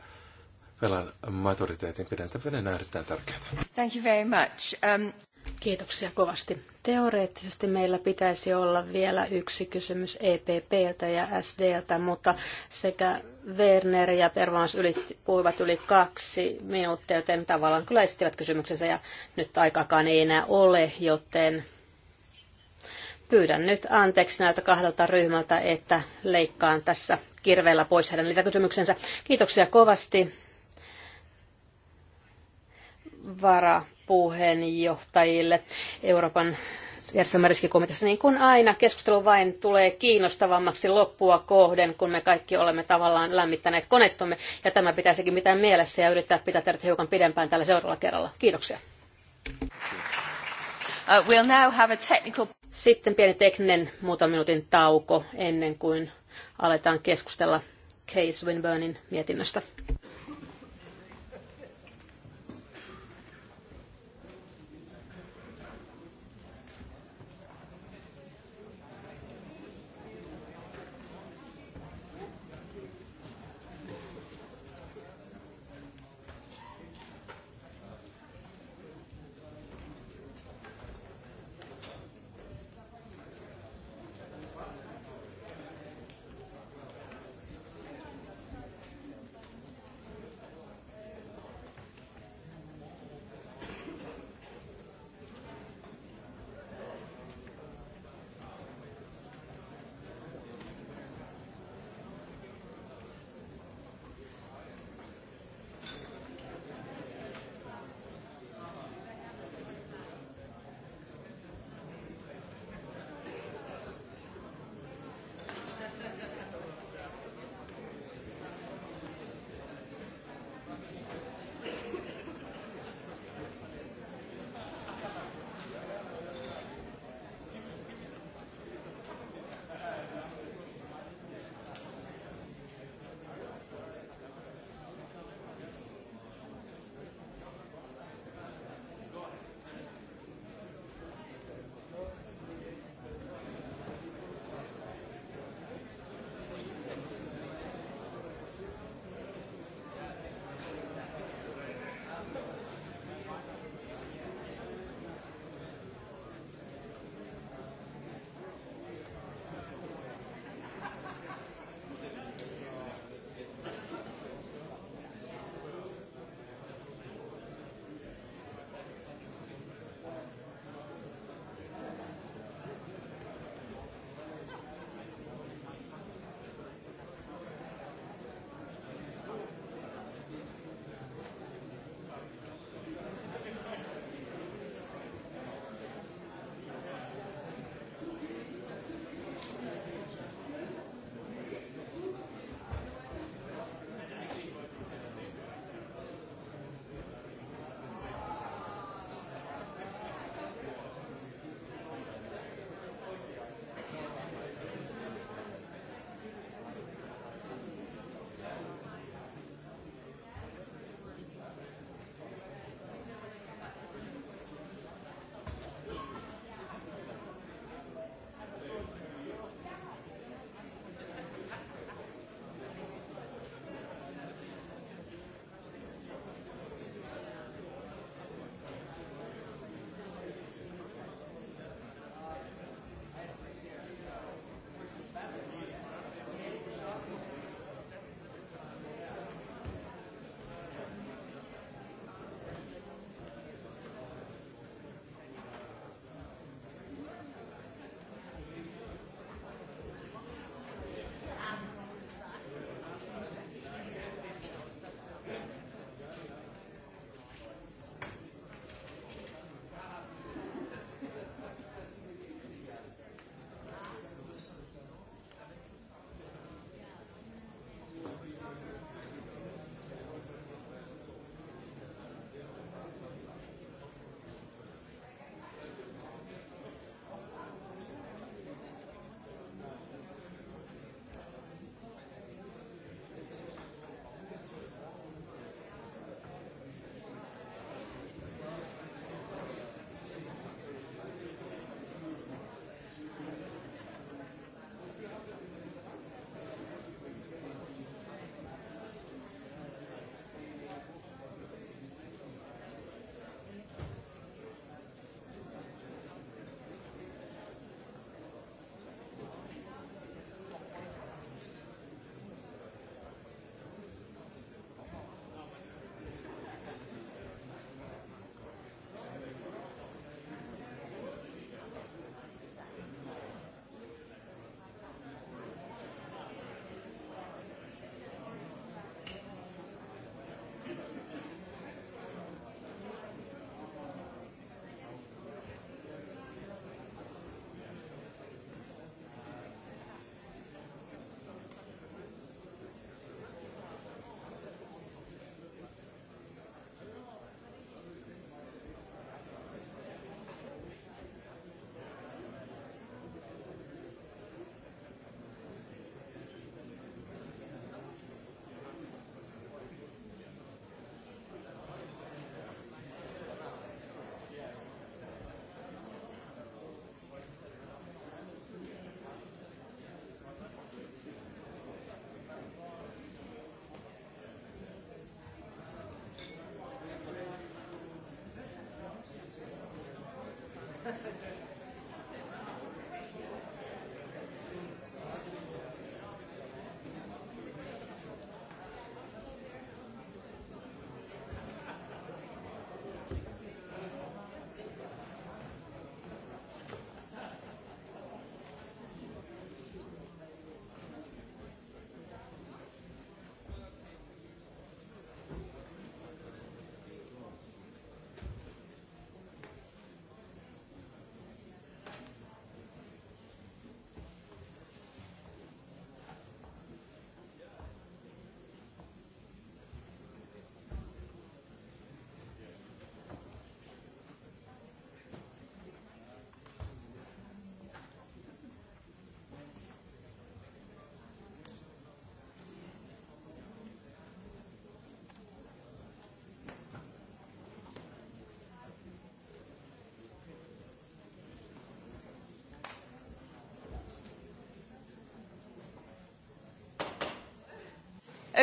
velan maturiteetin pidentäminen on erittäin tärkeää. Thank you very much. Um... Kiitoksia kovasti. Teoreettisesti meillä pitäisi olla vielä yksi kysymys EPPltä ja SDltä, mutta sekä Werner ja Pervans ylitti, puhuivat yli kaksi minuuttia, joten tavallaan kyllä esittivät kysymyksensä ja nyt aikakaan ei enää ole, joten pyydän nyt anteeksi näiltä kahdelta ryhmältä, että leikkaan tässä kirveellä pois heidän lisäkysymyksensä. Kiitoksia kovasti. Vara puheenjohtajille Euroopan järjestelmäriskikomiteassa. Niin kuin aina, keskustelu vain tulee kiinnostavammaksi loppua kohden, kun me kaikki olemme tavallaan lämmittäneet koneistomme, ja tämä pitäisikin mitään mielessä ja yrittää pitää teidät hiukan pidempään tällä seuraavalla kerralla. Kiitoksia. Uh, we'll now have a technical... Sitten pieni tekninen muutaman minuutin tauko ennen kuin aletaan keskustella Case Winburnin mietinnöstä.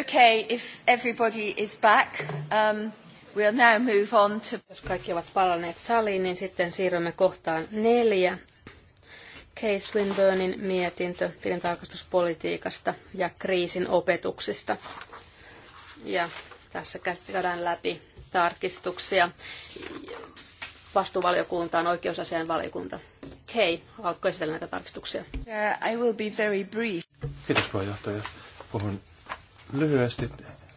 Okay, if everybody is back, um, we'll now move on to... Jos kaikki ovat palanneet saliin, niin sitten siirrymme kohtaan neljä. Case Swinburnin mietintö tilintarkastuspolitiikasta ja kriisin opetuksista. Ja tässä käsitellään läpi tarkistuksia. Vastuuvaliokunta on oikeusasian valiokunta. Kei, haluatko esitellä näitä tarkistuksia? Uh, I will be very brief. Kiitos puheenjohtaja. Puhun lyhyesti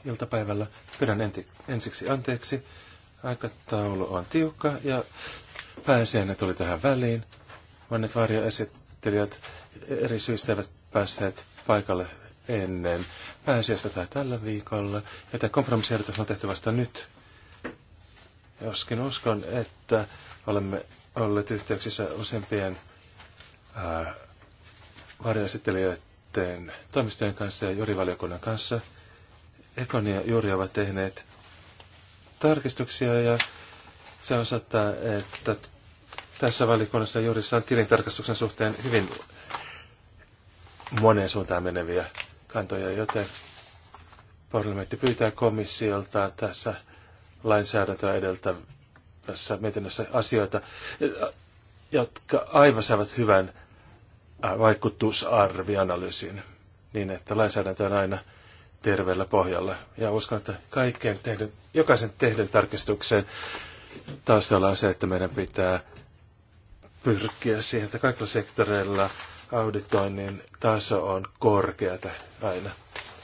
iltapäivällä. Pyydän enti, ensiksi anteeksi. Aikataulu on tiukka ja pääsiäinen tuli tähän väliin. Monet varjoesittelijät eri syistä eivät päässeet paikalle ennen pääsiäistä tai tällä viikolla, tämä kompromissiehdotus on tehty vasta nyt. Joskin uskon, että olemme olleet yhteyksissä useimpien varjoesittelijöiden yhteen toimistojen kanssa ja jurivaliokunnan kanssa. Ekon ja Juri ovat tehneet tarkistuksia ja se osoittaa, että tässä valikunnassa juurissa on tilintarkastuksen suhteen hyvin monen suuntaan meneviä kantoja, joten parlamentti pyytää komissiolta tässä lainsäädäntöä edeltävässä mietinnössä asioita, jotka aivan saavat hyvän Äh, vaikutusarvianalyysin niin, että lainsäädäntö on aina terveellä pohjalla. Ja uskon, että kaikkeen tehdyn, jokaisen tehdyn tarkistukseen taustalla on se, että meidän pitää pyrkiä siihen, että kaikilla sektoreilla auditoinnin taso on korkeata aina.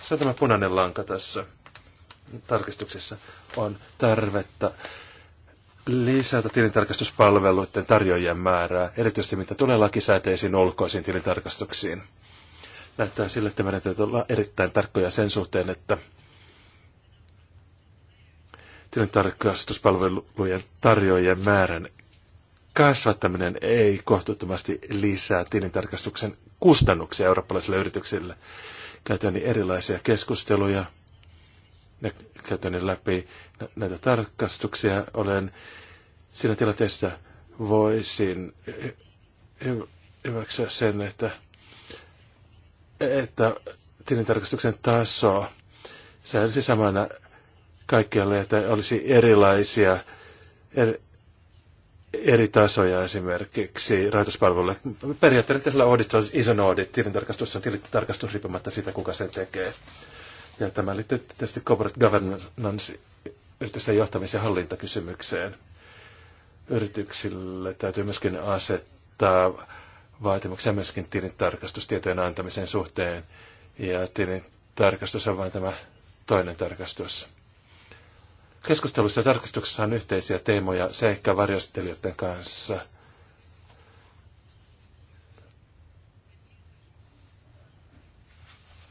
Se on tämä punainen lanka tässä tarkistuksessa. On tarvetta lisätä tilintarkastuspalveluiden tarjoajien määrää, erityisesti mitä tulee lakisääteisiin ulkoisiin tilintarkastuksiin. Näyttää sille, että meidän täytyy olla erittäin tarkkoja sen suhteen, että tilintarkastuspalvelujen tarjoajien määrän kasvattaminen ei kohtuuttomasti lisää tilintarkastuksen kustannuksia eurooppalaisille yrityksille. Käytäni erilaisia keskusteluja käytäni läpi näitä tarkastuksia. Olen siinä tilanteessa voisin hyväksyä sen, että, että tilintarkastuksen taso säilisi samana kaikkialle, että olisi erilaisia eri, eri tasoja esimerkiksi rahoituspalveluille. Periaatteessa audit on iso audit, tilintarkastus on tilintarkastus riippumatta siitä, kuka sen tekee. Ja tämä liittyy tietysti corporate governance, yritysten johtamis- ja hallintakysymykseen. Yrityksille täytyy myöskin asettaa vaatimuksia myöskin tilintarkastustietojen antamisen suhteen. Ja tilintarkastus on vain tämä toinen tarkastus. Keskustelussa ja tarkastuksessa on yhteisiä teemoja seikka varjostelijoiden kanssa –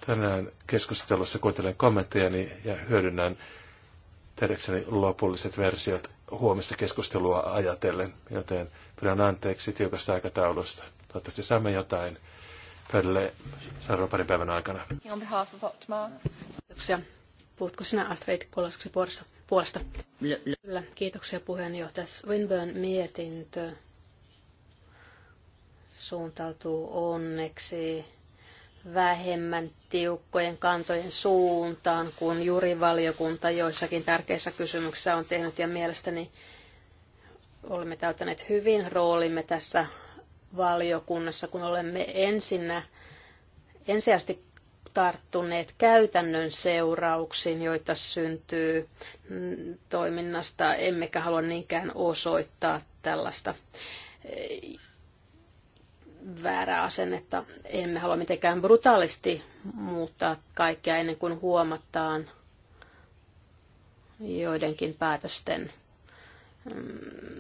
Tänään keskustelussa kuuntelen kommenttejani ja hyödynnän tehdäkseni lopulliset versiot huomista keskustelua ajatellen, joten pyydän anteeksi tiukasta aikataulusta. Toivottavasti saamme jotain pöydälle seuraavan parin päivän aikana. On behalf of Kiitoksia. Puhutko sinä Astrid Kolasksen puolesta? puolesta? Kyllä, kiitoksia puheenjohtaja. Swinburne mietintö suuntautuu onneksi vähemmän tiukkojen kantojen suuntaan, kuin jurivaliokunta joissakin tärkeissä kysymyksissä on tehnyt. Ja mielestäni olemme täyttäneet hyvin roolimme tässä valiokunnassa, kun olemme ensinnä, ensisijaisesti tarttuneet käytännön seurauksiin, joita syntyy toiminnasta, emmekä halua niinkään osoittaa tällaista väärää asennetta. Emme halua mitenkään brutaalisti muuttaa kaikkea ennen kuin huomataan joidenkin päätösten mm,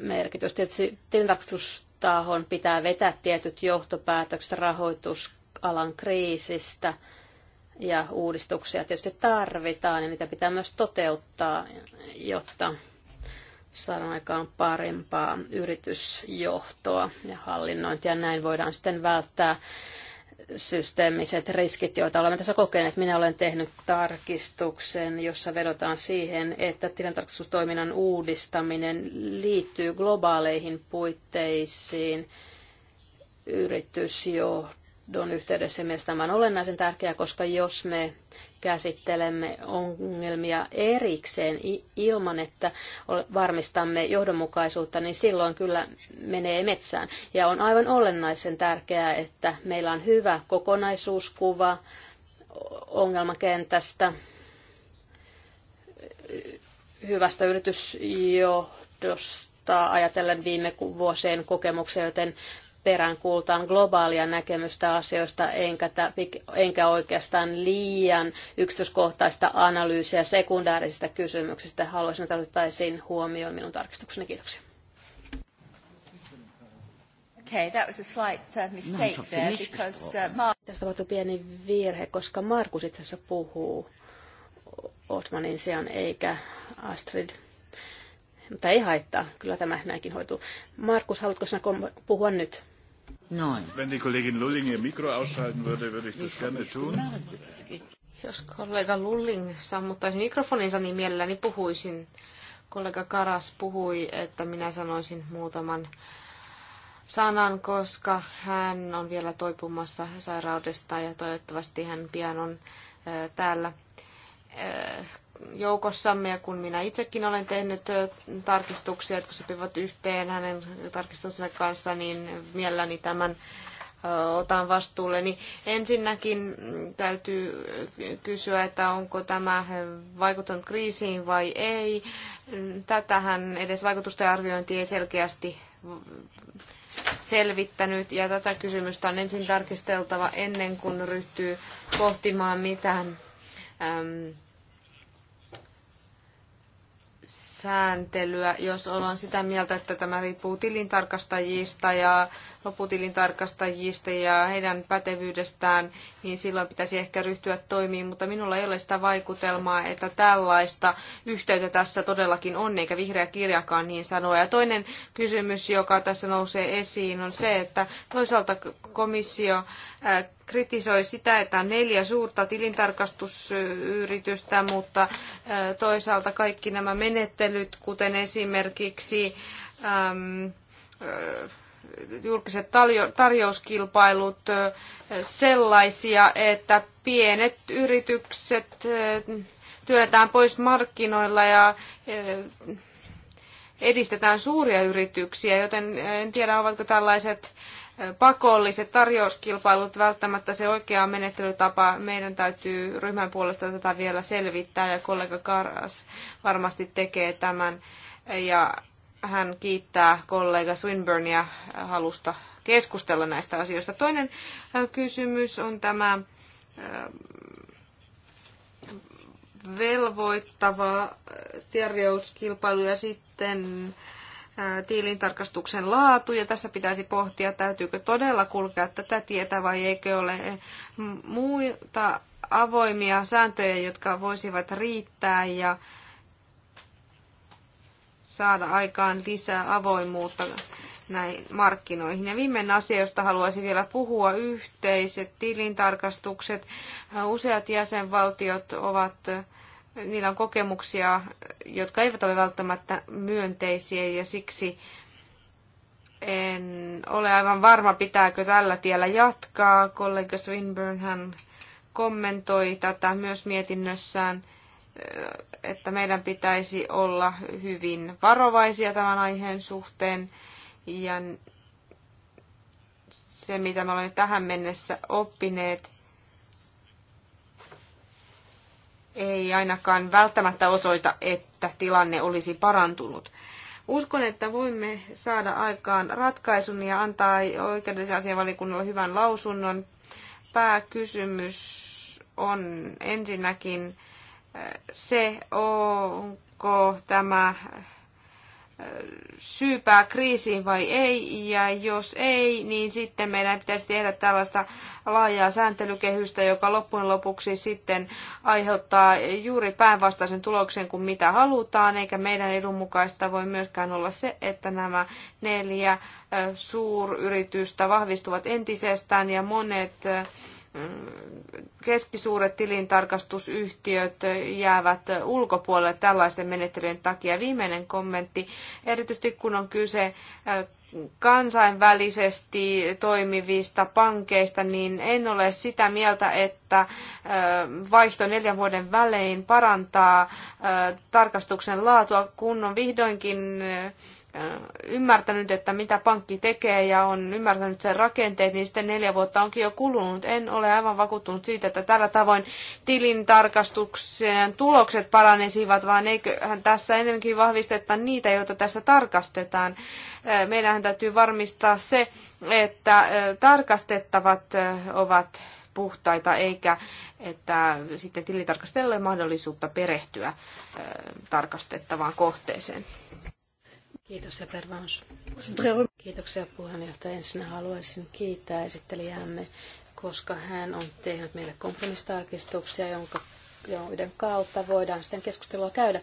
merkitys. Tietysti tilintarkastustahon pitää vetää tietyt johtopäätökset rahoitusalan kriisistä ja uudistuksia tietysti tarvitaan ja niitä pitää myös toteuttaa, jotta saadaan aikaan parempaa yritysjohtoa ja hallinnointia. Näin voidaan sitten välttää systeemiset riskit, joita olemme tässä kokeneet. Minä olen tehnyt tarkistuksen, jossa vedotaan siihen, että tilintarkastustoiminnan uudistaminen liittyy globaaleihin puitteisiin yritysjohdon yhteydessä. Mielestäni tämä on olennaisen tärkeää, koska jos me käsittelemme ongelmia erikseen ilman, että varmistamme johdonmukaisuutta, niin silloin kyllä menee metsään. Ja on aivan olennaisen tärkeää, että meillä on hyvä kokonaisuuskuva ongelmakentästä, hyvästä yritysjohdosta ajatellen viime vuosien kokemuksia, joten peräänkuultaan globaalia näkemystä asioista, enkä, enkä oikeastaan liian yksityiskohtaista analyysiä sekundäärisistä kysymyksistä. Haluaisin, että otettaisiin huomioon minun tarkistukseni. Kiitoksia. Okay, that was a slight uh, mistake no, there because uh, Mark... Tästä tapahtui pieni virhe, koska Markus itse asiassa puhuu Otmanin sijaan eikä Astrid. Mutta ei haittaa, kyllä tämä näinkin hoituu. Markus, haluatko sinä puhua nyt? Noin. Wenn die Kollegin Lulling ihr Mikro ausschalten würde, würde ich das gerne tun. Jos kollega Lulling sammuttaisi mikrofoninsa, niin mielelläni puhuisin. Kollega Karas puhui, että minä sanoisin muutaman sanan, koska hän on vielä toipumassa sairaudesta ja toivottavasti hän pian on täällä joukossamme ja kun minä itsekin olen tehnyt tarkistuksia, jotka sopivat yhteen hänen tarkistuksensa kanssa, niin mielelläni tämän otan vastuulle. Niin ensinnäkin mm, täytyy kysyä, että onko tämä vaikuttanut kriisiin vai ei. Tätähän edes vaikutusten arviointi ei selkeästi mm, selvittänyt ja tätä kysymystä on ensin tarkisteltava ennen kuin ryhtyy pohtimaan mitään sääntelyä, jos ollaan sitä mieltä, että tämä riippuu tilintarkastajista ja loputilintarkastajista ja heidän pätevyydestään, niin silloin pitäisi ehkä ryhtyä toimiin, mutta minulla ei ole sitä vaikutelmaa, että tällaista yhteyttä tässä todellakin on, eikä vihreä kirjakaan niin sanoa. Ja toinen kysymys, joka tässä nousee esiin, on se, että toisaalta komissio äh, kritisoi sitä, että on neljä suurta tilintarkastusyritystä, mutta toisaalta kaikki nämä menettelyt, kuten esimerkiksi äm, julkiset tarjouskilpailut sellaisia, että pienet yritykset työnnetään pois markkinoilla ja edistetään suuria yrityksiä, joten en tiedä, ovatko tällaiset pakolliset tarjouskilpailut välttämättä se oikea menettelytapa. Meidän täytyy ryhmän puolesta tätä vielä selvittää ja kollega Karas varmasti tekee tämän. Ja hän kiittää kollega Swinburnia halusta keskustella näistä asioista. Toinen äh, kysymys on tämä äh, velvoittava äh, tarjouskilpailu ja sitten tiilintarkastuksen laatu ja tässä pitäisi pohtia, täytyykö todella kulkea tätä tietä vai eikö ole eh, muita avoimia sääntöjä, jotka voisivat riittää ja saada aikaan lisää avoimuutta näin markkinoihin. Ja viimeinen asia, josta haluaisin vielä puhua, yhteiset tilintarkastukset. Useat jäsenvaltiot ovat niillä on kokemuksia, jotka eivät ole välttämättä myönteisiä ja siksi en ole aivan varma, pitääkö tällä tiellä jatkaa. Kollega Swinburne hän kommentoi tätä myös mietinnössään, että meidän pitäisi olla hyvin varovaisia tämän aiheen suhteen. Ja se, mitä me olemme tähän mennessä oppineet, ei ainakaan välttämättä osoita, että tilanne olisi parantunut. Uskon, että voimme saada aikaan ratkaisun ja antaa oikeudellisen asianvalikunnalle hyvän lausunnon. Pääkysymys on ensinnäkin eh, se, onko tämä syypää kriisiin vai ei, ja jos ei, niin sitten meidän pitäisi tehdä tällaista laajaa sääntelykehystä, joka loppujen lopuksi sitten aiheuttaa juuri päinvastaisen tuloksen kuin mitä halutaan, eikä meidän edun mukaista voi myöskään olla se, että nämä neljä äh, suuryritystä vahvistuvat entisestään ja monet äh, keskisuuret tilintarkastusyhtiöt jäävät ulkopuolelle tällaisten menettelyjen takia. Viimeinen kommentti, erityisesti kun on kyse äh, kansainvälisesti toimivista pankeista, niin en ole sitä mieltä, että äh, vaihto neljän vuoden välein parantaa äh, tarkastuksen laatua, kun on vihdoinkin ymmärtänyt, että mitä pankki tekee ja on ymmärtänyt sen rakenteet, niin sitten neljä vuotta onkin jo kulunut. En ole aivan vakuuttunut siitä, että tällä tavoin tilintarkastuksen tulokset paranesivat, vaan eiköhän tässä enemmänkin vahvisteta niitä, joita tässä tarkastetaan. Meidän täytyy varmistaa se, että tarkastettavat ovat puhtaita, eikä että sitten tilitarkastajalla ei mahdollisuutta perehtyä tarkastettavaan kohteeseen. Kiitos ja pervaus. Kiitoksia puheenjohtaja. Ensin haluaisin kiittää esittelijäämme, koska hän on tehnyt meille kompromistarkistuksia, jonka, joiden kautta voidaan sitten keskustelua käydä.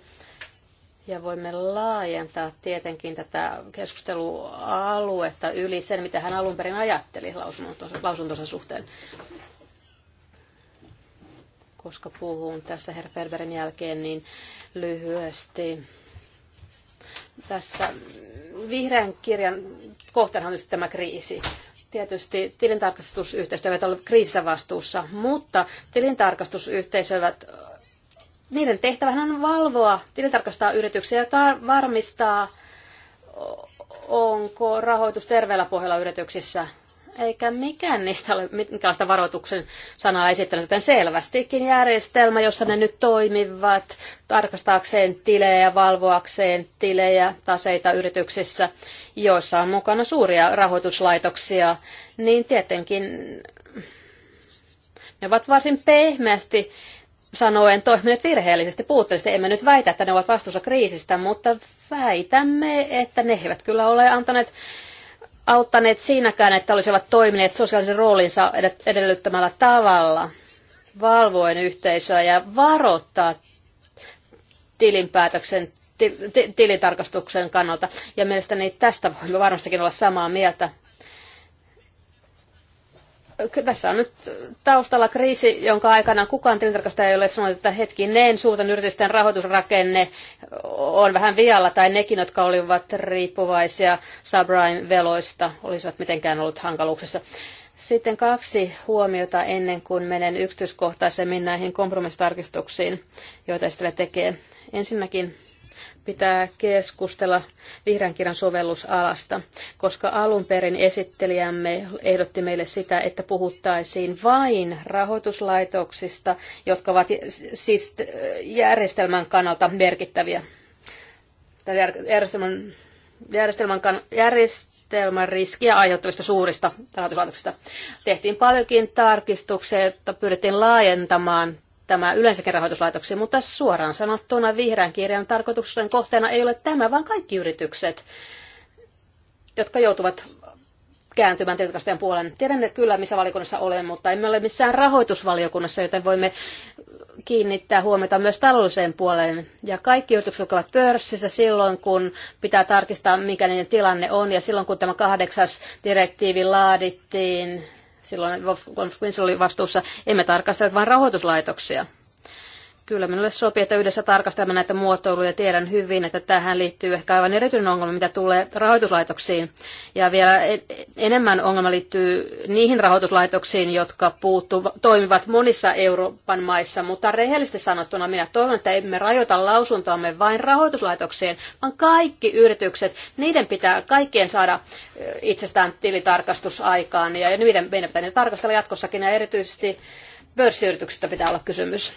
Ja voimme laajentaa tietenkin tätä keskustelualuetta yli sen, mitä hän alun perin ajatteli lausuntonsa, suhteen. Koska puhun tässä Herr Ferberin jälkeen niin lyhyesti tässä vihreän kirjan kohtana on siis tämä kriisi. Tietysti tilintarkastusyhteisöt eivät ole kriisissä vastuussa, mutta tilintarkastusyhteisöt niiden tehtävähän on valvoa, tilintarkastaa yrityksiä ja varmistaa, onko rahoitus terveellä pohjalla yrityksissä eikä mikään niistä ole minkäänlaista varoituksen sanaa esittänyt, joten selvästikin järjestelmä, jossa ne nyt toimivat tarkastaakseen tilejä, valvoakseen tilejä, taseita yrityksissä, joissa on mukana suuria rahoituslaitoksia, niin tietenkin ne ovat varsin pehmeästi sanoen toimineet virheellisesti, puutteellisesti. Emme nyt väitä, että ne ovat vastuussa kriisistä, mutta väitämme, että ne eivät kyllä ole antaneet auttaneet siinäkään, että olisivat toimineet sosiaalisen roolinsa edellyttämällä tavalla valvoen yhteisöä ja varoittaa tilinpäätöksen tilintarkastuksen kannalta. Ja mielestäni tästä voimme varmastikin olla samaa mieltä. Tässä on nyt taustalla kriisi, jonka aikana kukaan tilintarkastaja ei ole sanonut, että hetkinen, suurten yritysten rahoitusrakenne on vähän vialla, tai nekin, jotka olivat riippuvaisia subprime-veloista, olisivat mitenkään ollut hankaluuksessa. Sitten kaksi huomiota ennen kuin menen yksityiskohtaisemmin näihin kompromissitarkistuksiin, joita Estelle tekee. Ensinnäkin pitää keskustella vihreän kirjan sovellusalasta, koska alun perin esittelijämme ehdotti meille sitä, että puhuttaisiin vain rahoituslaitoksista, jotka ovat siis järjestelmän kannalta merkittäviä. Järjestelmän, järjestelmän, järjestelmän, järjest- riskiä aiheuttavista suurista rahoituslaitoksista. Tehtiin paljonkin tarkistuksia, jotta pyrittiin laajentamaan tämä yleensäkin rahoituslaitoksiin, mutta suoraan sanottuna vihreän kirjan tarkoituksen kohteena ei ole tämä, vaan kaikki yritykset, jotka joutuvat kääntymään tilintarkastajan puolen. Tiedän että kyllä, missä valiokunnassa olen, mutta emme ole missään rahoitusvaliokunnassa, joten voimme kiinnittää huomiota myös taloudelliseen puoleen. Ja kaikki yritykset ovat pörssissä silloin, kun pitää tarkistaa, mikä niiden tilanne on. Ja silloin, kun tämä kahdeksas direktiivi laadittiin, silloin Wolf oli vastuussa, emme tarkastele vain rahoituslaitoksia. Kyllä minulle sopii, että yhdessä tarkastelemme näitä muotoiluja. Tiedän hyvin, että tähän liittyy ehkä aivan erityinen ongelma, mitä tulee rahoituslaitoksiin. Ja vielä enemmän ongelma liittyy niihin rahoituslaitoksiin, jotka puuttu, toimivat monissa Euroopan maissa. Mutta rehellisesti sanottuna minä toivon, että emme rajoita lausuntoamme vain rahoituslaitoksiin, vaan kaikki yritykset, niiden pitää kaikkien saada eh, itsestään tilitarkastusaikaan. Ja niiden, meidän pitää tarkastella jatkossakin ja erityisesti pörssiyrityksistä pitää olla kysymys.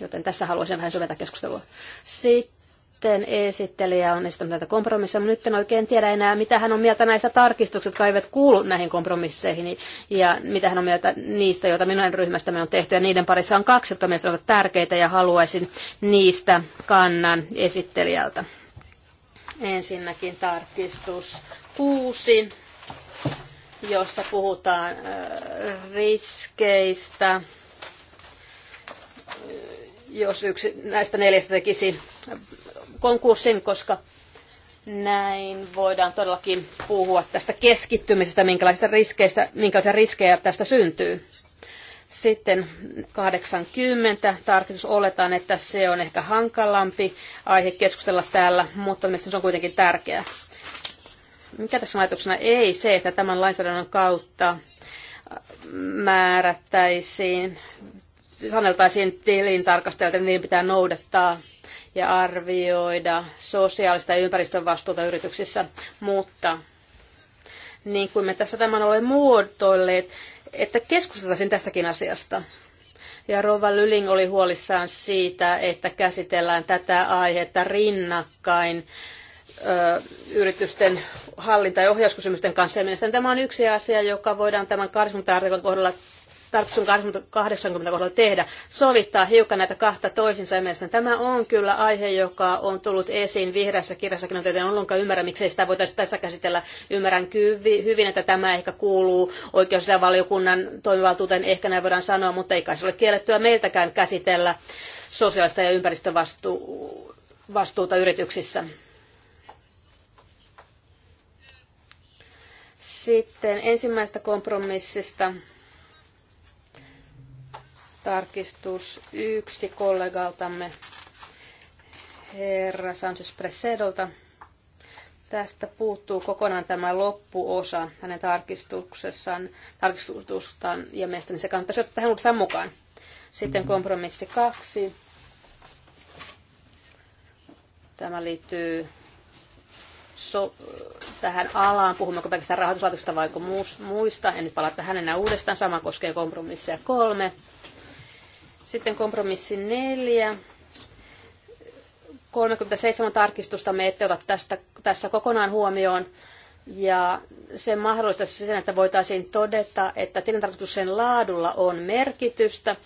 Joten tässä haluaisin vähän syventää keskustelua. Sitten esittelijä on esittänyt näitä kompromisseja, mutta nyt en oikein tiedä enää, mitä hän on mieltä näistä tarkistuksista, jotka eivät kuulu näihin kompromisseihin, ja mitä hän on mieltä niistä, joita minun ryhmästämme on tehty, ja niiden parissa on kaksi, jotka mielestäni ovat tärkeitä, ja haluaisin niistä kannan esittelijältä. Ensinnäkin tarkistus kuusi, jossa puhutaan äh, riskeistä jos yksi näistä neljästä tekisi konkurssin, koska näin voidaan todellakin puhua tästä keskittymisestä, minkälaisista riskeistä, minkälaisia riskejä tästä syntyy. Sitten 80. Tarkistus oletaan, että se on ehkä hankalampi aihe keskustella täällä, mutta mielestäni se on kuitenkin tärkeä. Mikä tässä ajatuksena ei se, että tämän lainsäädännön kautta määrättäisiin saneltaisiin tilintarkastajilta, niin pitää noudattaa ja arvioida sosiaalista ja ympäristön vastuuta yrityksissä, mutta niin kuin me tässä tämän olemme muotoilleet, että keskusteltaisiin tästäkin asiasta. Ja Rova Lyling oli huolissaan siitä, että käsitellään tätä aihetta rinnakkain ö, yritysten hallinta- ja ohjauskysymysten kanssa. Ja tämä on yksi asia, joka voidaan tämän 80 artikon kohdalla tarkistuksen 80 kohdalla tehdä, sovittaa hiukan näitä kahta toisinsa. Ja mielestäni tämä on kyllä aihe, joka on tullut esiin vihreässä kirjassakin, joten ollenkaan ymmärrä, miksei sitä voitaisiin tässä käsitellä. Ymmärrän hyvin, että tämä ehkä kuuluu oikeus- ja valiokunnan toimivaltuuteen, ehkä näin voidaan sanoa, mutta ei kai se ole kiellettyä meiltäkään käsitellä sosiaalista ja ympäristövastuuta yrityksissä. Sitten ensimmäisestä kompromissista Tarkistus yksi kollegaltamme herra Sanchez Presedolta. Tästä puuttuu kokonaan tämä loppuosa hänen tarkistuksessaan, tarkistustaan, ja mielestäni se kannattaisi ottaa tähän uudestaan mukaan. Sitten mhm. kompromissi kaksi. Tämä liittyy so, tähän alaan, puhummeko pelkästään rahoituslaitoksesta vai muista. En nyt palata tähän enää uudestaan. Sama koskee kompromissia kolme. Sitten kompromissi neljä. 37 tarkistusta me ette ota tästä, tässä kokonaan huomioon. Ja se mahdollista sen, että voitaisiin todeta, että tilintarkastuksen laadulla on merkitystä,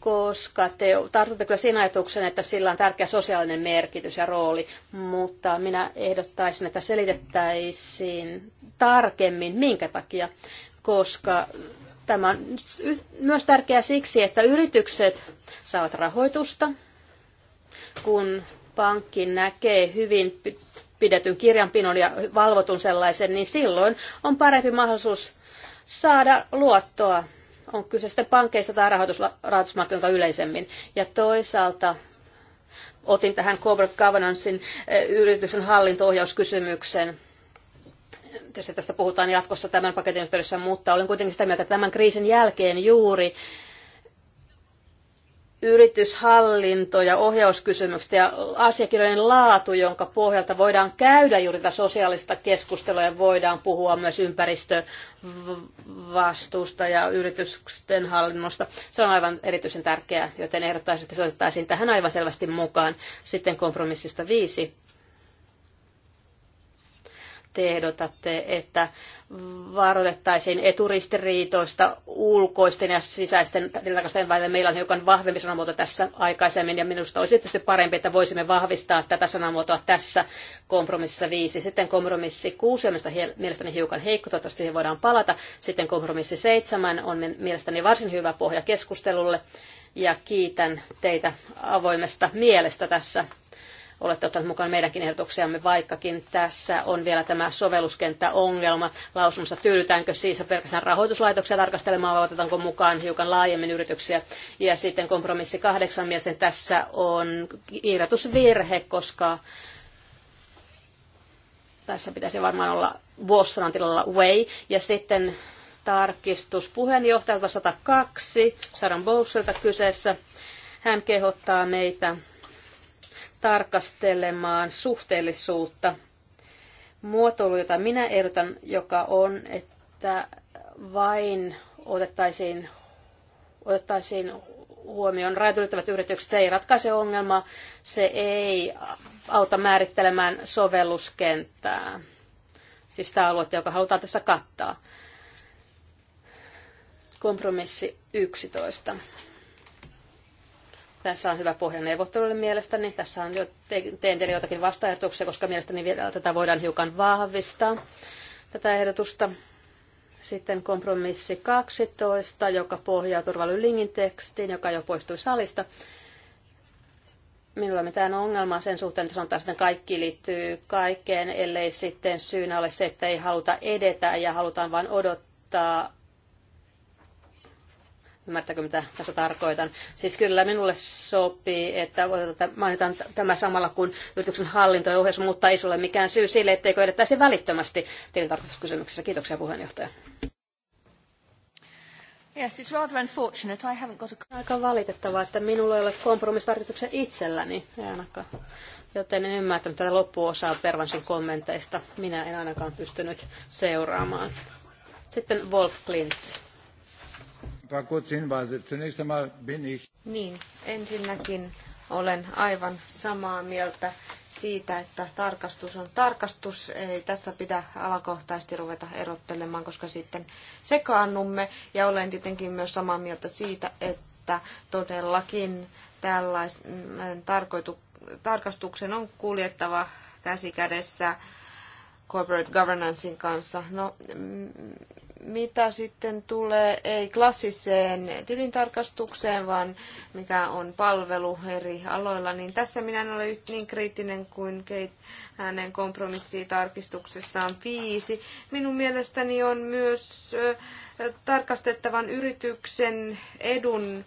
koska te tartutte kyllä siinä ajatuksen, että sillä on tärkeä sosiaalinen merkitys ja rooli, mutta minä ehdottaisin, että selitettäisiin tarkemmin, minkä takia, koska Tämä on myös tärkeää siksi, että yritykset saavat rahoitusta, kun pankki näkee hyvin pidetyn kirjanpinon ja valvotun sellaisen, niin silloin on parempi mahdollisuus saada luottoa. On kyse sitten pankeista tai rahoitusmarkkinoilta yleisemmin. Ja toisaalta otin tähän corporate governancein eh, yrityksen hallinto-ohjauskysymyksen Tietysti tästä puhutaan jatkossa tämän paketin yhteydessä, mutta olen kuitenkin sitä mieltä, että tämän kriisin jälkeen juuri yrityshallinto- ja ohjauskysymykset ja asiakirjojen laatu, jonka pohjalta voidaan käydä juuri tätä sosiaalista keskustelua ja voidaan puhua myös ympäristövastuusta ja yritysten hallinnosta. Se on aivan erityisen tärkeää, joten ehdottaisin, että se otettaisiin tähän aivan selvästi mukaan. Sitten kompromissista viisi te ehdotatte, että varoitettaisiin eturistiriitoista ulkoisten ja sisäisten tilintarkastajien välillä. Meillä on hiukan vahvempi sanamuoto tässä aikaisemmin, ja minusta olisi tietysti parempi, että voisimme vahvistaa tätä sanamuotoa tässä kompromississa viisi. Sitten kompromissi kuusi on mielestäni hiukan heikko, toivottavasti siihen voidaan palata. Sitten kompromissi seitsemän on mielestäni varsin hyvä pohja keskustelulle, ja kiitän teitä avoimesta mielestä tässä olette ottaneet mukaan meidänkin ehdotuksiamme, vaikkakin tässä on vielä tämä sovelluskenttäongelma. Lausumassa tyydytäänkö siis pelkästään rahoituslaitoksia tarkastelemaan vai otetaanko mukaan hiukan laajemmin yrityksiä. Ja sitten kompromissi kahdeksan mielestäni tässä on kirjoitusvirhe, koska tässä pitäisi varmaan olla Vossanan tilalla way. Ja sitten tarkistus puheenjohtajalta 102, Saran Bowselta kyseessä. Hän kehottaa meitä tarkastelemaan suhteellisuutta. Muotoilu, jota minä ehdotan, joka on, että vain otettaisiin, otettaisiin huomioon rajat ylittävät yritykset, se ei ratkaise ongelmaa, se ei auta määrittelemään sovelluskenttää, siis sitä aluetta, joka halutaan tässä kattaa. Kompromissi 11. Tässä on hyvä pohja neuvotteluille mielestäni. Tässä on jo, te, teen teille jotakin vastaehdotuksia, koska mielestäni vielä tätä voidaan hiukan vahvistaa, tätä ehdotusta. Sitten kompromissi 12, joka pohjaa turvallylingin tekstiin, joka jo poistui salista. Minulla ei mitään ongelmaa sen suhteen, että sanotaan, että kaikki liittyy kaikkeen, ellei sitten syynä ole se, että ei haluta edetä ja halutaan vain odottaa Ymmärtääkö, mitä tässä tarkoitan? Siis kyllä minulle sopii, että mainitaan tämä samalla kuin yrityksen hallinto ja ohjaus, mutta ei se ole mikään syy sille, etteikö edettäisi välittömästi tilintarkastuskysymyksessä. Kiitoksia puheenjohtaja. Yes, it's rather unfortunate. I haven't got a... Aika valitettavaa, että minulla ei ole kompromissitarkoituksen itselläni, ei ainakaan. Joten en ymmärtänyt tätä loppuosaa Pervansin kommenteista. Minä en ainakaan pystynyt seuraamaan. Sitten Wolf Klintz. Niin, ensinnäkin olen aivan samaa mieltä siitä, että tarkastus on tarkastus. Ei tässä pidä alakohtaisesti ruveta erottelemaan, koska sitten sekaannumme. Ja olen tietenkin myös samaa mieltä siitä, että todellakin tällaisen tarkoitu, tarkastuksen on kuljettava käsi kädessä corporate governancein kanssa. No, mm, mitä sitten tulee ei klassiseen tilintarkastukseen, vaan mikä on palvelu eri aloilla, niin tässä minä en ole niin kriittinen kuin Kate hänen kompromissitarkistuksessaan viisi. Minun mielestäni on myös äh, tarkastettavan yrityksen edun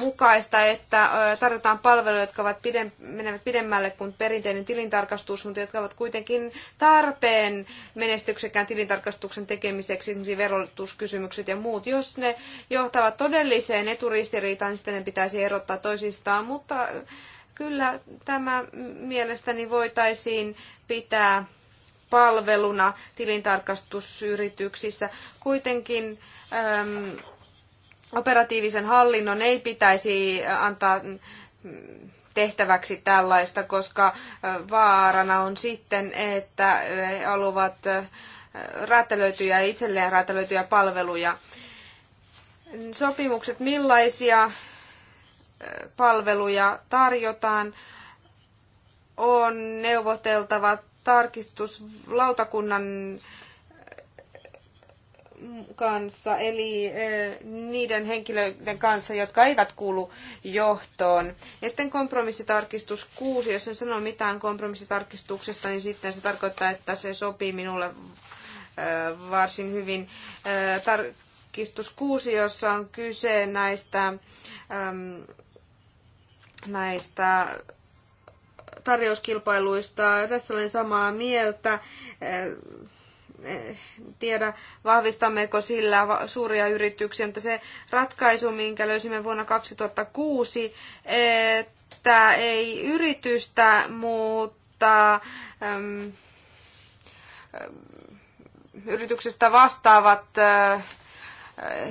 mukaista, että tarjotaan palveluja, jotka ovat pidem- menevät pidemmälle kuin perinteinen tilintarkastus, mutta jotka ovat kuitenkin tarpeen menestyksekään tilintarkastuksen tekemiseksi, esimerkiksi verotuskysymykset ja muut. Jos ne johtavat todelliseen eturistiriitaan, niin sitten ne pitäisi erottaa toisistaan, mutta kyllä tämä mielestäni voitaisiin pitää palveluna tilintarkastusyrityksissä. Kuitenkin äm, operatiivisen hallinnon ei pitäisi äh, antaa mm, tehtäväksi tällaista, koska äh, vaarana on sitten, että he äh, haluavat räätälöityjä, itselleen räätälöityjä palveluja. Sopimukset, millaisia palveluja tarjotaan, on neuvoteltava tarkistus lautakunnan mm, kanssa, eli eh, niiden henkilöiden kanssa, jotka eivät kuulu johtoon. Ja sitten kompromissitarkistus 6, jos en sano mitään kompromissitarkistuksesta, niin sitten se tarkoittaa, että se sopii minulle eh, varsin hyvin. Eh, tarkistus 6, jossa on kyse näistä, mm, näistä tarjouskilpailuista. Tässä olen samaa mieltä. Eh, tiedä, vahvistammeko sillä suuria yrityksiä, mutta se ratkaisu, minkä löysimme vuonna 2006, että ei yritystä, mutta äm, yrityksestä vastaavat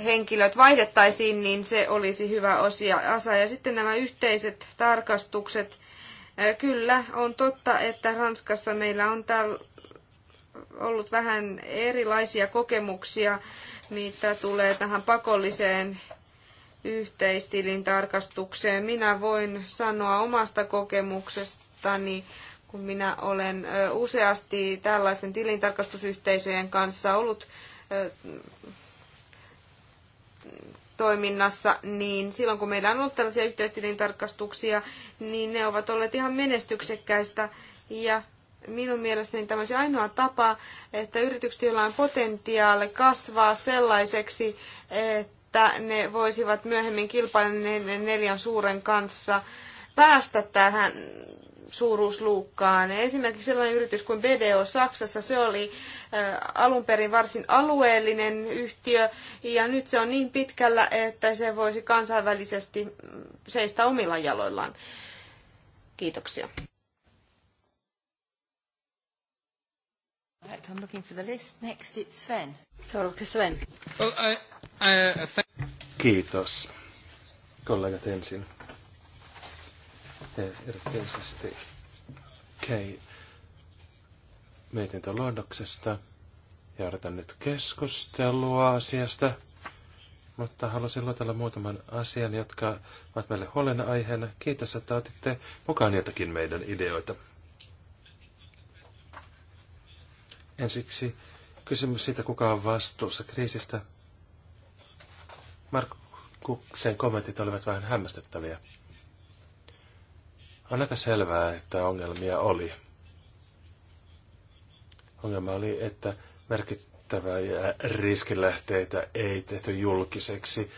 henkilöt vaihdettaisiin, niin se olisi hyvä osia asa. Ja sitten nämä yhteiset tarkastukset Kyllä, on totta, että Ranskassa meillä on täällä ollut vähän erilaisia kokemuksia, mitä tulee tähän pakolliseen yhteistilintarkastukseen. Minä voin sanoa omasta kokemuksestani, kun minä olen useasti tällaisten tilintarkastusyhteisöjen kanssa ollut toiminnassa, niin silloin kun meillä on ollut tällaisia yhteistilintarkastuksia, niin ne ovat olleet ihan menestyksekkäistä ja minun mielestäni tämä se ainoa tapa, että yritykset, joilla on potentiaali kasvaa sellaiseksi, että ne voisivat myöhemmin kilpailla neljän suuren kanssa päästä tähän suuruusluukkaan. Esimerkiksi sellainen yritys kuin BDO Saksassa, se oli äh, alun perin varsin alueellinen yhtiö ja nyt se on niin pitkällä, että se voisi kansainvälisesti seistä omilla jaloillaan. Kiitoksia. I'm looking for the list. Next it's Sven. Seuraavaksi Sven. Well, I, I, uh, Kiitos kollegat ensin erityisesti Kei mietintöluonnoksesta ja odotan nyt keskustelua asiasta, mutta halusin luotella muutaman asian, jotka ovat meille huolenaiheena. Kiitos, että otitte mukaan jotakin meidän ideoita. Ensiksi kysymys siitä, kuka on vastuussa kriisistä. Markuksen kommentit olivat vähän hämmästyttäviä. On aika selvää, että ongelmia oli. Ongelma oli, että merkittäviä riskilähteitä ei tehty julkiseksi,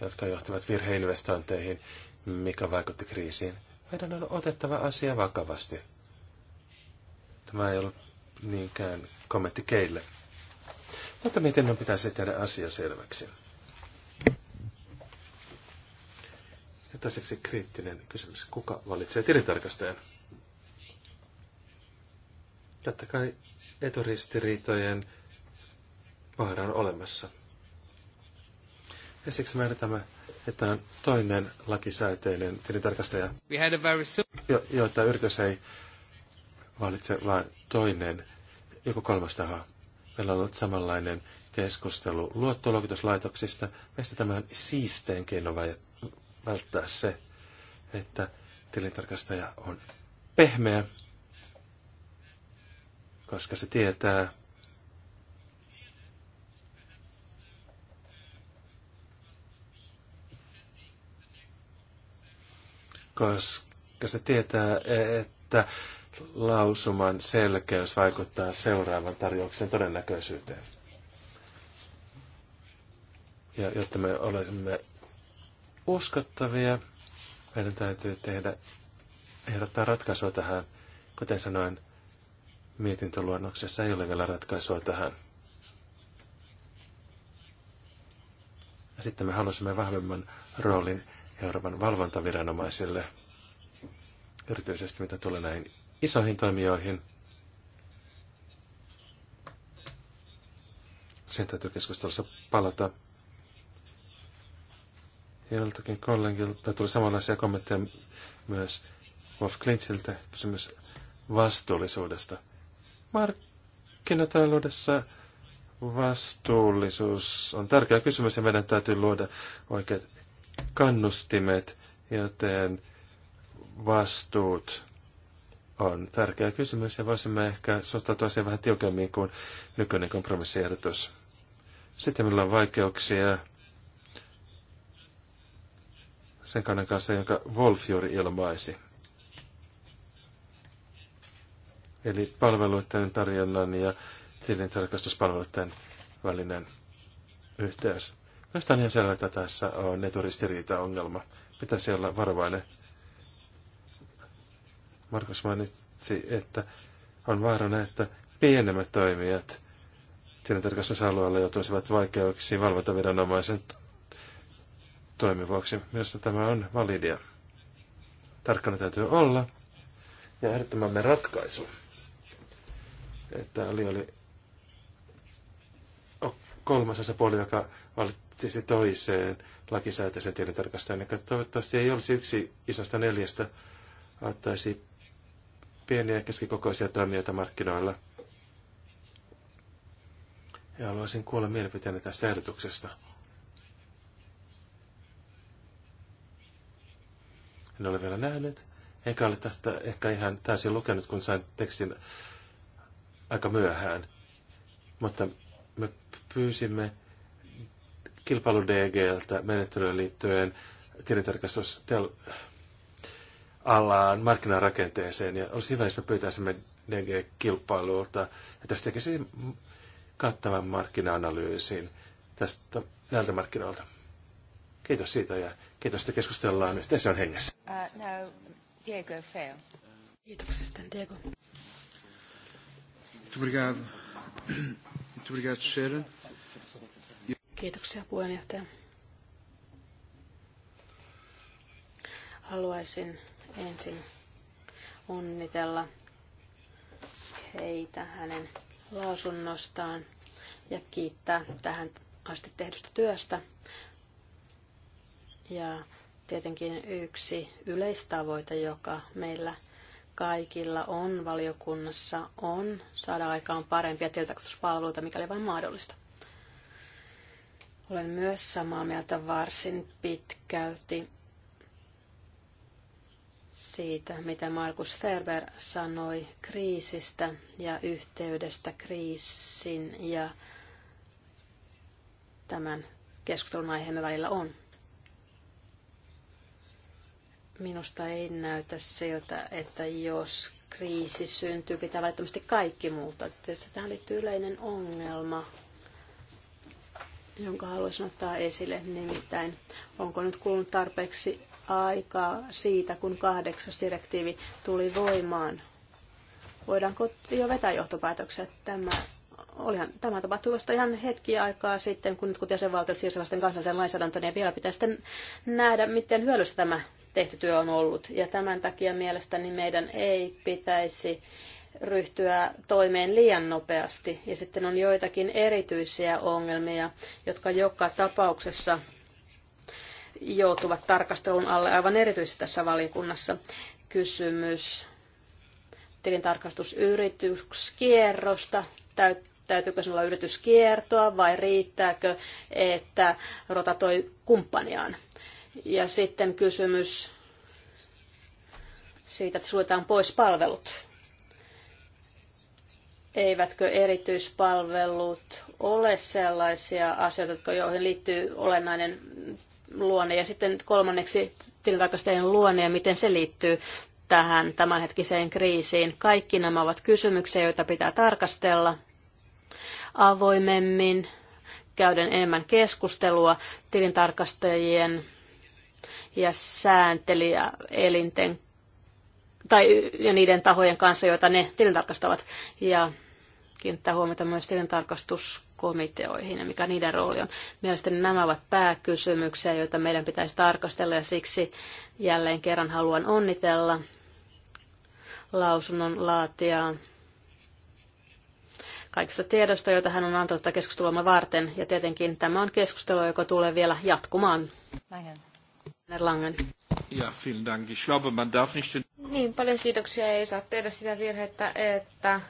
jotka johtivat virheinvestointeihin, mikä vaikutti kriisiin. Meidän on otettava asia vakavasti. Tämä ei ollut niinkään kommentti keille. Mutta miten me pitäisi tehdä asia selväksi? Ja toiseksi kriittinen kysymys. Kuka valitsee tilintarkastajan? Totta kai eturistiriitojen vaara on olemassa. Ja siksi me edetämme, että on toinen lakisääteinen tilintarkastaja, We jo, joita yritys ei valitse, vaan toinen, joku kolmas taho. Meillä on ollut samanlainen keskustelu luottoluokituslaitoksista. Meistä tämä on siisteen keino välttää se, että tilintarkastaja on pehmeä, koska se tietää, koska se tietää, että lausuman selkeys vaikuttaa seuraavan tarjouksen todennäköisyyteen. Ja jotta me olisimme uskottavia. Meidän täytyy tehdä, ehdottaa ratkaisua tähän. Kuten sanoin, mietintöluonnoksessa ei ole vielä ratkaisua tähän. Ja sitten me halusimme vahvemman roolin Euroopan valvontaviranomaisille, erityisesti mitä tulee näihin isoihin toimijoihin. Sen täytyy keskustelussa palata Joltakin kollegilta tuli samanlaisia kommentteja myös Wolf Klintsiltä kysymys vastuullisuudesta. Markkinataloudessa vastuullisuus on tärkeä kysymys ja meidän täytyy luoda oikeat kannustimet, joten vastuut on tärkeä kysymys ja voisimme ehkä suhtautua siihen vähän tiukemmin kuin nykyinen kompromissiehdotus. Sitten meillä on vaikeuksia sen kannan kanssa, jonka Wolf ilmaisi. Eli palveluiden tarjonnan ja tilintarkastuspalveluiden välinen yhteys. Minusta on ihan selvä, että tässä on eturistiriita-ongelma. Pitäisi olla varovainen. Markus mainitsi, että on vaarana, että pienemmät toimijat tilintarkastusalueella joutuisivat vaikeuksiin valvontaviranomaisen toimivuoksi. Minusta tämä on validia. Tarkkana täytyy olla. Ja ehdottamamme ratkaisu, että oli, oli kolmas osapuoli, joka valitsisi toiseen lakisääteisen tilintarkastajan, Ja toivottavasti ei olisi yksi isosta neljästä, ottaisi pieniä ja keskikokoisia toimijoita markkinoilla. Ja haluaisin kuulla mielipiteeni tästä ehdotuksesta. En ole vielä nähnyt, enkä ole tästä ehkä ihan täysin lukenut, kun sain tekstin aika myöhään. Mutta me pyysimme kilpailu DGltä menettelyyn liittyen tilintarkastus alaan markkinarakenteeseen. Ja olisi hyvä, jos me pyytäisimme DG-kilpailulta, että se tekisi kattavan markkina-analyysin tästä, näiltä markkinoilta. Kiitos siitä ja kiitos, että keskustellaan yhteisön hengessä. Uh, no, Diego fail. Kiitoksia sitten, Diego. Kiitoksia puheenjohtaja. Haluaisin ensin onnitella heitä hänen lausunnostaan ja kiittää tähän asti tehdystä työstä. Ja tietenkin yksi yleistavoite, joka meillä kaikilla on valiokunnassa, on saada aikaan parempia tilintarkastuspalveluita, mikäli vain mahdollista. Olen myös samaa mieltä varsin pitkälti siitä, mitä Markus Ferber sanoi kriisistä ja yhteydestä kriisin ja tämän keskustelun aiheemme välillä on. Minusta ei näytä siltä, että jos kriisi syntyy, pitää välttämättä kaikki muuta. Tietysti tähän liittyy yleinen ongelma, jonka haluaisin ottaa esille. Nimittäin, onko nyt kulunut tarpeeksi aikaa siitä, kun kahdeksas direktiivi tuli voimaan? Voidaanko jo vetää johtopäätöksiä? Tämä, olihan, tämä tapahtui vasta ihan hetki aikaa sitten, kun nyt kun jäsenvaltiot siirsivät kansallisen lainsäädäntöön, niin vielä pitää sitten nähdä, miten hyödyllistä tämä tehty työ on ollut. Ja tämän takia mielestäni meidän ei pitäisi ryhtyä toimeen liian nopeasti. Ja sitten on joitakin erityisiä ongelmia, jotka joka tapauksessa joutuvat tarkastelun alle aivan erityisesti tässä valiokunnassa. Kysymys tilintarkastusyrityskierrosta, täytyykö olla yrityskiertoa vai riittääkö, että rotatoi kumppaniaan. Ja sitten kysymys siitä, että suljetaan pois palvelut. Eivätkö erityispalvelut ole sellaisia asioita, joihin liittyy olennainen luonne? Ja sitten kolmanneksi tilintarkastajien luonne ja miten se liittyy tähän tämänhetkiseen kriisiin. Kaikki nämä ovat kysymyksiä, joita pitää tarkastella avoimemmin, käydä enemmän keskustelua tilintarkastajien ja sääntelijä elinten tai ja niiden tahojen kanssa, joita ne tilintarkastavat. Ja kiinnittää huomiota myös tilintarkastuskomiteoihin ja mikä niiden rooli on. Mielestäni nämä ovat pääkysymyksiä, joita meidän pitäisi tarkastella ja siksi jälleen kerran haluan onnitella lausunnon laatiaa kaikista tiedosta, joita hän on antanut keskustelua varten. Ja tietenkin tämä on keskustelu, joka tulee vielä jatkumaan. Näin. Langen. Ja, vielen Dank. Ich glaube, man darf nicht... Niin, paljon kiitoksia. Ei saa tehdä sitä virhettä, että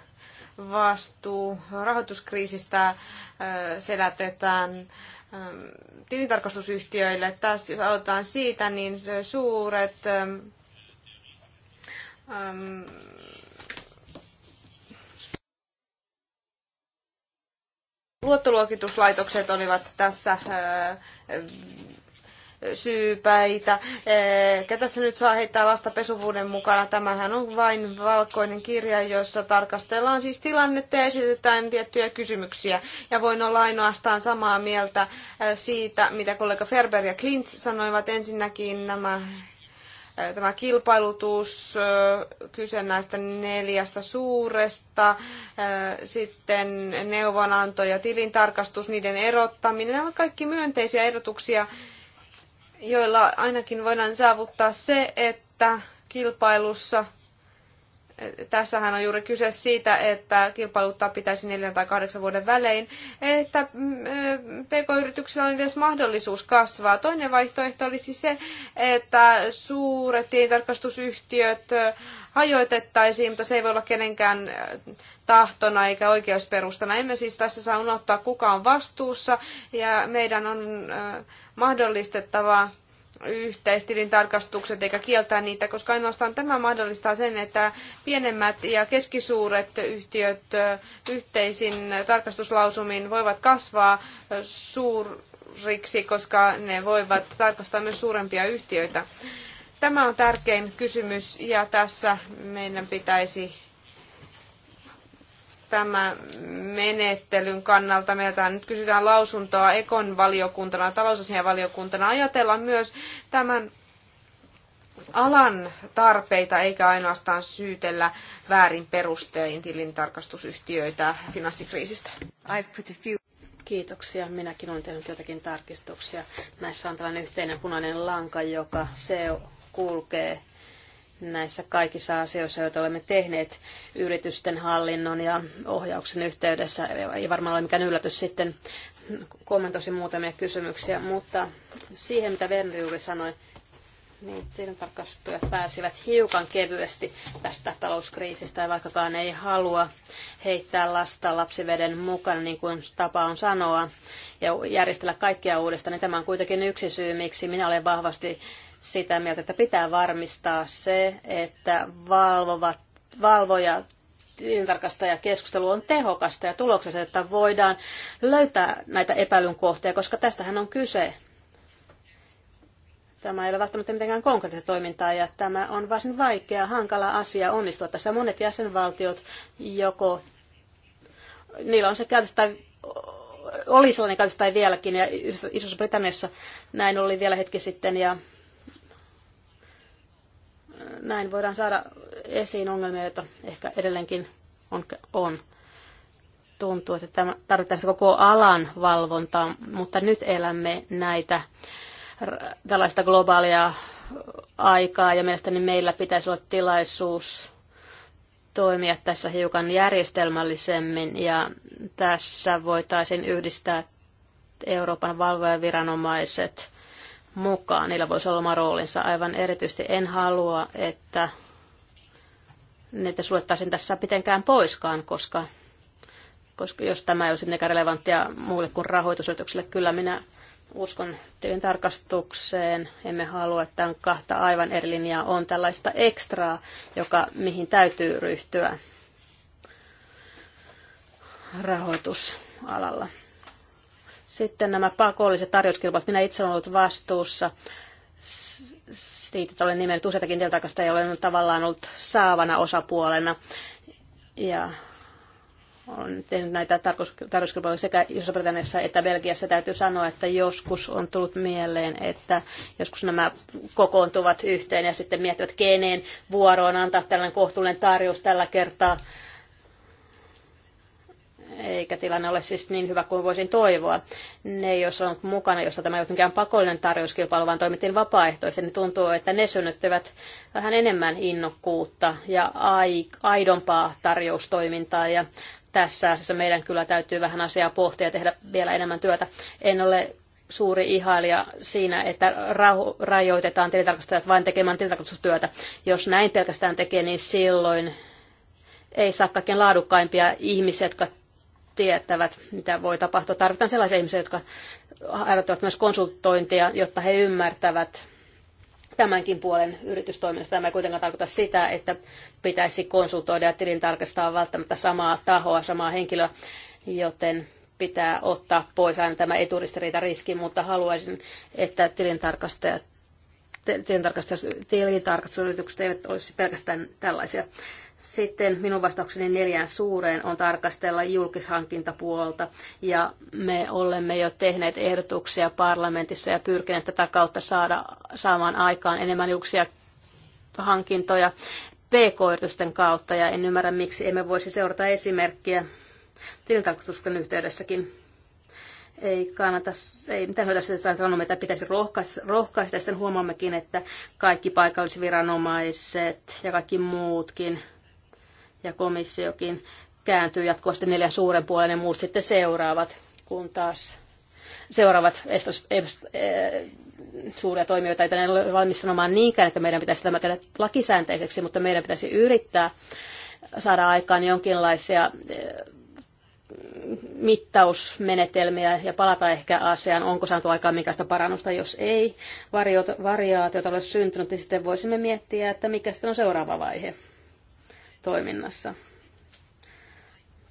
vastuu rahoituskriisistä selätetään tilintarkastusyhtiöille. Tässä jos aloitetaan siitä, niin suuret äm, luottoluokituslaitokset olivat tässä ää, syypäitä. Ketä tässä nyt saa heittää lasta pesuvuuden mukana. Tämähän on vain valkoinen kirja, jossa tarkastellaan siis tilannetta ja esitetään tiettyjä kysymyksiä. Ja voin olla ainoastaan samaa mieltä äh, siitä, mitä kollega Ferber ja Klint sanoivat ensinnäkin nämä äh, tämä kilpailutus, äh, kyse näistä neljästä suuresta, sitten neuvonanto ja tilintarkastus, niiden erottaminen, nämä ovat kaikki myönteisiä erotuksia joilla ainakin voidaan saavuttaa se, että kilpailussa – tässähän on juuri kyse siitä, että kilpailuttaa pitäisi neljän tai kahdeksan vuoden välein, että mm, pk-yrityksillä on edes mahdollisuus kasvaa. Toinen vaihtoehto olisi se, että suuret tilintarkastusyhtiöt hajoitettaisiin, mutta se ei voi olla kenenkään tahtona eikä oikeusperustana. Emme siis tässä saa unohtaa, kuka on vastuussa ja meidän on mahdollistettava yhteistilintarkastukset tarkastukset eikä kieltää niitä, koska ainoastaan tämä mahdollistaa sen, että pienemmät ja keskisuuret yhtiöt yhteisin tarkastuslausumin voivat kasvaa suuriksi, koska ne voivat tarkastaa myös suurempia yhtiöitä. Tämä on tärkein kysymys ja tässä meidän pitäisi Tämän menettelyn kannalta. Meiltä nyt kysytään lausuntoa Ekon valiokuntana, talousasianvaliokuntana. Ajatellaan myös tämän alan tarpeita, eikä ainoastaan syytellä väärin perustein tilintarkastusyhtiöitä finanssikriisistä. Kiitoksia. Minäkin olen tehnyt jotakin tarkistuksia. Näissä on tällainen yhteinen punainen lanka, joka se kulkee näissä kaikissa asioissa, joita olemme tehneet yritysten hallinnon ja ohjauksen yhteydessä. Ei varmaan ole mikään yllätys sitten, kommentoisi muutamia kysymyksiä, mutta siihen mitä Venri juuri sanoi, niin tilintarkastajat pääsivät hiukan kevyesti tästä talouskriisistä ja vaikkakaan ei halua heittää lasta lapsiveden mukana, niin kuin tapa on sanoa, ja järjestellä kaikkia uudestaan, niin tämä on kuitenkin yksi syy, miksi minä olen vahvasti sitä mieltä, että pitää varmistaa se, että valvovat, valvoja tilintarkastaja keskustelu on tehokasta ja tuloksessa, että voidaan löytää näitä epäilyn kohteja, koska tästähän on kyse. Tämä ei ole välttämättä mitenkään konkreettista toimintaa ja tämä on varsin vaikea, hankala asia onnistua. Tässä monet jäsenvaltiot joko, niillä on se käytössä tai oli sellainen käytössä tai vieläkin ja Isossa Britanniassa näin oli vielä hetki sitten ja näin voidaan saada esiin ongelmia, joita ehkä edelleenkin on. on. Tuntuu, että tämä, tarvitaan koko alan valvontaa, mutta nyt elämme näitä tällaista globaalia aikaa ja mielestäni meillä pitäisi olla tilaisuus toimia tässä hiukan järjestelmällisemmin ja tässä voitaisiin yhdistää Euroopan valvojaviranomaiset mukaan. Niillä voisi olla oma roolinsa. Aivan erityisesti en halua, että niitä suljettaisiin tässä pitenkään poiskaan, koska, koska jos tämä ei olisi mitenkään relevanttia muulle kuin rahoitusyritykselle, kyllä minä uskon tilintarkastukseen. Emme halua, että on kahta aivan eri linjaa. On tällaista ekstraa, joka, mihin täytyy ryhtyä rahoitusalalla. Sitten nämä pakolliset tarjouskilpailut. Minä itse olen ollut vastuussa siitä, että olen nimennyt useitakin tiltakasta ja olen tavallaan ollut saavana osapuolena. Ja on tehnyt näitä tarjouskilpailuja sekä Iso-Britanniassa että Belgiassa. Täytyy sanoa, että joskus on tullut mieleen, että joskus nämä kokoontuvat yhteen ja sitten miettivät, keneen vuoroon antaa tällainen kohtuullinen tarjous tällä kertaa eikä tilanne ole siis niin hyvä kuin voisin toivoa. Ne jos on mukana, jossa tämä ei ollut pakollinen tarjouskilpailu, vaan toimittiin vapaaehtoisen, niin tuntuu, että ne synnyttävät vähän enemmän innokkuutta ja aidompaa tarjoustoimintaa ja tässä asiassa meidän kyllä täytyy vähän asiaa pohtia ja tehdä vielä enemmän työtä. En ole suuri ihailija siinä, että raho- rajoitetaan tilintarkastajat vain tekemään tilintarkastustyötä. Jos näin pelkästään tekee, niin silloin ei saa kaikkein laadukkaimpia ihmisiä, jotka tietävät, mitä voi tapahtua. Tarvitaan sellaisia ihmisiä, jotka harjoittavat myös konsultointia, jotta he ymmärtävät tämänkin puolen yritystoiminnasta. Tämä ei kuitenkaan tarkoita sitä, että pitäisi konsultoida ja tilintarkastaa välttämättä samaa tahoa, samaa henkilöä, joten pitää ottaa pois aina tämä eturistiriita riski, mutta haluaisin, että tilintarkastajat tilintarkastusyritykset eivät olisi pelkästään tällaisia sitten minun vastaukseni neljään suureen on tarkastella julkishankintapuolta ja me olemme jo tehneet ehdotuksia parlamentissa ja pyrkineet tätä kautta saada, saamaan aikaan enemmän julkisia hankintoja pk-yritysten kautta ja en ymmärrä miksi emme voisi seurata esimerkkiä tilintarkastuksen yhteydessäkin ei kannata, ei mitään hyötyä sitä sanoa, että pitäisi rohkaista, rohkaista. Sitten huomaammekin, että kaikki paikallisviranomaiset ja kaikki muutkin ja komissiokin kääntyy jatkuvasti neljä suuren puolen ja muut sitten seuraavat, kun taas seuraavat estos, estos, e, suuria toimijoita, joita en ole valmis sanomaan niinkään, että meidän pitäisi tämä tehdä lakisäänteiseksi, mutta meidän pitäisi yrittää saada aikaan jonkinlaisia e, mittausmenetelmiä ja palata ehkä asiaan, onko saatu aikaan minkästä parannusta. Jos ei variaatiota ole syntynyt, niin sitten voisimme miettiä, että mikä sitten on seuraava vaihe toiminnassa.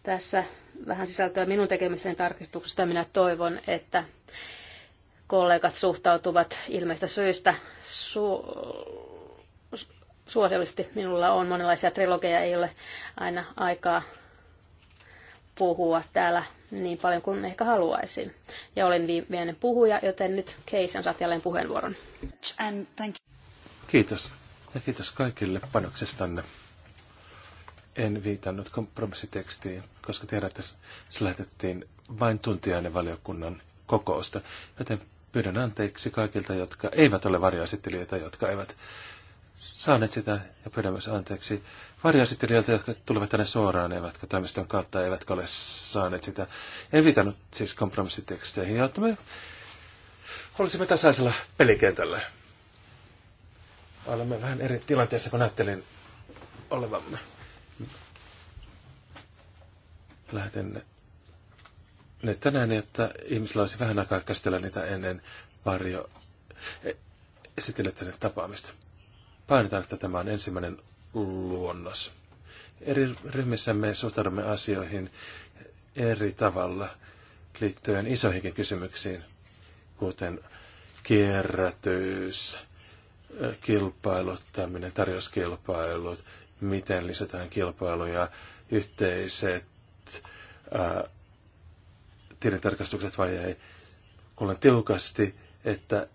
Tässä vähän sisältöä minun tekemisen tarkistuksesta. Minä toivon, että kollegat suhtautuvat ilmeistä syistä su- suosiollisesti. Minulla on monenlaisia trilogeja, ei ole aina aikaa puhua täällä niin paljon kuin ehkä haluaisin. Ja olen viimeinen puhuja, joten nyt Keisan saat jälleen puheenvuoron. Kiitos. Ja kiitos kaikille panoksestanne en viitannut kompromissitekstiin, koska tiedät, että se lähetettiin vain tuntiainen valiokunnan kokousta. Joten pyydän anteeksi kaikilta, jotka eivät ole varjoesittelijöitä, jotka eivät saaneet sitä, ja pyydän myös anteeksi varjoesittelijöiltä, jotka tulevat tänne suoraan, eivätkä toimiston kautta, eivätkä ole saaneet sitä. En viitannut siis kompromissiteksteihin, jotta me olisimme tasaisella pelikentällä. Olemme vähän eri tilanteessa kuin ajattelin olevamme. Lähden ne tänään, niin että ihmisillä olisi vähän aikaa käsitellä niitä ennen varjo esitellä tapaamista. Painetaan, että tämä on ensimmäinen luonnos. Eri ryhmissä me suhtaudumme asioihin eri tavalla liittyen isoihinkin kysymyksiin, kuten kierrätys, kilpailuttaminen, tarjouskilpailut, miten lisätään kilpailuja, yhteiset tilintarkastukset vai ei. Kuulen tiukasti, että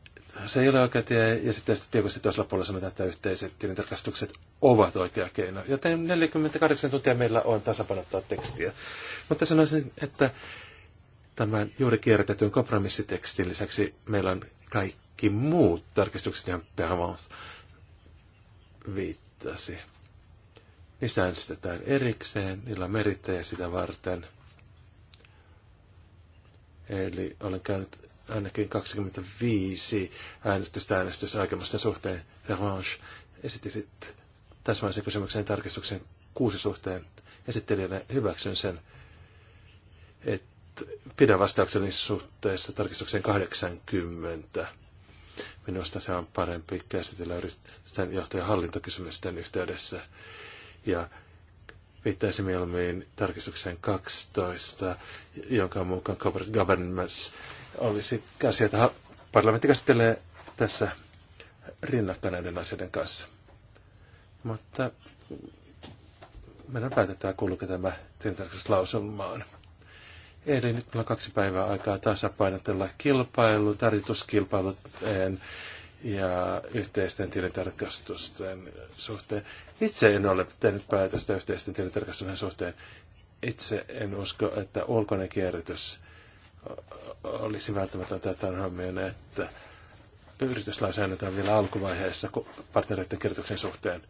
se ei ole oikea tie, ja sitten tietysti toisella puolella sanotaan, että yhteiset tilintarkastukset ovat oikea keino. Joten 48 tuntia meillä on tasapainottaa tekstiä. Mutta sanoisin, että tämän juuri kierrätetyn kompromissitekstin lisäksi meillä on kaikki muut tarkistukset, ihan Pervance viittasi. Niistä äänestetään erikseen, niillä on merittäjä sitä varten. Eli olen käynyt ainakin 25 äänestystä äänestysaikemusten suhteen. Herange esitti sitten täsmällisen kysymyksen tarkistuksen kuusi suhteen esittelijänä hyväksyn sen, että pidän vastaukseni suhteessa tarkistukseen 80. Minusta se on parempi käsitellä yritysten johtajan hallintokysymysten yhteydessä. Ja viittaisi mieluummin tarkistukseen 12, jonka mukaan corporate governance olisi asia, jota parlamentti käsittelee tässä rinnakkain näiden asioiden kanssa. Mutta meidän päätetään, kuuluuko tämä tilintarkastuslauselmaan. Eli nyt meillä on kaksi päivää aikaa tasapainotella kilpailu, tarjotuskilpailut, ja yhteisten tilintarkastusten suhteen. Itse en ole tehnyt päätöstä yhteisten tilintarkastusten suhteen. Itse en usko, että ulkoinen kierrätys olisi välttämätöntä tämän että yrityslainsäädäntö on vielä alkuvaiheessa partnereiden kierrätyksen suhteen.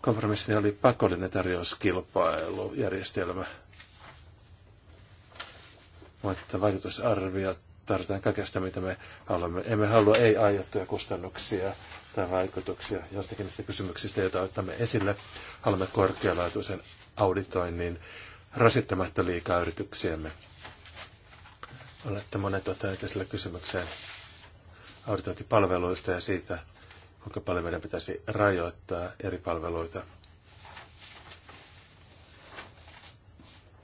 Kompromissini oli pakollinen tarjouskilpailujärjestelmä, mutta vaikutusarviot tarvitaan kaikesta, mitä me haluamme. Emme halua ei-aiottuja kustannuksia tai vaikutuksia jostakin niistä kysymyksistä, joita otamme esille. Haluamme korkealaatuisen auditoinnin rasittamatta liikaa yrityksiämme. Olette monet ottaneet esille kysymykseen auditointipalveluista ja siitä, kuinka paljon meidän pitäisi rajoittaa eri palveluita –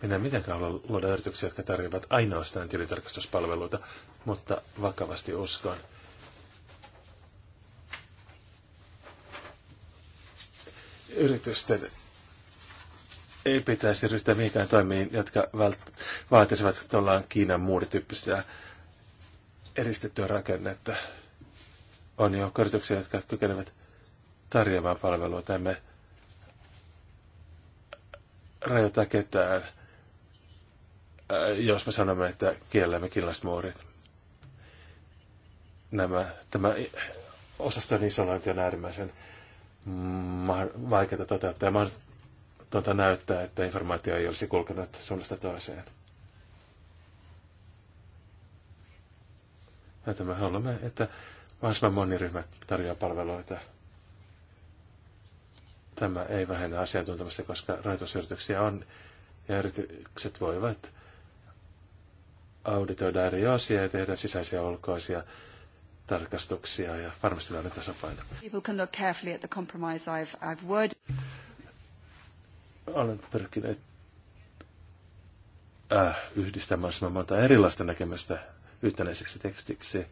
enää mitenkään halua luoda yrityksiä, jotka tarjoavat ainoastaan tilitarkastuspalveluita, mutta vakavasti uskon. Yritysten ei pitäisi ryhtyä mihinkään toimiin, jotka vaatisivat tuollaan Kiinan muurityyppistä eristettyä rakennetta. On jo yrityksiä, jotka kykenevät tarjoamaan palvelua. tämme rajoita ketään Äh, jos me sanomme, että kiellämme killasmuurit. Nämä, tämä osaston isolointi on äärimmäisen vaikeaa toteuttaa ja tuota näyttää, että informaatio ei olisi kulkenut suunnasta toiseen. Että me haluamme, että mahdollisimman moni ryhmä tarjoaa palveluita. Tämä ei vähennä asiantuntemusta, koska rahoitusyrityksiä on ja yritykset voivat auditoida eri asioita ja tehdä sisäisiä ja ulkoisia tarkastuksia ja löydä tasapaino. People can look carefully at the compromise I've, I've word. Olen pyrkinyt äh, yhdistämään monta erilaista näkemystä yhtenäiseksi tekstiksi.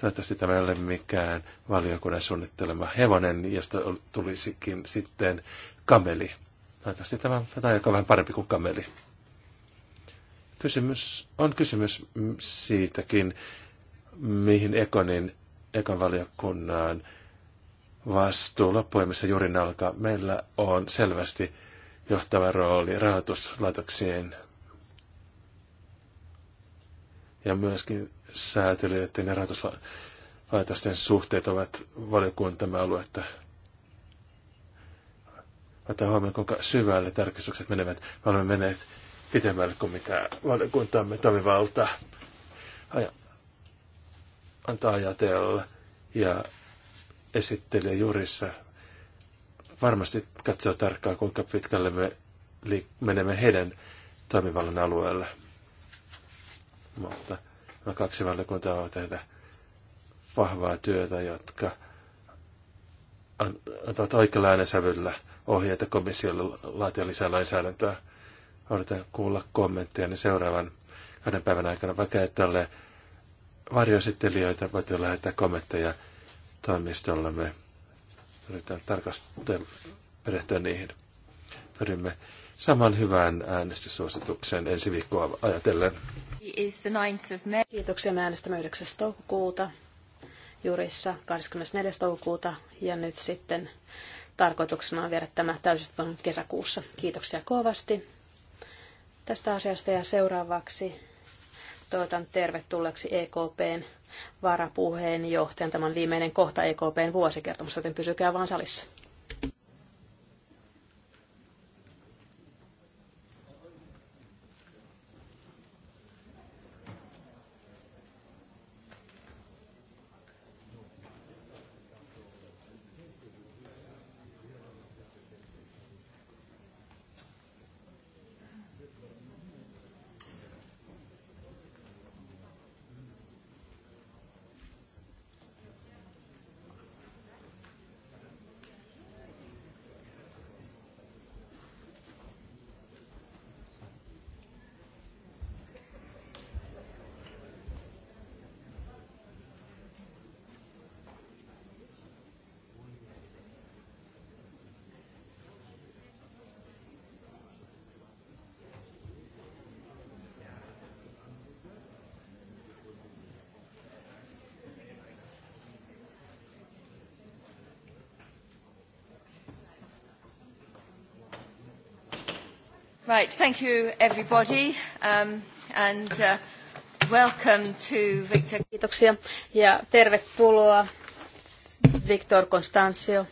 Toivottavasti tämä ei ole mikään valiokunnan suunnittelema hevonen, josta tulisikin sitten kameli. Toivottavasti tämä on jotain, joka on vähän parempi kuin kameli. Kysymys, on kysymys siitäkin, mihin Ekonin, Ekon vastuu loppujen juuri alkaa. Meillä on selvästi johtava rooli rahoituslaitoksien ja myöskin säätelijöiden ja rahoituslaitosten suhteet ovat valiokuntamme aluetta. Otetaan huomioon, kuinka syvälle tarkistukset menevät. Me olemme menneet pitemmälle kuin mitä valiokuntamme toimivalta aja, antaa ajatella. Ja esittelee juurissa varmasti katsoo tarkkaan, kuinka pitkälle me menemme heidän toimivallan alueelle. Mutta nämä kaksi valiokuntaa ovat tehdä vahvaa työtä, jotka antavat oikealla äänensävyllä ohjeita komissiolle laatia lisää lainsäädäntöä odotan kuulla kommentteja niin seuraavan kahden päivän aikana, vaikka et ole varjoesittelijöitä, voitte lähettää kommentteja toimistollamme. Yritetään tarkastella perehtyä niihin. Pyrimme saman hyvään äänestyssuositukseen ensi viikkoa ajatellen. Kiitoksia äänestämme 9. toukokuuta, jurissa 24. toukokuuta ja nyt sitten tarkoituksena on viedä tämä täysistunut kesäkuussa. Kiitoksia kovasti tästä asiasta ja seuraavaksi toivotan tervetulleeksi EKPn varapuheenjohtajan. Tämä on viimeinen kohta EKPn vuosikertomus, joten pysykää vaan salissa. Right, thank you everybody um, and uh, welcome to Victor. Kiitoksia ja tervetuloa Victor Constancio.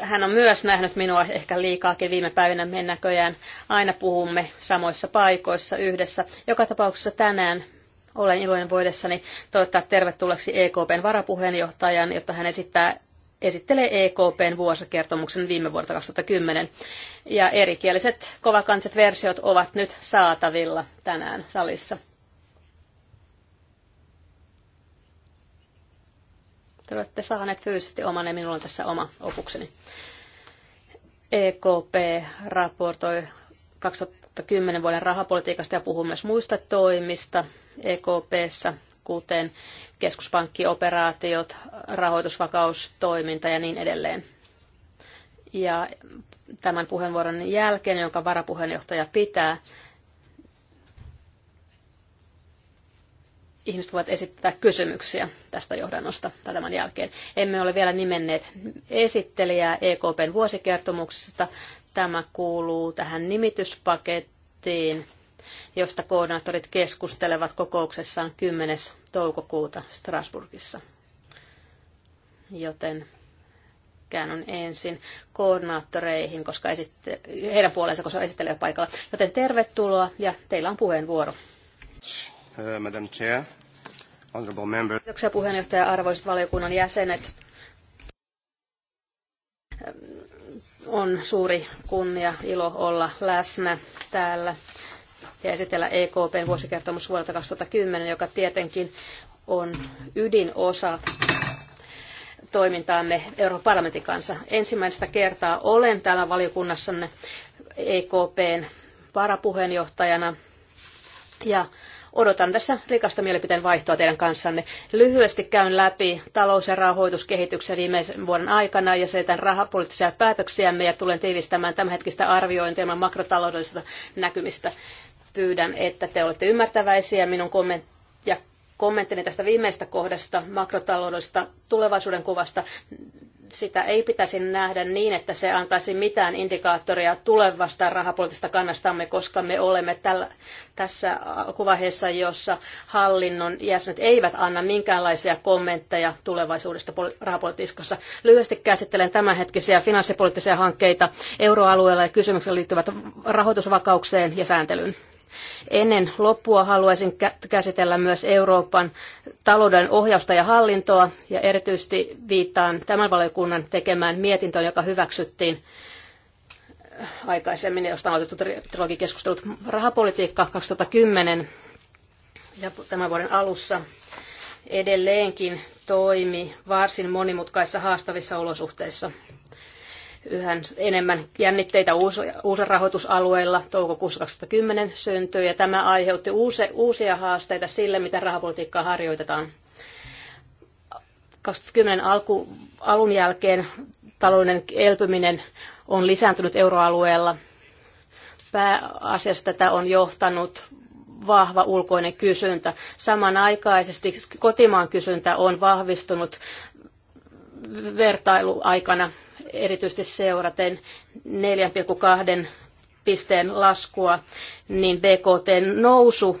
Hän on myös nähnyt minua ehkä liikaakin viime päivinä, mennäköjään. aina puhumme samoissa paikoissa yhdessä. Joka tapauksessa tänään olen iloinen voidessani toivottaa tervetulleeksi EKPn varapuheenjohtajan, jotta hän esittää esittelee EKPn vuosikertomuksen viime vuodelta 2010. Ja erikieliset kovakantiset versiot ovat nyt saatavilla tänään salissa. Te olette saaneet fyysisesti oman ja minulla on tässä oma opukseni. EKP raportoi 2010 vuoden rahapolitiikasta ja puhuu myös muista toimista EKPssä kuten keskuspankkioperaatiot, rahoitusvakaustoiminta ja niin edelleen. Ja tämän puheenvuoron jälkeen, jonka varapuheenjohtaja pitää, ihmiset voivat esittää kysymyksiä tästä johdannosta tämän jälkeen. Emme ole vielä nimenneet esittelijää EKPn vuosikertomuksesta. Tämä kuuluu tähän nimityspakettiin josta koordinaattorit keskustelevat kokouksessaan 10. toukokuuta Strasbourgissa. Joten käännyn ensin koordinaattoreihin, koska esitte, heidän puolensa, koska esittelee paikalla. Joten tervetuloa ja teillä on puheenvuoro. Uh, Madam Chair, honorable member. Kiitoksia puheenjohtaja, arvoisat valiokunnan jäsenet. On suuri kunnia, ilo olla läsnä täällä ja esitellä EKPn vuosikertomus vuodelta 2010, joka tietenkin on ydinosa toimintaamme Euroopan parlamentin kanssa. Ensimmäistä kertaa olen täällä valiokunnassanne EKPn varapuheenjohtajana ja odotan tässä rikasta mielipiteen vaihtoa teidän kanssanne. Lyhyesti käyn läpi talous- ja rahoituskehityksen viimeisen vuoden aikana ja selitän rahapoliittisia päätöksiämme ja tulen tiivistämään tämänhetkistä arviointia makrotaloudellisista näkymistä pyydän, että te olette ymmärtäväisiä minun kommenttini tästä viimeisestä kohdasta, makrotaloudesta, tulevaisuuden kuvasta. Sitä ei pitäisi nähdä niin, että se antaisi mitään indikaattoria tulevasta rahapoliittisesta kannastamme, koska me olemme tällä, tässä kuvaiheessa, jossa hallinnon jäsenet eivät anna minkäänlaisia kommentteja tulevaisuudesta rahapolitiikassa. Lyhyesti käsittelen tämänhetkisiä finanssipoliittisia hankkeita euroalueella ja kysymyksiä liittyvät rahoitusvakaukseen ja sääntelyyn. Ennen loppua haluaisin käsitellä myös Euroopan talouden ohjausta ja hallintoa, ja erityisesti viittaan tämän valiokunnan tekemään mietintöön, joka hyväksyttiin äh, aikaisemmin, josta on otettu trilogikeskustelut rahapolitiikka 2010 ja tämän vuoden alussa edelleenkin toimi varsin monimutkaisissa haastavissa olosuhteissa yhä enemmän jännitteitä uusilla rahoitusalueilla. Toukokuussa 2010 syntyi ja tämä aiheutti uusia haasteita sille, mitä rahapolitiikkaa harjoitetaan. 2010 alku, alun jälkeen talouden elpyminen on lisääntynyt euroalueella. Pääasiassa tätä on johtanut vahva ulkoinen kysyntä. Samanaikaisesti kotimaan kysyntä on vahvistunut vertailuaikana erityisesti seuraten 4,2 pisteen laskua, niin BKT nousu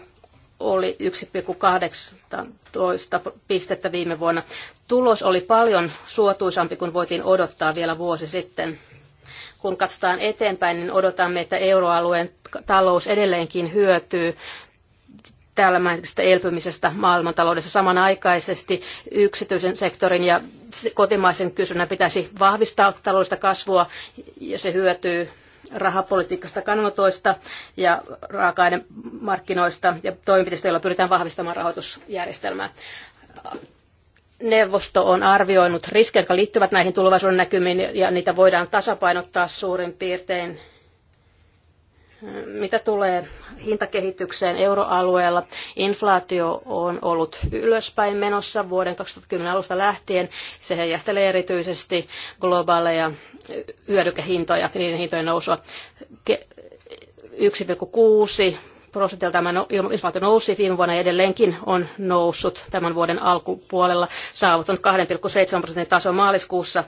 oli 1,18 pistettä viime vuonna. Tulos oli paljon suotuisampi kuin voitiin odottaa vielä vuosi sitten. Kun katsotaan eteenpäin, niin odotamme, että euroalueen talous edelleenkin hyötyy täällä mainitsemasta elpymisestä maailmantaloudessa samanaikaisesti yksityisen sektorin ja kotimaisen kysynnän pitäisi vahvistaa taloudellista kasvua ja se hyötyy rahapolitiikasta kannanotoista ja raaka-aine markkinoista ja toimenpiteistä, joilla pyritään vahvistamaan rahoitusjärjestelmää. Neuvosto on arvioinut riskejä, jotka liittyvät näihin tulevaisuuden näkymiin ja niitä voidaan tasapainottaa suurin piirtein mitä tulee hintakehitykseen euroalueella, inflaatio on ollut ylöspäin menossa vuoden 2010 alusta lähtien. Se heijastelee erityisesti globaaleja hyödykehintoja, niiden hintojen nousua. 1,6 prosentilta. tämä no- inflaatio nousi viime vuonna edelleenkin on noussut tämän vuoden alkupuolella, saavuttanut 2,7 prosentin taso maaliskuussa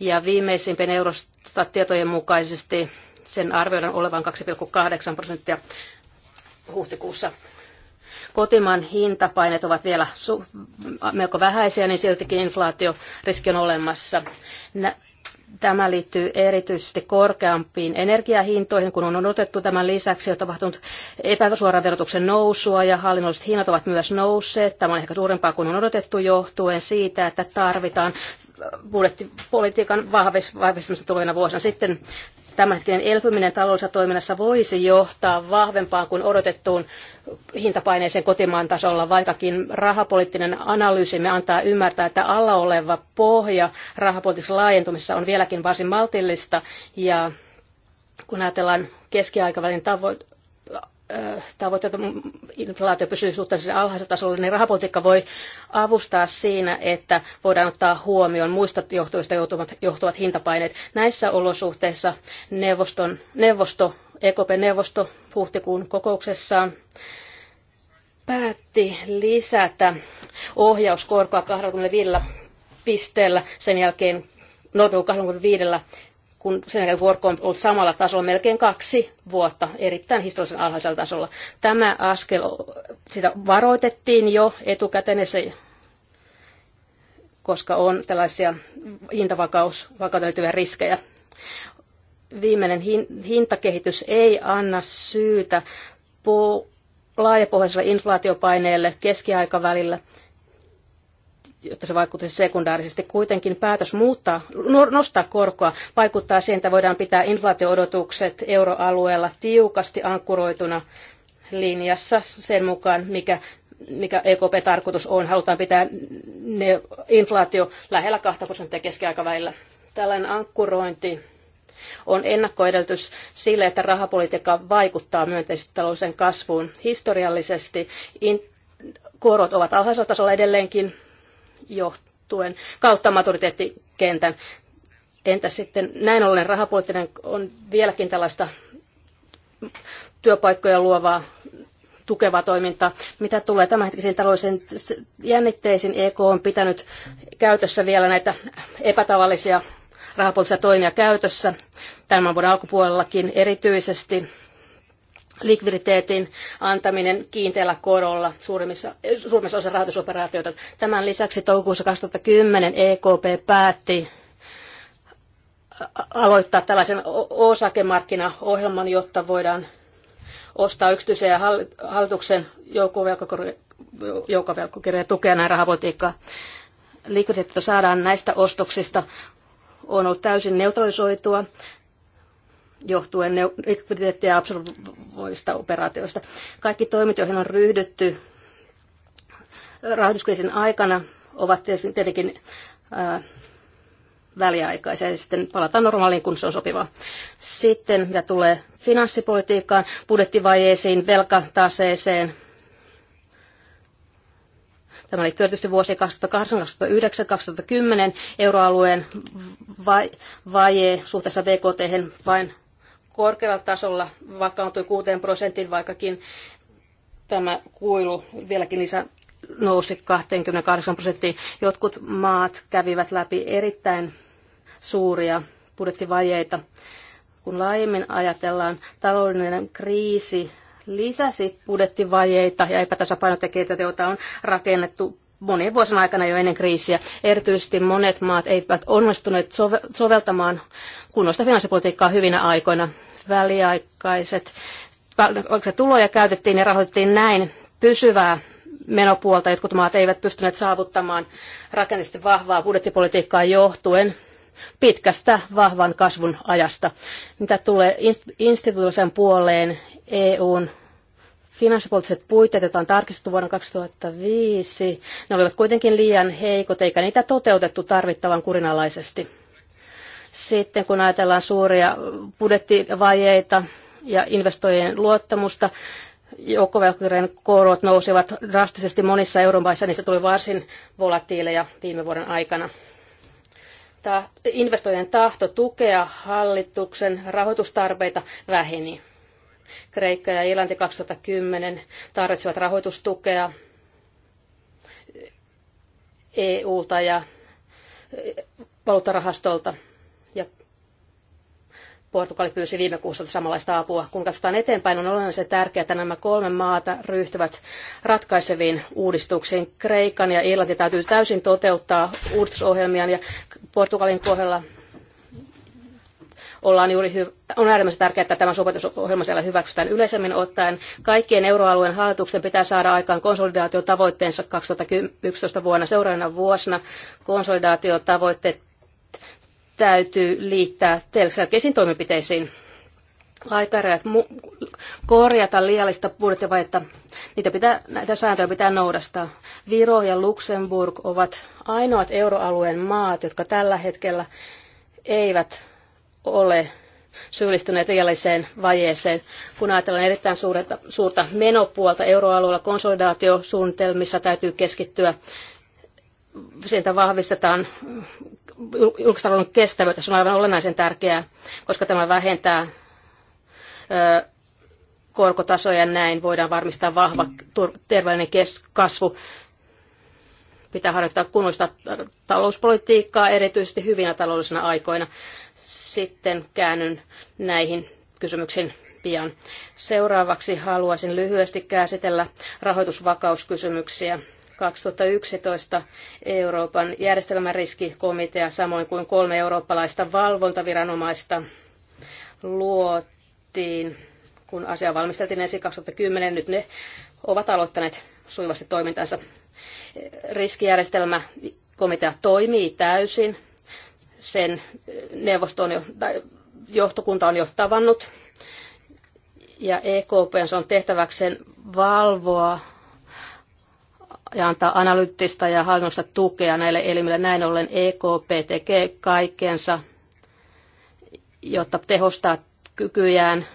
ja viimeisimpien eurostat tietojen mukaisesti sen arvioidaan olevan 2,8 prosenttia huhtikuussa. Kotimaan hintapaineet ovat vielä melko vähäisiä, niin siltikin inflaatioriski on olemassa. Tämä liittyy erityisesti korkeampiin energiahintoihin, kun on odotettu tämän lisäksi, on tapahtunut epäsuoran verotuksen nousua ja hallinnolliset hinnat ovat myös nousseet. Tämä on ehkä suurempaa kuin on odotettu johtuen siitä, että tarvitaan budjettipolitiikan vahvistamista tulevina vuosina. Sitten tämänhetkinen elpyminen taloudessa toiminnassa voisi johtaa vahvempaan kuin odotettuun hintapaineeseen kotimaan tasolla, vaikkakin rahapoliittinen analyysimme antaa ymmärtää, että alla oleva pohja rahapoliittisessa laajentumisessa on vieläkin varsin maltillista ja kun ajatellaan keskiaikavälin tavoitteita, tavoitteita, inflaatio pysyy suhteellisen alhaisella tasolla, niin rahapolitiikka voi avustaa siinä, että voidaan ottaa huomioon muista johtuvista johtuvat, johtuvat hintapaineet. Näissä olosuhteissa neuvoston, neuvosto, EKP-neuvosto huhtikuun kokouksessaan päätti lisätä ohjauskorkoa 25 pisteellä sen jälkeen 0,25 kun sen jälkeen Work on ollut samalla tasolla melkein kaksi vuotta, erittäin historiallisen alhaisella tasolla. Tämä askel, sitä varoitettiin jo etukäteen, se, koska on tällaisia hintavakauteen liittyviä riskejä. Viimeinen hin, hintakehitys ei anna syytä po, laajapohjaiselle inflaatiopaineelle keskiaikavälillä – jotta se vaikuttaisi sekundaarisesti. Kuitenkin päätös muuttaa, nostaa korkoa vaikuttaa siihen, että voidaan pitää inflaatioodotukset euroalueella tiukasti ankkuroituna linjassa sen mukaan, mikä, mikä EKP-tarkoitus on. Halutaan pitää ne inflaatio lähellä 2 prosenttia keskiaikavälillä. Tällainen ankkurointi on ennakkoedellytys sille, että rahapolitiikka vaikuttaa myönteisesti talousen kasvuun. Historiallisesti korot ovat alhaisella tasolla edelleenkin, johtuen kautta maturiteettikentän. Entä sitten näin ollen rahapoliittinen on vieläkin tällaista työpaikkoja luovaa tukeva toiminta. Mitä tulee tämänhetkisiin taloudellisiin jännitteisiin, EK on pitänyt käytössä vielä näitä epätavallisia rahapoliittisia toimia käytössä tämän vuoden alkupuolellakin erityisesti likviditeetin antaminen kiinteällä korolla suurimmissa, suurimmissa osassa rahoitusoperaatioita. Tämän lisäksi toukokuussa 2010 EKP päätti aloittaa tällaisen osakemarkkinaohjelman, jotta voidaan ostaa yksityisen ja hallituksen joukkovelkokirjoja tukea näin rahapolitiikkaa. Liikutetta saadaan näistä ostoksista on ollut täysin neutralisoitua johtuen likviditeetti- ja absorboista operaatioista. Kaikki toimet, joihin on ryhdytty rahoituskriisin aikana, ovat tietenkin ää, väliaikaisia ja sitten palataan normaaliin, kun se on sopiva. Sitten mitä tulee finanssipolitiikkaan, budjettivajeisiin, velkataseeseen, Tämä liittyy tietysti vuosi 2008, 2009, 2010 euroalueen vaje suhteessa BKT vain korkealla tasolla vakaantui 6 prosentin, vaikkakin tämä kuilu vieläkin lisää nousi 28 prosenttiin. Jotkut maat kävivät läpi erittäin suuria budjettivajeita. Kun laajemmin ajatellaan, taloudellinen kriisi lisäsi budjettivajeita ja epätasapainotekijöitä, joita on rakennettu monien vuosien aikana jo ennen kriisiä. Erityisesti monet maat eivät onnistuneet soveltamaan kunnosta finanssipolitiikkaa hyvinä aikoina. Väliaikaiset tuloja käytettiin ja rahoitettiin näin pysyvää menopuolta. Jotkut maat eivät pystyneet saavuttamaan rakenteellisesti vahvaa budjettipolitiikkaa johtuen pitkästä vahvan kasvun ajasta. Mitä tulee instituutioiden puoleen, EUn finanssipoliittiset puitteet, joita on tarkistettu vuonna 2005, ne olivat kuitenkin liian heikot, eikä niitä toteutettu tarvittavan kurinalaisesti. Sitten kun ajatellaan suuria budjettivajeita ja investoijien luottamusta, joukkovelkakirjan korot nousivat drastisesti monissa euromaissa, niistä tuli varsin volatiileja viime vuoden aikana investoijien tahto tukea hallituksen rahoitustarpeita väheni. Kreikka ja Irlanti 2010 tarvitsivat rahoitustukea EUlta ja valuuttarahastolta. Ja Portugali pyysi viime kuussa samanlaista apua. Kun katsotaan eteenpäin, on olennaisen tärkeää, että nämä kolme maata ryhtyvät ratkaiseviin uudistuksiin. Kreikan ja Irlanti täytyy täysin toteuttaa uudistusohjelmiaan ja Portugalin kohdalla ollaan juuri hy- on äärimmäisen tärkeää, että tämä sopeutusohjelma siellä hyväksytään yleisemmin ottaen. Kaikkien euroalueen hallituksen pitää saada aikaan konsolidaatiotavoitteensa 2011 vuonna seuraavana vuosina. Konsolidaatiotavoitteet täytyy liittää selkeisiin toimenpiteisiin aikarajat korjata liiallista budjettivajetta. Niitä pitää, näitä sääntöjä pitää noudastaa. Viro ja Luxemburg ovat ainoat euroalueen maat, jotka tällä hetkellä eivät ole syyllistyneet liialliseen vajeeseen. Kun ajatellaan erittäin suurta, suurta menopuolta euroalueella konsolidaatiosuunnitelmissa täytyy keskittyä sieltä vahvistetaan julkistalouden kestävyyttä. Se on aivan olennaisen tärkeää, koska tämä vähentää ö, korkotasoja näin. Voidaan varmistaa vahva terveellinen kasvu. Pitää harjoittaa kunnollista talouspolitiikkaa erityisesti hyvinä taloudellisina aikoina. Sitten käännyn näihin kysymyksiin pian. Seuraavaksi haluaisin lyhyesti käsitellä rahoitusvakauskysymyksiä. 2011 Euroopan järjestelmäriskikomitea samoin kuin kolme eurooppalaista valvontaviranomaista luotiin, kun asia valmisteltiin ensin 2010. Nyt ne ovat aloittaneet sujuvasti toimintansa. Riskijärjestelmäkomitea toimii täysin sen eh, neuvosto on jo, tai johtokunta on jo tavannut. Ja EKP se on tehtäväkseen valvoa ja antaa analyyttista ja hallinnollista tukea näille elimille. Näin ollen EKP tekee kaikkensa, jotta tehostaa kykyjään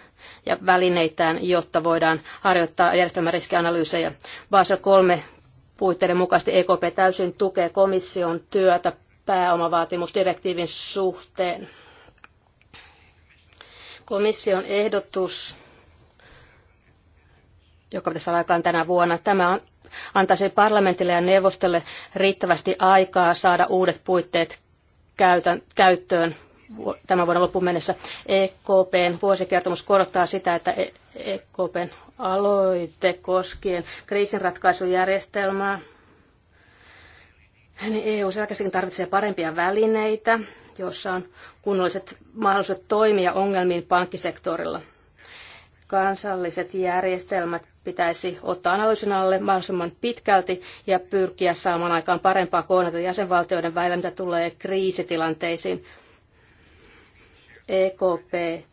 ja välineitään, jotta voidaan harjoittaa riskianalyysejä. Basel 3 puitteiden mukaisesti EKP täysin tukee komission työtä pääomavaatimusdirektiivin suhteen. Komission ehdotus, joka pitäisi olla aikaan tänä vuonna, tämä on antaisi parlamentille ja neuvostolle riittävästi aikaa saada uudet puitteet käyttöön tämän vuoden loppuun mennessä. EKPn vuosikertomus korottaa sitä, että EKPn e aloite koskien kriisinratkaisujärjestelmää – niin EU selkeästikin tarvitsee parempia välineitä, joissa on kunnolliset mahdollisuudet toimia ongelmiin pankkisektorilla. Kansalliset järjestelmät pitäisi ottaa analyysin alle mahdollisimman pitkälti ja pyrkiä saamaan aikaan parempaa kohdata jäsenvaltioiden välillä, mitä tulee kriisitilanteisiin. EKP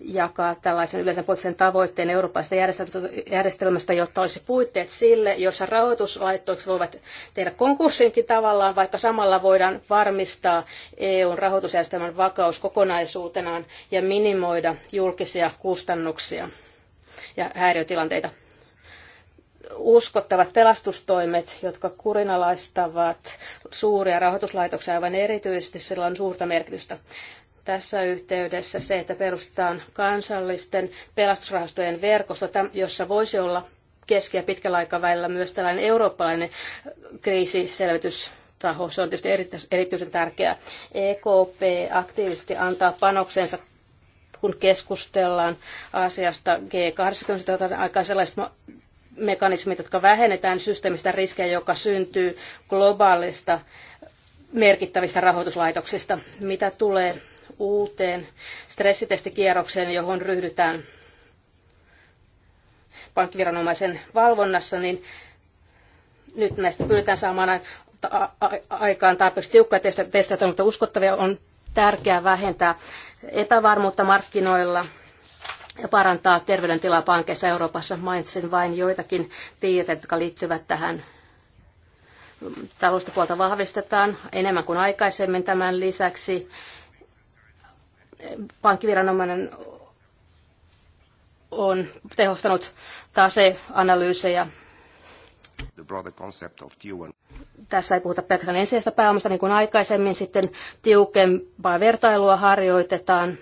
jakaa tällaisen yleisen poliittisen tavoitteen eurooppalaisesta järjestelmästä, jotta olisi puitteet sille, jossa rahoituslaitokset voivat tehdä konkurssinkin tavallaan, vaikka samalla voidaan varmistaa EUn rahoitusjärjestelmän vakaus kokonaisuutenaan ja minimoida julkisia kustannuksia ja häiriötilanteita. Uskottavat pelastustoimet, jotka kurinalaistavat suuria rahoituslaitoksia aivan erityisesti, sillä on suurta merkitystä tässä yhteydessä se, että perustetaan kansallisten pelastusrahastojen verkosto, jossa voisi olla keski- ja pitkällä aikavälillä myös tällainen eurooppalainen kriisiselvitys Se on tietysti erityisen tärkeää. EKP aktiivisesti antaa panoksensa kun keskustellaan asiasta G20, aikaan sellaiset mekanismit, jotka vähennetään systeemistä riskejä, joka syntyy globaalista merkittävistä rahoituslaitoksista. Mitä tulee uuteen stressitestikierrokseen, johon ryhdytään pankkiviranomaisen valvonnassa, niin nyt näistä pyritään saamaan aikaan tarpeeksi tiukkaa testata, mutta uskottavia on tärkeää vähentää epävarmuutta markkinoilla ja parantaa terveydentilaa pankeissa Euroopassa. Mainitsin vain joitakin piirteitä, jotka liittyvät tähän. Talousta puolta vahvistetaan enemmän kuin aikaisemmin tämän lisäksi pankkiviranomainen on tehostanut taseanalyysejä. Tässä ei puhuta pelkästään ensisijaisesta pääomasta, niin kuin aikaisemmin sitten tiukempaa vertailua harjoitetaan.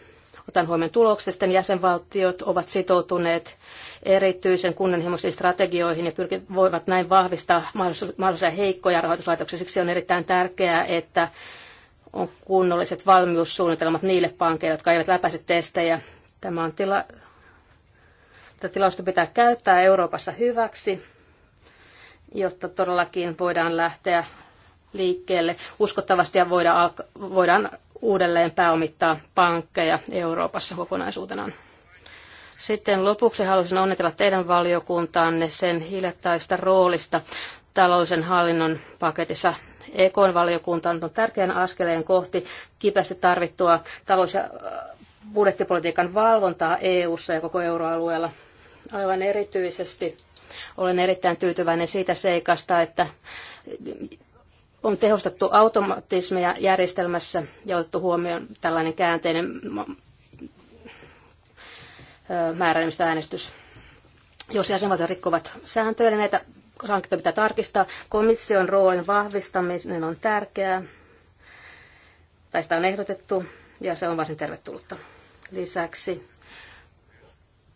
Otan huomioon tulokset, sitten jäsenvaltiot ovat sitoutuneet erityisen kunnianhimoisiin strategioihin ja pyrkivät, voivat näin vahvistaa mahdollisia heikkoja rahoituslaitoksia. Siksi on erittäin tärkeää, että on kunnolliset valmiussuunnitelmat niille pankeille, jotka eivät läpäise testejä. Tämä on tila, tätä tilausta pitää käyttää Euroopassa hyväksi, jotta todellakin voidaan lähteä liikkeelle uskottavasti ja voidaan, voidaan uudelleen pääomittaa pankkeja Euroopassa kokonaisuutenaan. Sitten lopuksi haluaisin onnitella teidän valiokuntaanne sen hiljattaista roolista talousen hallinnon paketissa EK-valiokunta on tärkeän askeleen kohti kipeästi tarvittua talous- ja äh, budjettipolitiikan valvontaa EU-ssa ja koko euroalueella. Aivan erityisesti olen erittäin tyytyväinen siitä seikasta, että on tehostettu automatismeja järjestelmässä ja otettu huomioon tällainen käänteinen määräenemmistöäänestys. äänestys. Jos jäsenvaltiot rikkovat sääntöjä, niin näitä hanketta pitää tarkistaa. Komission roolin vahvistaminen on tärkeää. Tästä on ehdotettu ja se on varsin tervetullutta. Lisäksi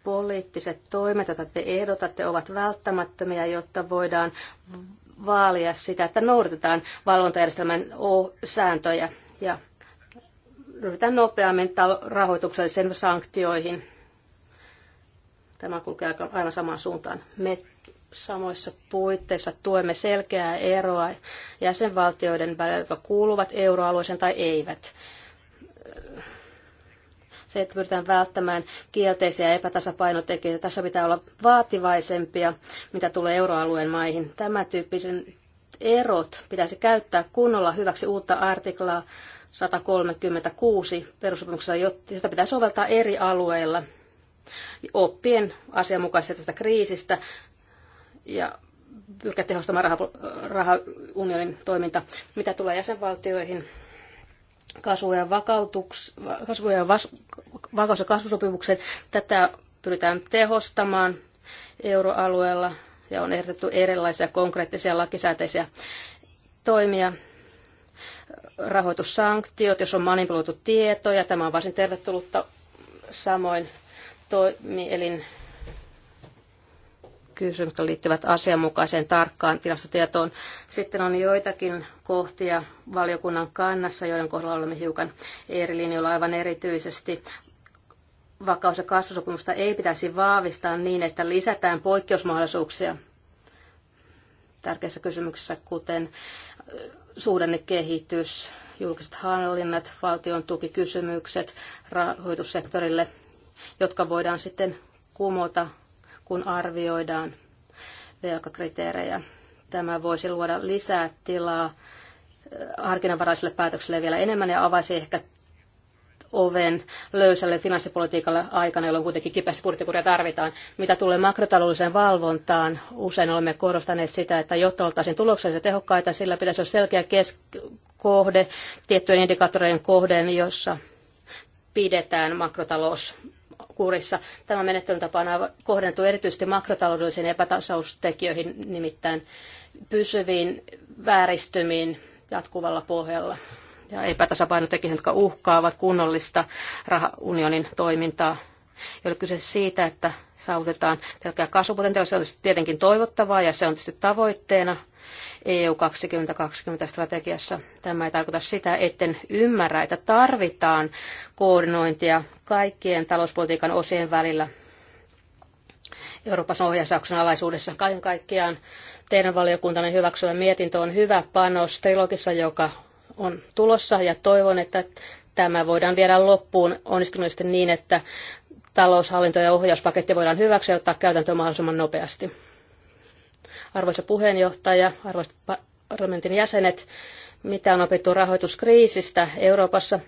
poliittiset toimet, joita te ehdotatte, ovat välttämättömiä, jotta voidaan vaalia sitä, että noudatetaan valvontajärjestelmän sääntöjä ja ryhdytään nopeammin rahoituksellisiin sanktioihin. Tämä kulkee aivan samaan suuntaan. Me samoissa puitteissa tuemme selkeää eroa jäsenvaltioiden välillä, jotka kuuluvat euroalueeseen tai eivät. Se, että pyritään välttämään kielteisiä epätasapainotekijöitä, tässä pitää olla vaativaisempia, mitä tulee euroalueen maihin. Tämä tyyppisen erot pitäisi käyttää kunnolla hyväksi uutta artiklaa 136 perussopimuksessa, jotta sitä pitää soveltaa eri alueilla oppien asianmukaisesti tästä kriisistä ja pyrkiä tehostamaan rahaunionin toiminta, mitä tulee jäsenvaltioihin. Kasvu- ja, vakautuks, kasvu- ja vas, vakaus- ja kasvusopimuksen. Tätä pyritään tehostamaan euroalueella ja on ehdotettu erilaisia konkreettisia lakisääteisiä toimia. Rahoitussanktiot, jos on manipuloitu tietoja, tämä on varsin tervetullutta. Samoin toimielin kysymykset, jotka liittyvät asianmukaiseen tarkkaan tilastotietoon. Sitten on joitakin kohtia valiokunnan kannassa, joiden kohdalla olemme hiukan eri linjoilla aivan erityisesti. Vakaus- ja kasvusopimusta ei pitäisi vahvistaa niin, että lisätään poikkeusmahdollisuuksia tärkeissä kysymyksissä, kuten suhdannekehitys, julkiset hallinnat, valtion tukikysymykset rahoitussektorille, jotka voidaan sitten kumota kun arvioidaan velkakriteerejä. Tämä voisi luoda lisää tilaa äh, harkinnanvaraisille päätöksille vielä enemmän ja avaisi ehkä oven löysälle finanssipolitiikalle aikana, jolloin kuitenkin kipeästi budjettikuria tarvitaan. Mitä tulee makrotaloudelliseen valvontaan, usein olemme korostaneet sitä, että jotta oltaisiin tuloksellisia tehokkaita, sillä pitäisi olla selkeä kohde, tiettyjen indikaattoreiden kohden, jossa pidetään makrotalous kurissa. Tämä menettelytapa on kohdentu erityisesti makrotaloudellisiin epätasaustekijöihin, nimittäin pysyviin vääristymiin jatkuvalla pohjalla ja epätasapainotekijät, jotka uhkaavat kunnollista rahaunionin toimintaa. Ei ole kyse siitä, että saavutetaan pelkkää kasvupotentiaalia. Se on tietenkin toivottavaa ja se on tietysti tavoitteena. EU 2020-strategiassa. Tämä ei tarkoita sitä, etten ymmärrä, että tarvitaan koordinointia kaikkien talouspolitiikan osien välillä Euroopan ohjausjakson alaisuudessa. Kaiken kaikkiaan teidän valiokuntanne hyväksyvä mietintö on hyvä panos trilogissa, joka on tulossa ja toivon, että tämä voidaan viedä loppuun onnistuneesti niin, että taloushallinto- ja ohjauspaketti voidaan hyväksyä ja ottaa käytäntöön mahdollisimman nopeasti. Arvoisa puheenjohtaja, arvoisat parlamentin jäsenet, mitä on opittu rahoituskriisistä Euroopassa?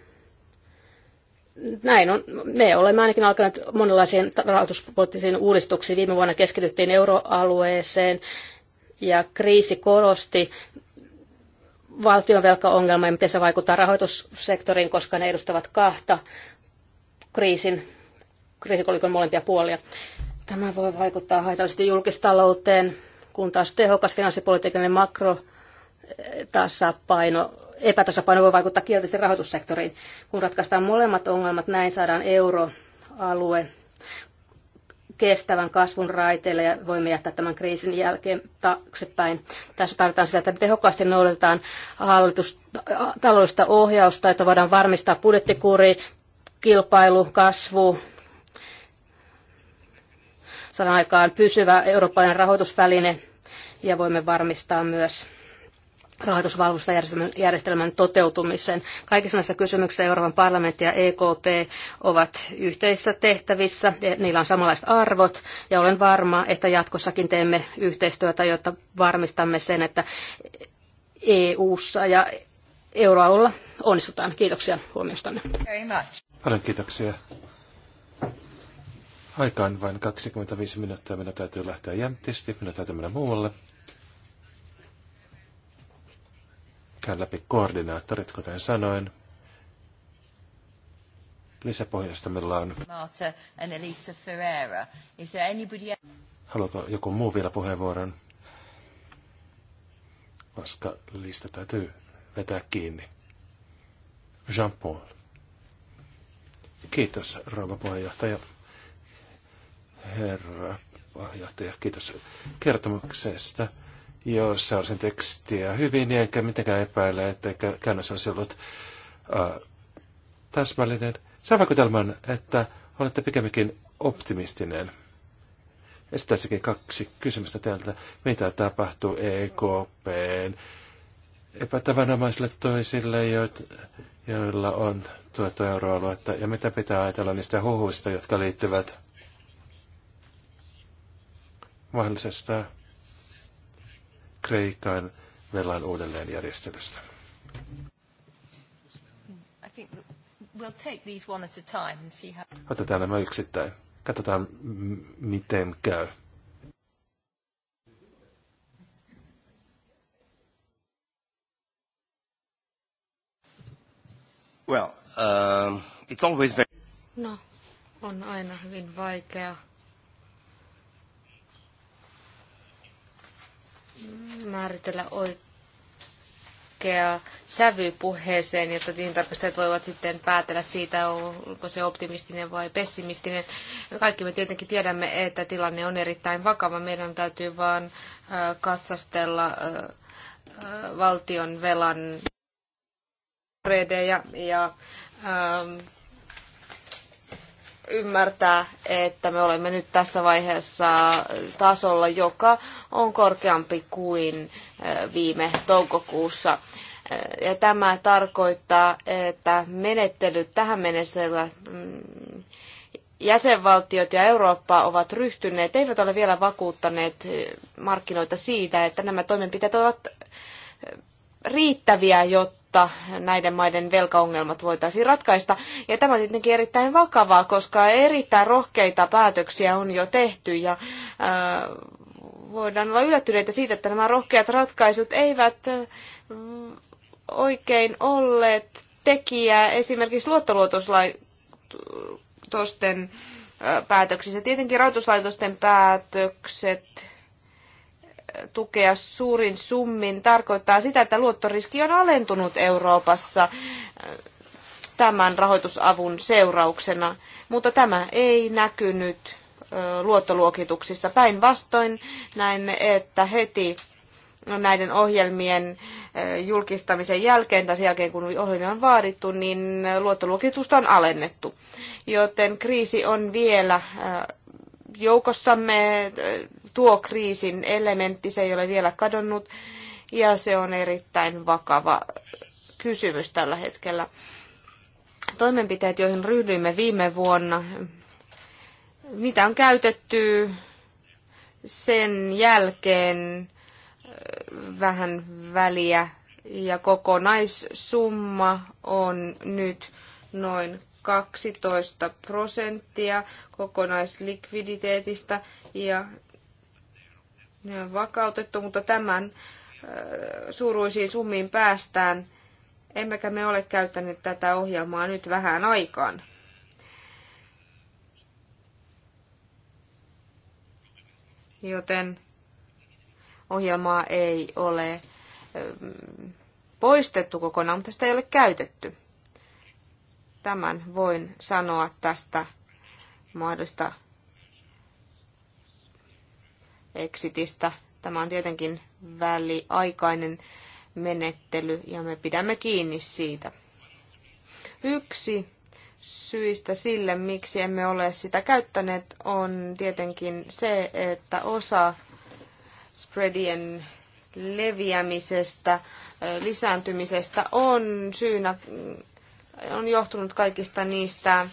Näin on. Me olemme ainakin alkaneet monenlaisiin rahoituspoliittisiin uudistuksiin. Viime vuonna keskityttiin euroalueeseen ja kriisi korosti valtion velkaongelma ja miten se vaikuttaa rahoitussektoriin, koska ne edustavat kahta kriisin, kriisikolikon molempia puolia. Tämä voi vaikuttaa haitallisesti julkistalouteen, kun taas tehokas finanssipolitiikan makro eh, tasapaino, epätasapaino voi vaikuttaa kielteisesti rahoitussektoriin. Kun ratkaistaan molemmat ongelmat, näin saadaan euroalue kestävän kasvun raiteille ja voimme jättää tämän kriisin jälkeen taaksepäin. Tässä tarvitaan sitä, että tehokkaasti noudatetaan hallitus, taloudellista ohjausta, että voidaan varmistaa budjettikuri, kilpailu, kasvu, saadaan aikaan pysyvä eurooppalainen rahoitusväline ja voimme varmistaa myös rahoitusvalvontajärjestelmän toteutumisen. Kaikissa näissä kysymyksissä Euroopan parlamentti ja EKP ovat yhteisissä tehtävissä, ja niillä on samanlaiset arvot, ja olen varma, että jatkossakin teemme yhteistyötä, jotta varmistamme sen, että EU-ssa ja euroalueella onnistutaan. Kiitoksia huomiostanne. Paljon kiitoksia. Aika on vain 25 minuuttia. Minä täytyy lähteä jämtisti. Minä täytyy mennä muualle. Käyn läpi koordinaattorit, kuten sanoin. Lisäpohjasta meillä on... Marta and Elisa Ferreira. Is there anybody... joku muu vielä puheenvuoron? Koska lista täytyy vetää kiinni. Jean-Paul. Kiitos, rouva puheenjohtaja herra puheenjohtaja. Kiitos kertomuksesta. Joo, saarsin tekstiä hyvin, enkä mitenkään epäile, että käännös olisi ollut uh, täsmällinen. Sä vaikutelman, että olette pikemminkin optimistinen. Esittäisikin kaksi kysymystä teiltä. Mitä tapahtuu EKPn epätavanomaisille toisille, joita, joilla on tuota euroaluetta, ja mitä pitää ajatella niistä huhuista, jotka liittyvät mahdollisesta Kreikan velan uudelleenjärjestelystä. Otetaan nämä yksittäin. Katsotaan, miten käy. Well, um, it's always very... No, on aina hyvin vaikea määritellä oikea sävy puheeseen, jotta tilintarkastajat voivat sitten päätellä siitä, onko se optimistinen vai pessimistinen. Kaikki me tietenkin tiedämme, että tilanne on erittäin vakava. Meidän täytyy vain katsastella valtion velan ja, ja ymmärtää, että me olemme nyt tässä vaiheessa tasolla, joka on korkeampi kuin viime toukokuussa. Ja tämä tarkoittaa, että menettelyt tähän mennessä mm, jäsenvaltiot ja Eurooppa ovat ryhtyneet, eivät ole vielä vakuuttaneet markkinoita siitä, että nämä toimenpiteet ovat riittäviä, jotta jotta näiden maiden velkaongelmat voitaisiin ratkaista. Ja tämä on tietenkin erittäin vakavaa, koska erittäin rohkeita päätöksiä on jo tehty ja voidaan olla yllättyneitä siitä, että nämä rohkeat ratkaisut eivät oikein olleet tekijä esimerkiksi luottoluotoslaitosten päätöksissä. Tietenkin rahoituslaitosten päätökset tukea suurin summin tarkoittaa sitä, että luottoriski on alentunut Euroopassa äh, tämän rahoitusavun seurauksena, mutta tämä ei näkynyt äh, luottoluokituksissa. Päinvastoin näimme, että heti näiden ohjelmien äh, julkistamisen jälkeen tai sen jälkeen, kun ohjelmia on vaadittu, niin luottoluokitusta on alennettu. Joten kriisi on vielä joukossamme tuo kriisin elementti, se ei ole vielä kadonnut ja se on erittäin vakava kysymys tällä hetkellä. Toimenpiteet, joihin ryhdyimme viime vuonna, mitä on käytetty sen jälkeen vähän väliä ja kokonaissumma on nyt noin 12 prosenttia kokonaislikviditeetistä ja ne on vakautettu, mutta tämän suuruisiin summiin päästään. Emmekä me ole käyttäneet tätä ohjelmaa nyt vähän aikaan. Joten ohjelmaa ei ole poistettu kokonaan, mutta sitä ei ole käytetty. Tämän voin sanoa tästä mahdollista exitistä. Tämä on tietenkin väliaikainen menettely ja me pidämme kiinni siitä. Yksi syistä sille, miksi emme ole sitä käyttäneet, on tietenkin se, että osa spreadien leviämisestä, lisääntymisestä on syynä, on johtunut kaikista niistä äm,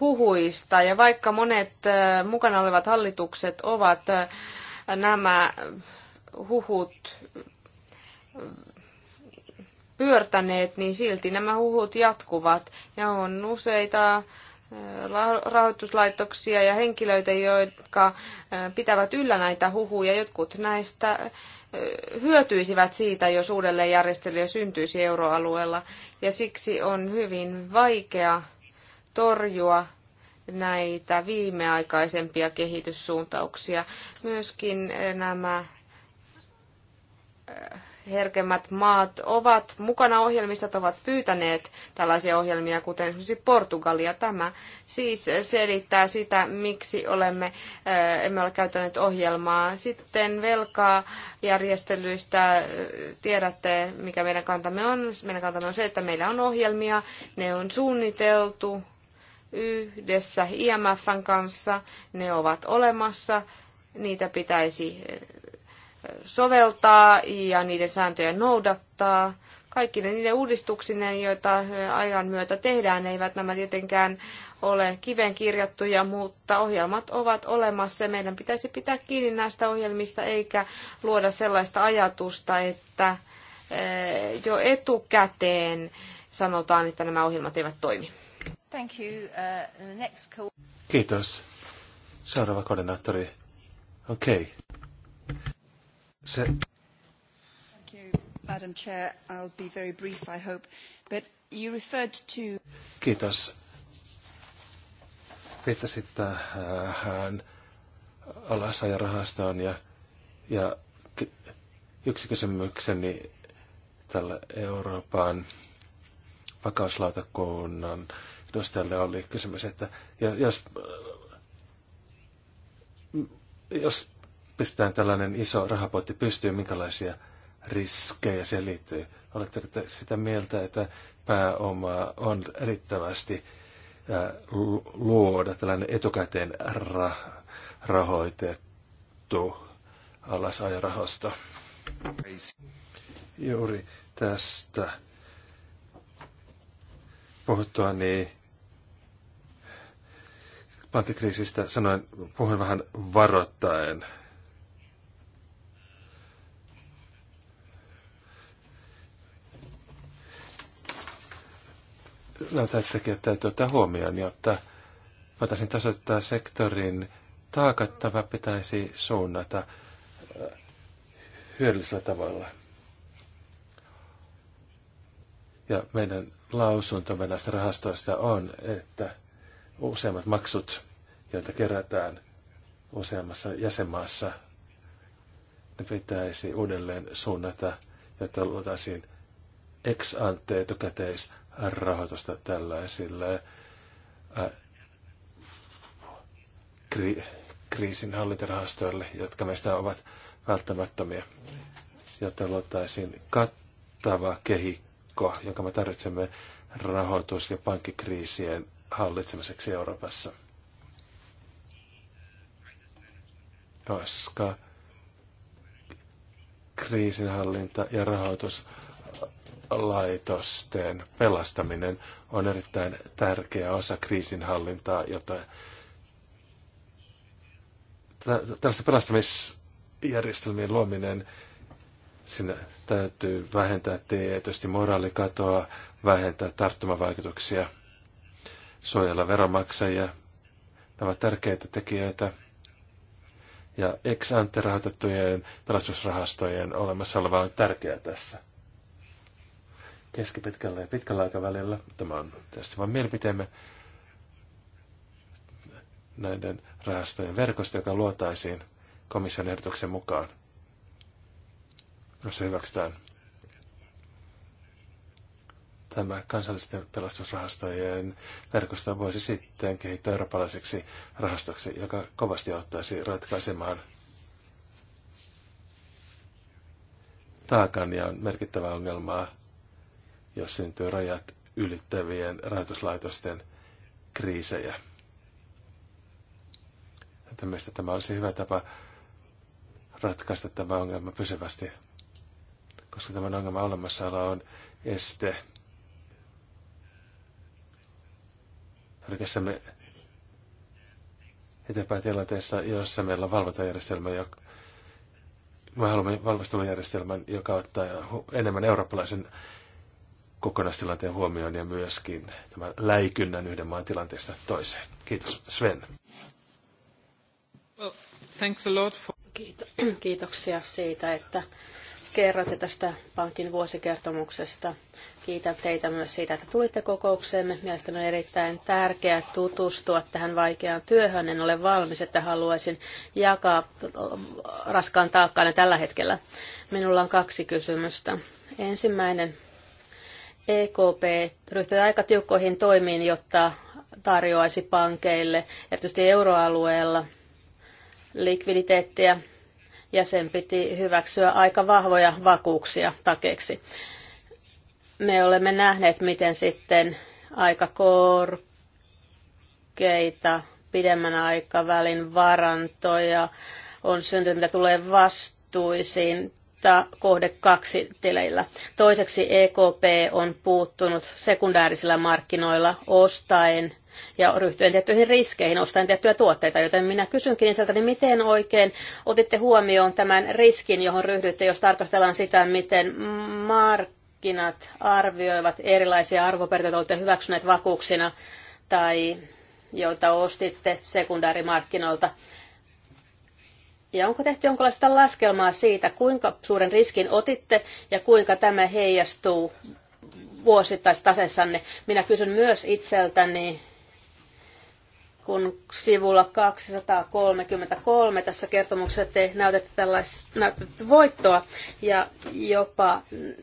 huhuista. Ja vaikka monet mukana olevat hallitukset ovat nämä huhut pyörtäneet, niin silti nämä huhut jatkuvat. Ja on useita rahoituslaitoksia ja henkilöitä, jotka pitävät yllä näitä huhuja. Jotkut näistä hyötyisivät siitä, jos uudelleenjärjestelyjä syntyisi euroalueella. Ja siksi on hyvin vaikea torjua näitä viimeaikaisempia kehityssuuntauksia. Myöskin eh, nämä eh, herkemmät maat ovat mukana ohjelmissa, ovat pyytäneet tällaisia ohjelmia, kuten esimerkiksi Portugalia. Tämä siis selittää sitä, miksi olemme, eh, emme ole käyttäneet ohjelmaa. Sitten velkaa järjestelyistä tiedätte, mikä meidän kantamme on. Meidän kantamme on se, että meillä on ohjelmia, ne on suunniteltu yhdessä IMFn kanssa. Ne ovat olemassa, niitä pitäisi eh, soveltaa ja niiden sääntöjä noudattaa. Kaikki ne niiden uudistuksinen, joita eh, ajan myötä tehdään, eivät nämä tietenkään ole kiveen kirjattuja, mutta ohjelmat ovat olemassa. Meidän pitäisi pitää kiinni näistä ohjelmista eikä luoda sellaista ajatusta, että eh, jo etukäteen sanotaan, että nämä ohjelmat eivät toimi. Thank you. Uh, the next call. Kiitos. Seuraava koordinaattori. Okei. Okay. Se... Thank you, Madam Chair. I'll be very brief, I hope. But you referred to... Kiitos. Viittasit tähän alasajarahastoon ja, ja yksi kysymykseni tällä Euroopan vakauslautakunnan edustajalle oli kysymys, että jos, jos pistetään tällainen iso rahapotti pystyy minkälaisia riskejä se liittyy. Oletteko te sitä mieltä, että pääoma on riittävästi luoda tällainen etukäteen ra- rahoitettu alasajarahasto? Juuri tästä puhuttua, niin pantikriisistä sanoin, puhuin vähän varoittaen. että tekijät täytyy ottaa huomioon, jotta voitaisiin tasoittaa sektorin taakattava pitäisi suunnata äh, hyödyllisellä tavalla. Ja meidän lausuntomme näistä rahastoista on, että useimmat maksut, joita kerätään useammassa jäsenmaassa, ne pitäisi uudelleen suunnata, jotta luotaisiin ex ante rahoitusta tällaisille ää, äh, kri, kriisinhallintarahastoille, jotka meistä ovat välttämättömiä, jotta luotaisiin kattava kehikko verkko, jonka me tarvitsemme rahoitus- ja pankkikriisien hallitsemiseksi Euroopassa. Koska kriisinhallinta ja rahoituslaitosten pelastaminen on erittäin tärkeä osa kriisinhallintaa, jota tällaisten pelastamisjärjestelmien luominen sinä täytyy vähentää tietysti moraalikatoa, vähentää tarttumavaikutuksia, suojella veromaksajia. Nämä ovat tärkeitä tekijöitä. Ja ex ante rahoitettujen pelastusrahastojen olemassaoleva on tärkeää tässä. Keskipitkällä ja pitkällä aikavälillä, tämä on tietysti vain mielipiteemme, näiden rahastojen verkosto, joka luotaisiin komission ehdotuksen mukaan. No se hyväksytään. Tämä kansallisten pelastusrahastojen verkosto voisi sitten kehittää eurooppalaiseksi rahastoksi, joka kovasti auttaisi ratkaisemaan taakan ja on merkittävä ongelmaa, jos syntyy rajat ylittävien rahoituslaitosten kriisejä. Mielestäni tämä olisi hyvä tapa ratkaista tämä ongelma pysyvästi koska tämän ongelman olemassaolo on este. Tässä me eteenpäin tilanteessa, jossa meillä on valvontajärjestelmä, joka me haluamme valmistelujärjestelmän, joka ottaa enemmän eurooppalaisen kokonaistilanteen huomioon ja myöskin tämän läikynnän yhden maan tilanteesta toiseen. Kiitos. Sven. Well, thanks a lot for... [clears throat] Kiitoksia siitä, että kerrotte tästä pankin vuosikertomuksesta. Kiitän teitä myös siitä, että tulitte kokoukseemme. Mielestäni on erittäin tärkeää tutustua tähän vaikeaan työhön. En ole valmis, että haluaisin jakaa raskaan taakkaani tällä hetkellä. Minulla on kaksi kysymystä. Ensimmäinen. EKP ryhtyy aika tiukkoihin toimiin, jotta tarjoaisi pankeille, erityisesti euroalueella, likviditeettiä ja sen piti hyväksyä aika vahvoja vakuuksia takeeksi. Me olemme nähneet, miten sitten aika korkeita pidemmän aikavälin varantoja on syntynyt, mitä tulee vastuisiin kohde kaksi tileillä. Toiseksi EKP on puuttunut sekundäärisillä markkinoilla ostaen ja ryhtyen tiettyihin riskeihin ostaen tiettyjä tuotteita. Joten minä kysynkin sieltä, niin miten oikein otitte huomioon tämän riskin, johon ryhdytte, jos tarkastellaan sitä, miten markkinat arvioivat erilaisia arvoperintöjä, olette hyväksyneet vakuuksina tai joita ostitte sekundaarimarkkinoilta. Ja onko tehty jonkinlaista laskelmaa siitä, kuinka suuren riskin otitte ja kuinka tämä heijastuu tasessanne? Minä kysyn myös itseltäni, kun sivulla 233 tässä kertomuksessa te näytätte tällaista näytätte voittoa ja jopa mm,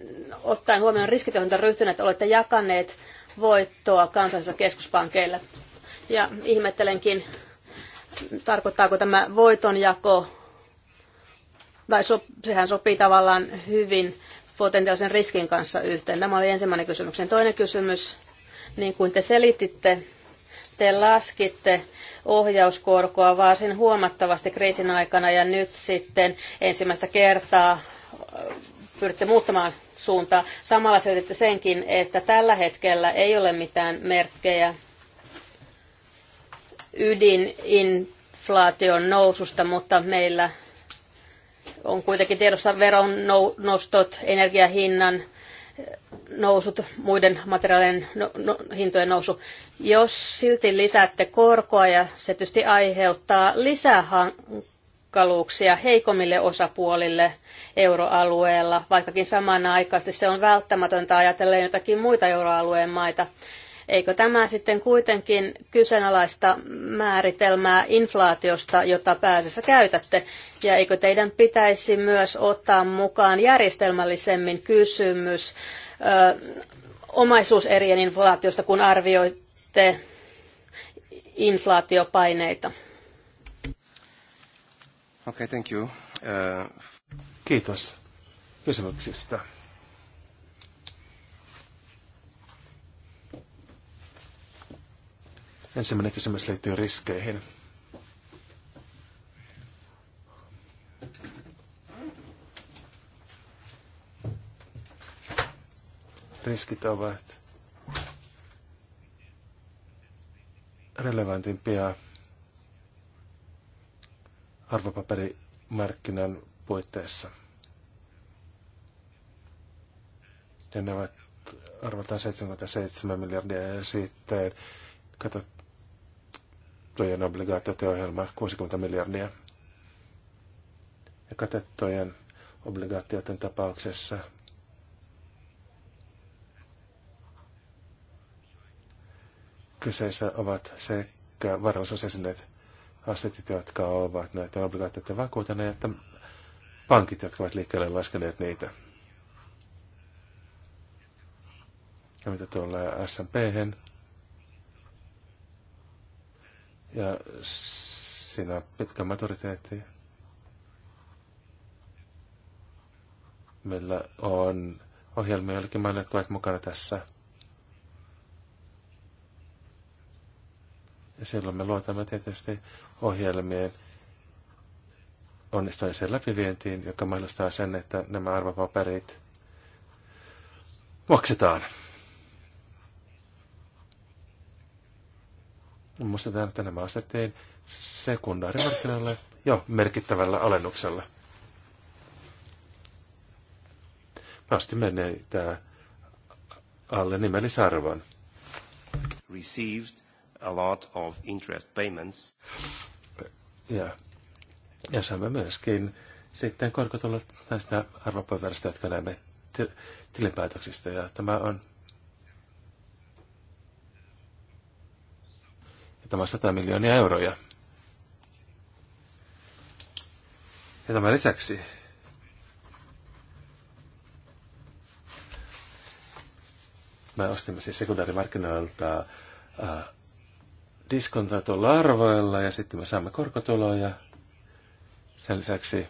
ottaen huomioon riskit, joihin ryhtyneet, olette jakaneet voittoa kansallisilla keskuspankeilla. Ja ihmettelenkin, tarkoittaako tämä voitonjako, tai so, sehän sopii tavallaan hyvin potentiaalisen riskin kanssa yhteen. Tämä oli ensimmäinen kysymys. Toinen kysymys, niin kuin te selititte, te laskitte ohjauskorkoa varsin huomattavasti kriisin aikana ja nyt sitten ensimmäistä kertaa pyritte muuttamaan suuntaa. Samalla selititte senkin, että tällä hetkellä ei ole mitään merkkejä ydininflaation noususta, mutta meillä on kuitenkin tiedossa veron nostot, energiahinnan nousut, muiden materiaalien no, no, hintojen nousu. Jos silti lisäätte korkoa ja se tietysti aiheuttaa lisähankaluuksia heikommille osapuolille euroalueella, vaikkakin samanaikaisesti se on välttämätöntä ajatellen jotakin muita euroalueen maita, Eikö tämä sitten kuitenkin kyseenalaista määritelmää inflaatiosta, jota pääsessä käytätte? Ja eikö teidän pitäisi myös ottaa mukaan järjestelmällisemmin kysymys ö, omaisuuserien inflaatiosta, kun arvioitte inflaatiopaineita? Okay, thank you. Uh... Kiitos kysymyksistä. Ensimmäinen kysymys liittyy riskeihin. Riskit ovat relevantimpia arvopaperimarkkinan puitteissa. Ja ne ovat arvotaan 77 miljardia ja sitten katsot katettujen obligaatioiden ohjelma 60 miljardia. Ja katettujen obligaatioiden tapauksessa kyseessä ovat sekä varallisuusesineet, asetit, jotka ovat näitä obligaatioiden vakuutena, että pankit, jotka ovat liikkeelle laskeneet niitä. Ja mitä tulee S&Phen, Ja siinä on pitkä maturiteetti. Meillä on ohjelmia jollekin maille, jotka ovat mukana tässä. Ja silloin me luotamme tietysti ohjelmien onnistuneeseen läpivientiin, joka mahdollistaa sen, että nämä arvopaperit maksetaan. Muistetaan, tänä mä asettiin sekundaarimarkkinoille jo merkittävällä alennuksella. Mä menee tää alle nimellisarvon. Received a lot of interest payments. Ja, ja saamme myöskin sitten korkotulot näistä arvopäiväristä, jotka näemme tilinpäätöksistä. Ja tämä on Ja tämä on 100 miljoonia euroja. Ja tämän lisäksi me ostimme siis sekundaarimarkkinoilta diskontoituilla arvoilla ja sitten me saamme korkotuloja. Sen lisäksi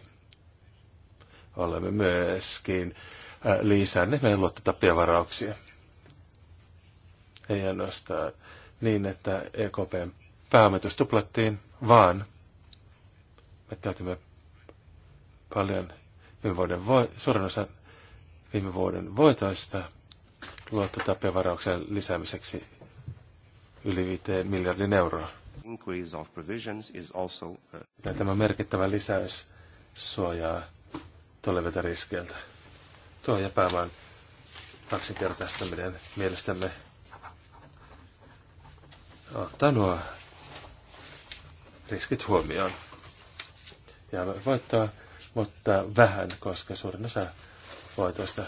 olemme myöskin lisänneet meidän luottotappiavarauksia. Ei ainoastaan niin, että EKPn pääomitus tuplattiin, vaan me täytimme paljon viime vuoden vo- suurin osa viime vuoden voitoista luottotappiavarauksen lisäämiseksi yli 5 miljardin euroa. Uh, ja tämä merkittävä lisäys suojaa tulevilta riskeiltä. Tuo ja pääoman kaksinkertaistaminen mielestämme ottaa nuo riskit huomioon. Ja voittaa, mutta vähän, koska suurin osa voitoista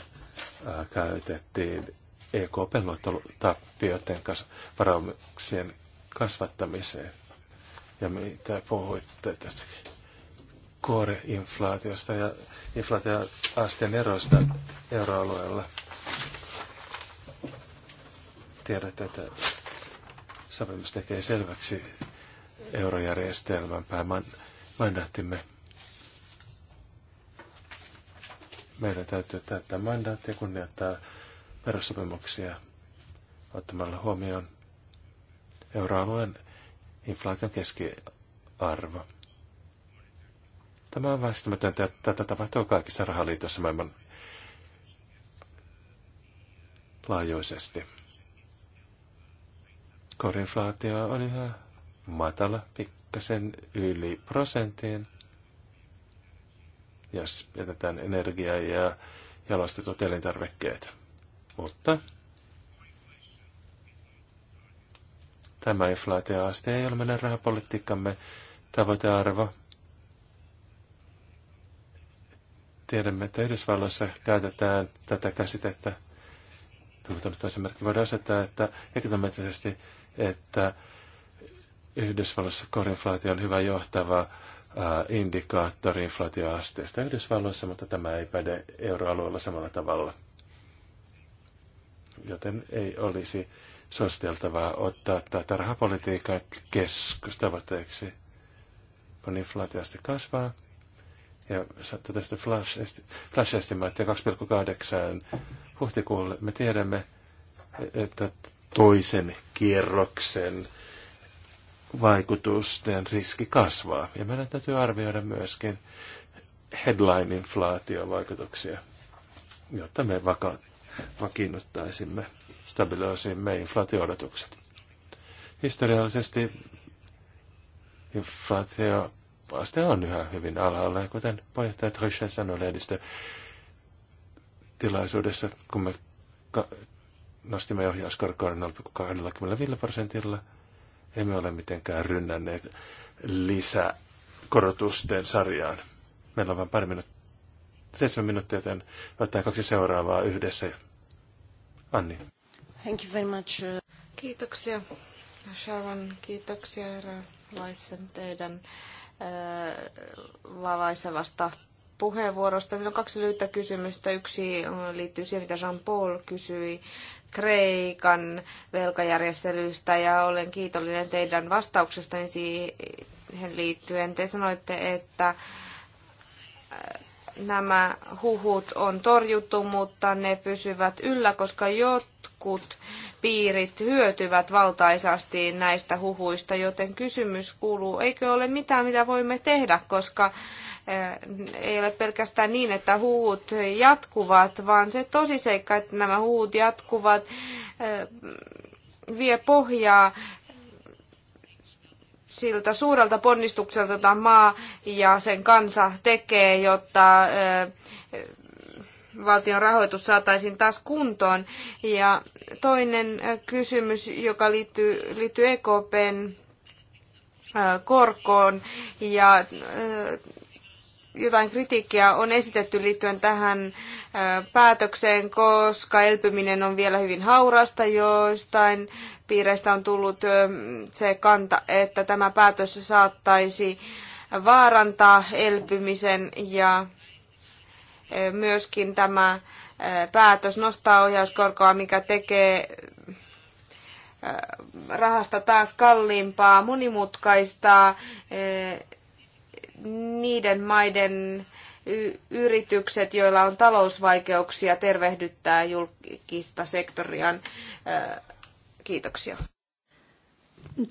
käytettiin EKP-luottotappioiden kas- varauksien kasvattamiseen. Ja mitä puhuitte tästä kuoreinflaatiosta ja inflaatioasteen eroista euroalueella. Tiedätte, että sopimus tekee selväksi eurojärjestelmän päämandaattimme. Meidän täytyy täyttää mandaatti ja kunnioittaa perussopimuksia ottamalla huomioon euroalueen inflaation keskiarvo. Tämä on väistämätöntä. Tätä tapahtuu kaikissa rahaliitossa maailman laajuisesti. Korinflaatio on yhä matala, pikkasen yli prosentin. Jos jätetään energia ja jalostetut elintarvikkeet. Mutta tämä inflaatioaste ei ole meidän rahapolitiikkamme tavoitearvo. Tiedämme, että Yhdysvalloissa käytetään tätä käsitettä. Tuntunut toisen merkki voidaan asettaa, että ekonomisesti että Yhdysvalloissa korinflaatio on hyvä johtava äh, indikaattori inflaatioasteesta Yhdysvalloissa, mutta tämä ei päde euroalueella samalla tavalla. Joten ei olisi suositeltavaa ottaa tätä rahapolitiikan keskustavoitteeksi, kun inflaatioaste kasvaa. Ja tästä flash-estimaattia 2,8 huhtikuulle me tiedämme, että toisen kierroksen vaikutusten riski kasvaa. Ja meidän täytyy arvioida myöskin headline-inflaatiovaikutuksia, jotta me vaka- vakiinnuttaisimme, stabiloisimme inflaatio-odotukset. Historiallisesti inflaatio aste on yhä hyvin alhaalla. Ja kuten puheenjohtaja Trichet sanoi lehdistötilaisuudessa, kun me nostimme ohjauskorkoon 0,25 prosentilla. Emme ole mitenkään rynnänneet lisäkorotusten sarjaan. Meillä on vain pari minuuttia, seitsemän minuuttia, joten välttää kaksi seuraavaa yhdessä. Anni. Thank you very much. Kiitoksia. Sharon, kiitoksia herra Laisen teidän valaisevasta puheenvuorosta. Minulla on kaksi lyhyttä kysymystä. Yksi liittyy siihen, mitä Jean-Paul kysyi Kreikan velkajärjestelystä ja olen kiitollinen teidän vastauksestani. siihen liittyen. Te sanoitte, että äh, nämä huhut on torjuttu, mutta ne pysyvät yllä, koska jotkut piirit hyötyvät valtaisasti näistä huhuista, joten kysymys kuuluu, eikö ole mitään, mitä voimme tehdä, koska Äh, ei ole pelkästään niin, että huut jatkuvat, vaan se tosiseikka, että nämä huut jatkuvat, äh, vie pohjaa siltä suurelta ponnistukselta, jota maa ja sen kansa tekee, jotta äh, valtion rahoitus saataisiin taas kuntoon. Ja toinen kysymys, joka liittyy, liittyy EKPn korkoon ja jotain kritiikkiä on esitetty liittyen tähän päätökseen, koska elpyminen on vielä hyvin haurasta. Joistain piireistä on tullut se kanta, että tämä päätös saattaisi vaarantaa elpymisen ja myöskin tämä päätös nostaa ohjauskorkoa, mikä tekee rahasta taas kalliimpaa, monimutkaistaa niiden maiden yritykset, joilla on talousvaikeuksia, tervehdyttää julkista sektoriaan. Kiitoksia.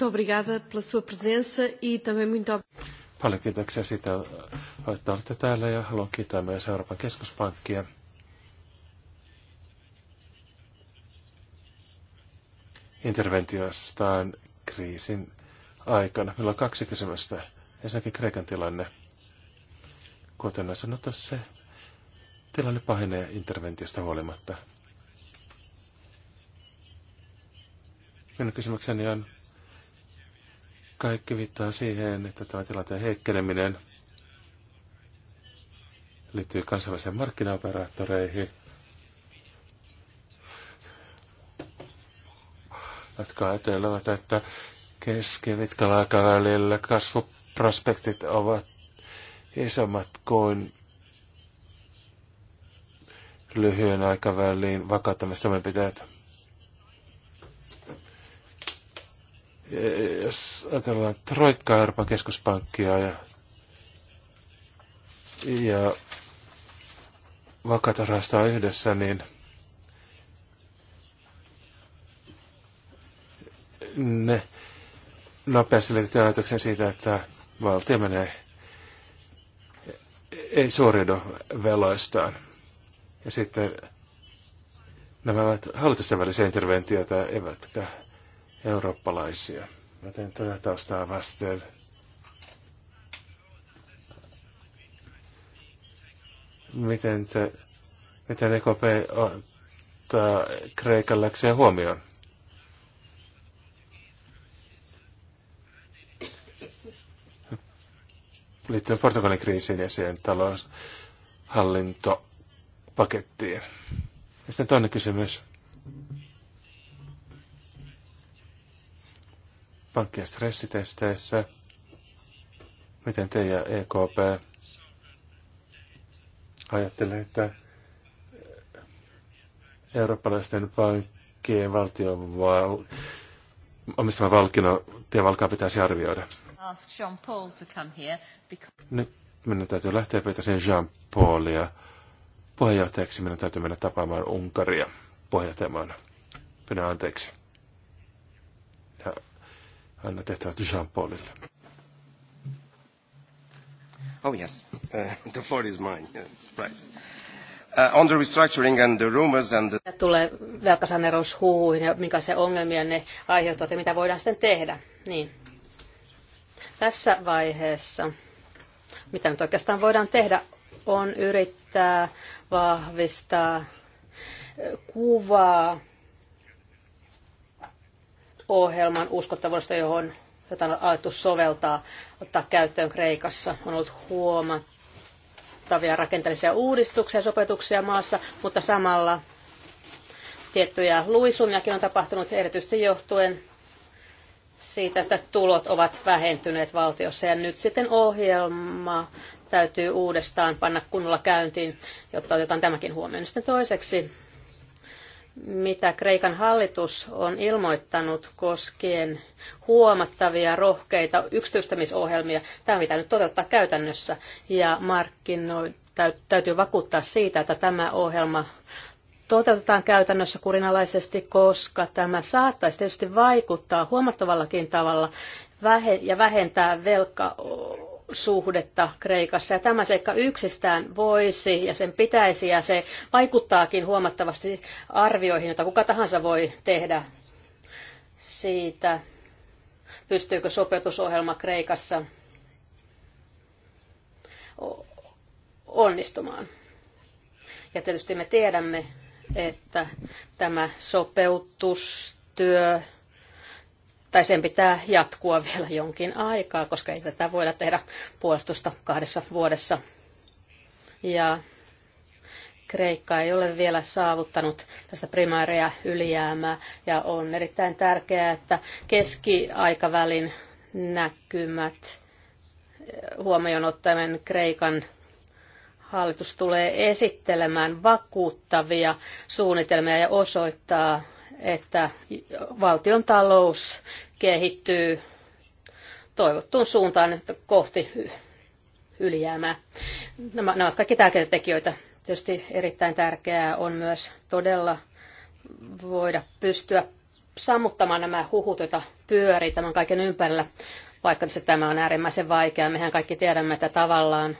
Obrigada pela sua presença e também muito... Paljon kiitoksia siitä, että olette täällä ja haluan kiittää myös Euroopan keskuspankkia. interventiostaan kriisin aikana. Meillä on kaksi kysymystä Ensinnäkin Kreikan tilanne. Kuten on sanottu, se tilanne pahenee interventiosta huolimatta. Minun kysymykseni on, kaikki viittaa siihen, että tämä tilanteen heikkeneminen liittyy kansainvälisiin markkinaoperaattoreihin, jotka etelevät, että keskipitkällä aikavälillä kasvu prospektit ovat isommat kuin lyhyen aikavälin vakauttamistoimenpiteet. Jos ajatellaan Troikkaa, Euroopan keskuspankkia ja, ja vakatarastaa yhdessä, niin ne nopeasti liitettiin ajatuksen siitä, että valtio menee, ei suoriudu veloistaan. Ja sitten nämä ovat hallitusten välisiä interventioita, eivätkä eurooppalaisia. teen tätä taustaa vasten miten, te, miten EKP ottaa Kreikan läksiä huomioon? liittyen Portugalin kriisiin ja siihen taloushallintopakettiin. Ja sitten toinen kysymys. Pankkien stressitesteissä. Miten te ja EKP ajattelee, että eurooppalaisten pankkien valtion val... omistama valkino, tievalkaa pitäisi arvioida? ask Jean-Paul to come here because... Nyt minun täytyy lähteä pyytäisiin Jean-Paulia puheenjohtajaksi. Minun täytyy mennä tapaamaan Unkaria puheenjohtajamaana. Pyydän anteeksi. Ja anna tehtävät Jean-Paulille. Oh yes, uh, the floor is mine. Right. Uh, on the restructuring and the rumors and the... Tulee velkasaneroushuhuihin ja mikä se ongelmia ne aiheuttavat ja mitä voidaan sitten tehdä. Niin. Tässä vaiheessa, mitä nyt oikeastaan voidaan tehdä, on yrittää vahvistaa kuvaa ohjelman uskottavuudesta, johon jota on alettu soveltaa, ottaa käyttöön Kreikassa. On ollut huomattavia rakenteellisia uudistuksia ja sopetuksia maassa, mutta samalla tiettyjä luisumiakin on tapahtunut erityisesti johtuen siitä, että tulot ovat vähentyneet valtiossa ja nyt sitten ohjelma täytyy uudestaan panna kunnolla käyntiin, jotta otetaan tämäkin huomioon. Sitten toiseksi, mitä Kreikan hallitus on ilmoittanut koskien huomattavia, rohkeita yksityistämisohjelmia. Tämä pitää nyt toteuttaa käytännössä ja markkinoita täytyy vakuuttaa siitä, että tämä ohjelma toteutetaan käytännössä kurinalaisesti, koska tämä saattaisi tietysti vaikuttaa huomattavallakin tavalla ja vähentää velkasuhdetta Kreikassa. Ja tämä seikka yksistään voisi ja sen pitäisi ja se vaikuttaakin huomattavasti arvioihin, joita kuka tahansa voi tehdä siitä, pystyykö sopeutusohjelma Kreikassa onnistumaan. Ja tietysti me tiedämme, että tämä sopeutustyö tai sen pitää jatkua vielä jonkin aikaa, koska ei tätä voida tehdä puolustusta kahdessa vuodessa. Ja Kreikka ei ole vielä saavuttanut tästä primääriä ylijäämää ja on erittäin tärkeää, että keskiaikavälin näkymät huomioon ottaen Kreikan hallitus tulee esittelemään vakuuttavia suunnitelmia ja osoittaa, että valtion talous kehittyy toivottuun suuntaan että kohti ylijäämää. Nämä, nämä ovat kaikki tärkeitä tekijöitä. Tietysti erittäin tärkeää on myös todella voida pystyä sammuttamaan nämä huhut, joita pyörii tämän kaiken ympärillä, vaikka se tämä on äärimmäisen vaikeaa. Mehän kaikki tiedämme, että tavallaan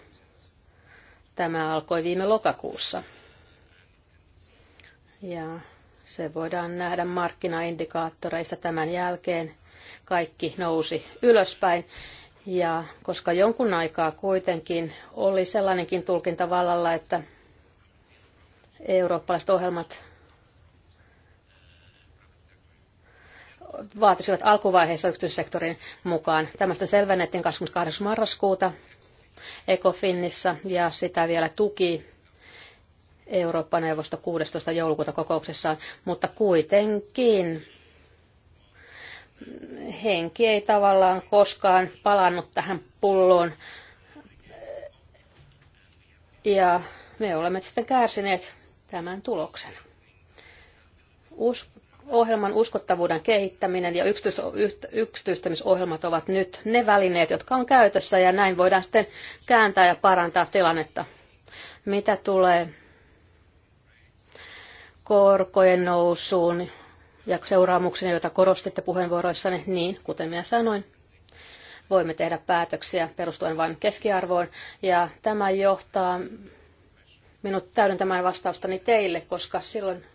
Tämä alkoi viime lokakuussa. Ja se voidaan nähdä markkinaindikaattoreista tämän jälkeen. Kaikki nousi ylöspäin. Ja koska jonkun aikaa kuitenkin oli sellainenkin tulkinta vallalla, että eurooppalaiset ohjelmat vaatisivat alkuvaiheessa yksityissektorin mukaan. Tämästä selvennettiin 28. marraskuuta Ecofinissa ja sitä vielä tuki Eurooppa-neuvosto 16. joulukuuta kokouksessaan, mutta kuitenkin henki ei tavallaan koskaan palannut tähän pulloon. Ja me olemme sitten kärsineet tämän tuloksen. Usko ohjelman uskottavuuden kehittäminen ja yksityistämisohjelmat ovat nyt ne välineet, jotka on käytössä ja näin voidaan sitten kääntää ja parantaa tilannetta. Mitä tulee korkojen nousuun ja seuraamuksiin, joita korostitte puheenvuoroissanne, niin kuten minä sanoin, voimme tehdä päätöksiä perustuen vain keskiarvoon. Ja tämä johtaa minut täydentämään vastaustani teille, koska silloin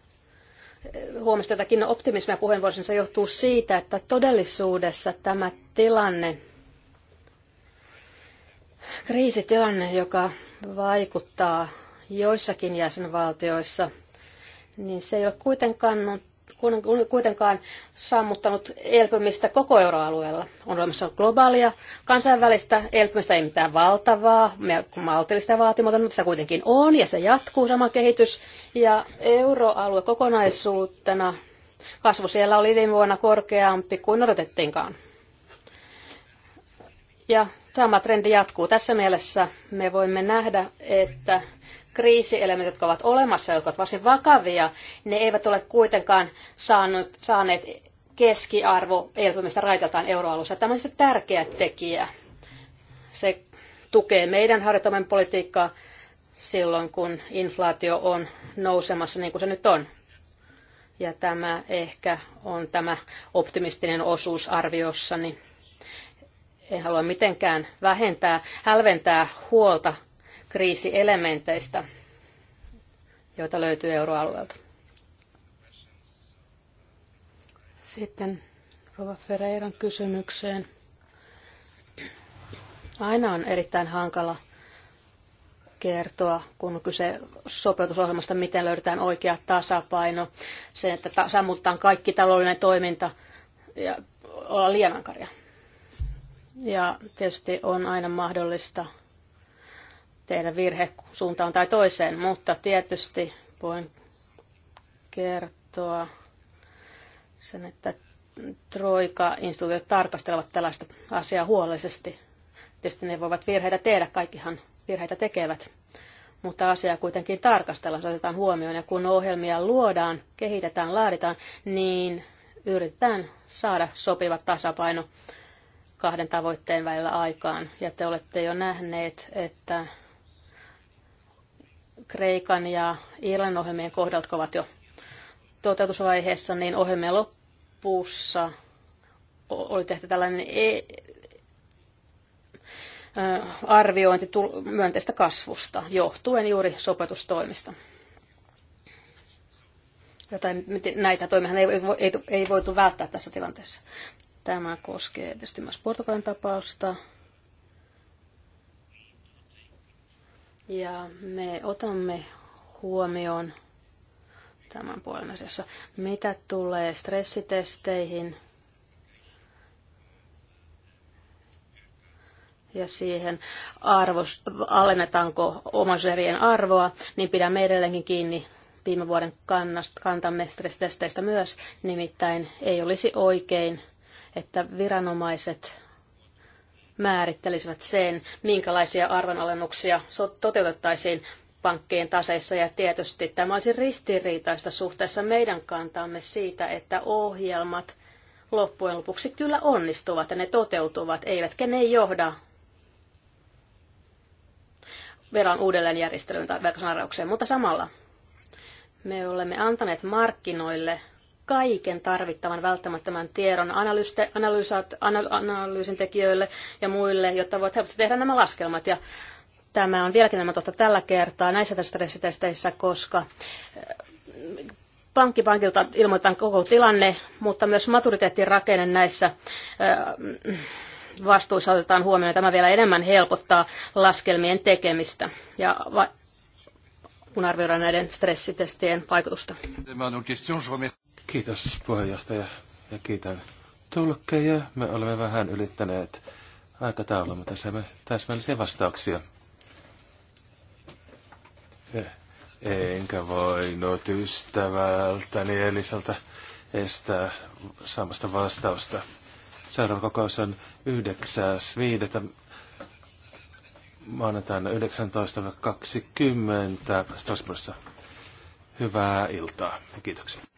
huomasi tätäkin optimismia puheenvuorossa johtuu siitä, että todellisuudessa tämä tilanne, kriisitilanne, joka vaikuttaa joissakin jäsenvaltioissa, niin se ei ole kuitenkaan kun on kuitenkaan sammuttanut elpymistä koko euroalueella. On olemassa globaalia kansainvälistä elpymistä, ei mitään valtavaa, melko maltillista vaatimatonta, mutta se kuitenkin on ja se jatkuu sama kehitys. Ja euroalue kokonaisuutena kasvu siellä oli viime vuonna korkeampi kuin odotettiinkaan. Ja sama trendi jatkuu. Tässä mielessä me voimme nähdä, että kriisielementit, jotka ovat olemassa, jotka ovat varsin vakavia, ne eivät ole kuitenkaan saaneet keskiarvo elpymistä raiteltaan euroalueessa. Tämä on siis se tärkeä tekijä. Se tukee meidän harjoittamme politiikkaa silloin, kun inflaatio on nousemassa niin kuin se nyt on. Ja tämä ehkä on tämä optimistinen osuus arviossani. En halua mitenkään vähentää, hälventää huolta kriisielementeistä, joita löytyy euroalueelta. Sitten Rova Ferreiran kysymykseen. Aina on erittäin hankala kertoa, kun on kyse sopeutusohjelmasta, miten löydetään oikea tasapaino, sen, että ta- sammutetaan kaikki taloudellinen toiminta ja olla liian ankaria. Ja tietysti on aina mahdollista tehdä virhe suuntaan tai toiseen, mutta tietysti voin kertoa sen, että Troika-instituutiot tarkastelevat tällaista asiaa huolellisesti. Tietysti ne voivat virheitä tehdä, kaikkihan virheitä tekevät, mutta asiaa kuitenkin tarkastellaan, se otetaan huomioon. Ja kun ohjelmia luodaan, kehitetään, laaditaan, niin yritetään saada sopiva tasapaino kahden tavoitteen välillä aikaan. Ja te olette jo nähneet, että Kreikan ja Irlannin ohjelmien kohdalta, jotka ovat jo toteutusvaiheessa, niin ohjelmien lopussa oli tehty tällainen e- arviointi myönteistä kasvusta johtuen juuri sopeutustoimista. Jotain, näitä toimia ei, ei, ei voitu välttää tässä tilanteessa. Tämä koskee tietysti myös Portugalin tapausta, ja me otamme huomioon tämän puolen asiassa. Mitä tulee stressitesteihin ja siihen, arvos, alennetaanko omaisuuserien arvoa, niin pidämme edelleenkin kiinni viime vuoden kannasta, kantamme stressitesteistä myös. Nimittäin ei olisi oikein, että viranomaiset määrittelisivät sen, minkälaisia arvonalennuksia toteutettaisiin pankkien taseissa ja tietysti tämä olisi ristiriitaista suhteessa meidän kantaamme siitä, että ohjelmat loppujen lopuksi kyllä onnistuvat ja ne toteutuvat, eivätkä ne johda velan uudelleenjärjestelyyn tai velkasanaraukseen, mutta samalla me olemme antaneet markkinoille kaiken tarvittavan välttämättömän tiedon analyysin tekijöille ja muille, jotta voit helposti tehdä nämä laskelmat. Ja tämä on vieläkin enemmän totta tällä kertaa näissä stressitesteissä, koska eh, pankkipankilta ilmoitetaan koko tilanne, mutta myös rakenne näissä eh, vastuussa otetaan huomioon. Tämä vielä enemmän helpottaa laskelmien tekemistä ja kun arvioidaan näiden stressitestien vaikutusta. Kiitos puheenjohtaja ja kiitän tulkkeja. Me olemme vähän ylittäneet mutta tässä täsmällisiä vastauksia. Eh, enkä voinut ystävältäni Elisalta estää samasta vastausta. Seuraava kokous on 9.5. maanantaina 19.20 Strasbourgissa. Hyvää iltaa ja kiitoksia.